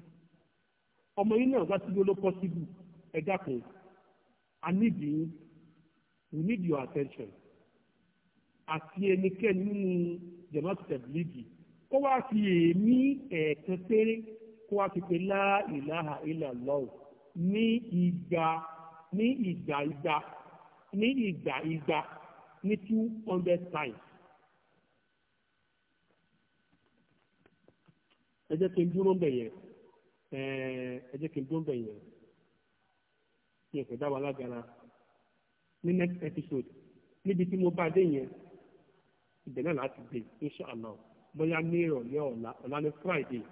ọmọ yín náà wá síbi ló pọ́sibù ẹ dákun I need you we need your attention àti ẹnikẹ́ni nínú jamaat tẹ̀blígì kó wá fi èémí ẹ̀ẹ̀kan péré kó wá fi pé láìláha ìlàlọ́ọ̀ ní ìgbà ní ìgbà ìgbà ní ìgbà ìgbà ní two hundred times. ẹ jẹ́ kí n dúró bẹ̀ yẹn ẹ jẹ́ kí n dúró bẹ̀ yẹn kí n dá wa lágara ní next episode níbi tí mo bá dé yẹn ibẹ̀ náà láti gbé inshàlá bóyá ní ìrọ̀lẹ́ ọ̀la ọ̀la ní friday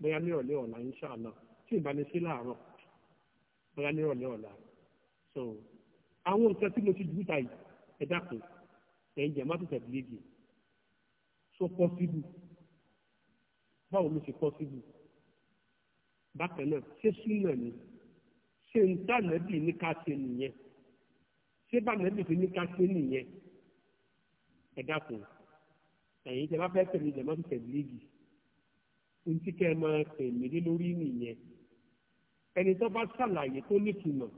bóyá ní ìrọ̀lẹ́ ọ̀la inshàlá tí ì bá ní sí láàárọ̀ bóyá ní ìrọ̀lẹ́ ọ̀la so àwọn nǹkan tí mo ti dùn ta yìí ẹ dákun ẹ̀yin jẹ̀ má tó tẹ̀ bíléèdì so possible báwo ló ṣe pọ́ síbi bákan náà ṣé súnà ni ṣé ń tà nẹ́bì ní ká ṣe nìyẹn ṣé bá nẹ́bì fi ní ká ṣe nìyẹn ẹ dákun ẹ̀yin tẹ bá fẹ́ tẹ̀lé ìjọba tó tẹ̀lé léegi ohun tí kẹ́ ẹ máa tẹ̀lé lé lórí nìyẹn ẹni tó bá ṣàlàyé tó nítumọ̀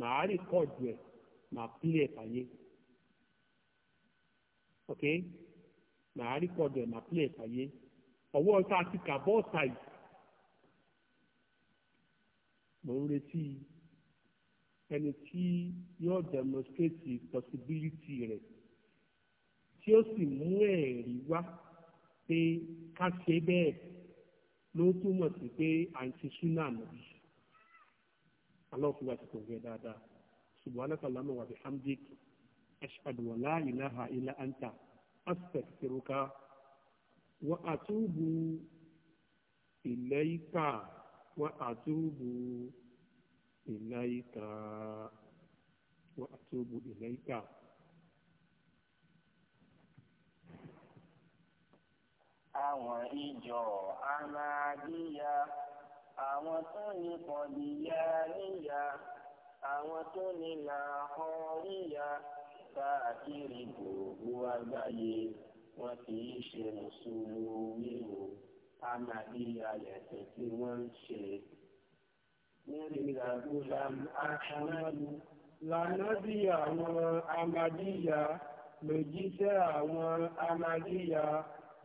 màá rí kọ́ọ̀dù ẹ̀ màá pílẹ̀ fàyè ok màá rí kọ́ọ̀dù ẹ̀ màá pílẹ̀ fàyè. Okay? ọwọ́ ta ti kà bọ́ọ̀tà yìí mo ń retí ẹni tí yóò demonstrate possibility rẹ̀ tí ó sì mú ẹ̀rí wá pé ká ṣe bẹ́ẹ̀ ló túmọ̀ sí pé à ń ti súnà nàbí aláwọ̀fíwá ti kò gẹ́ dáadáa subhanaka allahumma wa bihamdik ashhadu wa la ilaha illa anta astaghfiruka wa àtúbù ìlẹ́yìká wa àtúbù ìlẹ́yìká wa àtúbù ìlẹ́yìká. àwọn ìjọ amadíyà àwọn tó ní kọ̀díyà níyà àwọn tó ní làhọ́ríyà káàkiri gbogbo àgbáyé wọn kì í ṣe mùsùlùmí o Ahmadiyya lẹ̀sìn tí wọ́n ń ṣe. Nígbà Gulam Ahmadu lànàbí àwọn Ahmadiyya lòjíṣẹ́ àwọn Ahmadiyya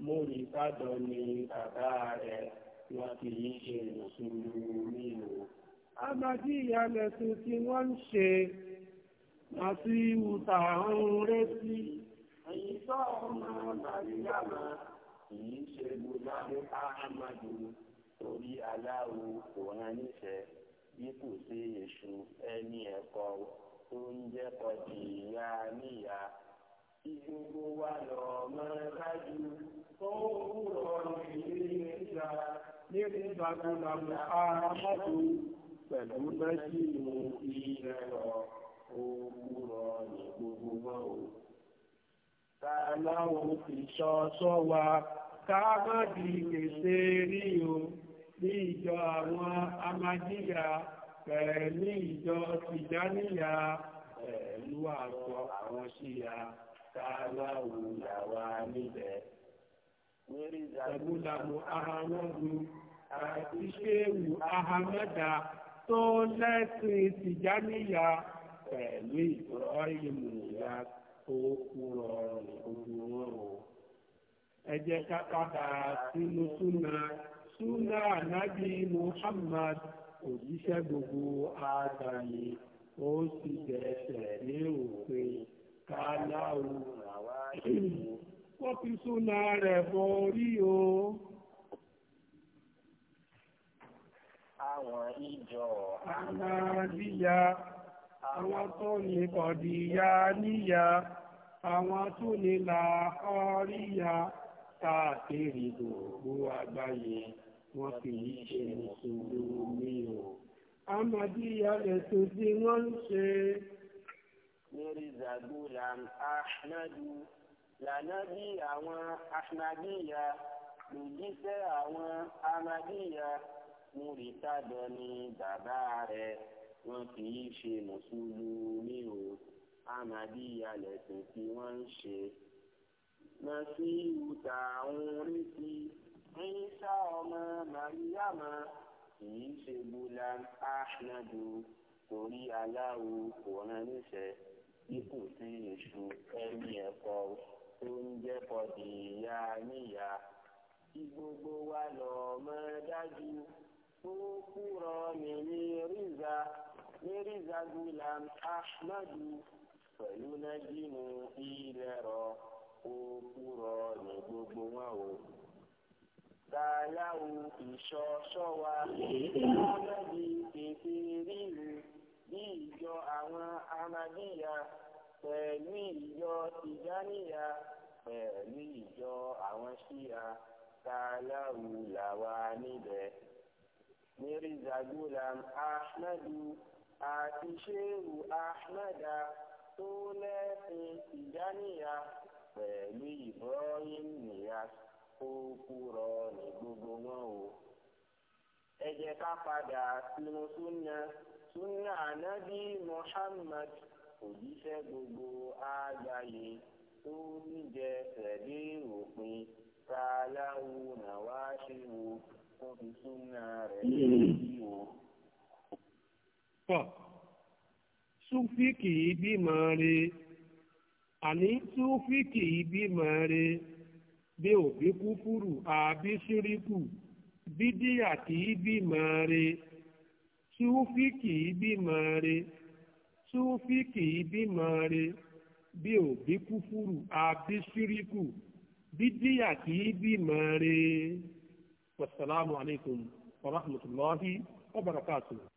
Mórìbàdàn ni bàbá rẹ̀ wọn kì í ṣe mùsùlùmí o. Ahmadiyya lẹ̀sìn tí wọ́n ń ṣe. Màsíwù tàà ń retí èyí tó ọmọ màríyàmà kìí ṣe gbọdọ ahmadu torí aláwo kò hàn nífẹ̀ẹ́ bí kò sí èṣù ẹni ẹkọ tó ń jẹkọ di ìyá níyà kí gbogbo wa lọ máa ṣáájú tó ń rọrùn ìrírí níta níbi ìgbàgbọ́dọ̀ ahmadu pẹ̀lú mẹ́jì mú ilẹ̀ lọ ó kúrọ̀ ní gbogbo wọn o. Kàláwò ìṣọ́ṣọ́ wa ká má di gbèsè rí o ní ìjọ àwọn amadíyà pẹ̀lú ìjọ tìjáníyà pẹ̀lú àjọ àwọn ṣíyà ka làwà níbẹ̀. Ẹ̀bùlàmù Ahamadu àti Ṣéwù Ahamada tó lẹ́sìn tìjáníyà pẹ̀lú ìtọ́ ìmùyà owó kú rọrùn òun ẹ jẹ́ ká padà sínú súnà súnà ànábì Muhammad òjíṣẹ́ gbogbo àgbáyé ó sì bẹ̀rẹ̀ ní òpin káláwù wọ́n fi súnà rẹ̀ bọ orí o. àwọn ìjọ. ya. àwọn tó ní kọ̀díyà níyà àwọn tó ní làkọ́ríyà káàkiri gbogbo àgbáyé wọ́n fi yí ṣe mùsùlùmí o. amadiya ẹ̀sùn tí wọ́n ń ṣe. mirza gulam ahmadu lànàbí àwọn ahmadiya lòjíṣẹ́ àwọn ahmadiya múritádọ́ ni bàbá rẹ̀ wọn kì í ṣe mùsùlùmí o ahmadiyya lẹ̀sìn tí wọ́n ń ṣe. masiu ta ń retí Ìsá ọmọ Màríyàmá kì í ṣe Gulam Ahmadu torí aláwo kò rán níṣẹ́ bí kò sí èṣù ẹni ẹ̀kọ́ tó ń jẹ́ kọ́dì ìyá níyà kí gbogbo wa lọ́ọ́ mọ́ dájú ó kúrọ̀ nìyí ríza mírízà gulam ahmadu pẹ̀lú nájímù ilẹ̀rọ òkúrọ̀ ní gbogbo wọn o. Tàyáwó wa, ṣọ́wa Mọ́lẹ́bí tètè ríru bí ìjọ àwọn Amadíyà pẹ̀lú ìjọ Tìjáníyà pẹ̀lú ìjọ àwọn Ṣíyà tàyáwó làwa níbẹ̀. Mírízà gulam ahmadu. àti ṣéhù ahmeda tó lẹ́sìn ya pẹ̀lú ibrahim niyas ó kúrọ ní gbogbo wọn o. ẹ jẹ́ ká padà sínú súnà súnà ànábì muhammad gbogbo àgbáyé tó níjẹsẹ̀ dé òpin tá a láwùú fi tọ́ súfì kì í bímọ re àní súfì kì í bímọ re bí òbí kúfúrù àbí ṣíríkù bídíà kì í bímọ re súfì kì í bímọ re súfì kì í bímọ re bí òbí kúfúrù àbí ṣíríkù bídíà kì í bímọ re wasalaamu wa rahmatulahi wa barakatuhu.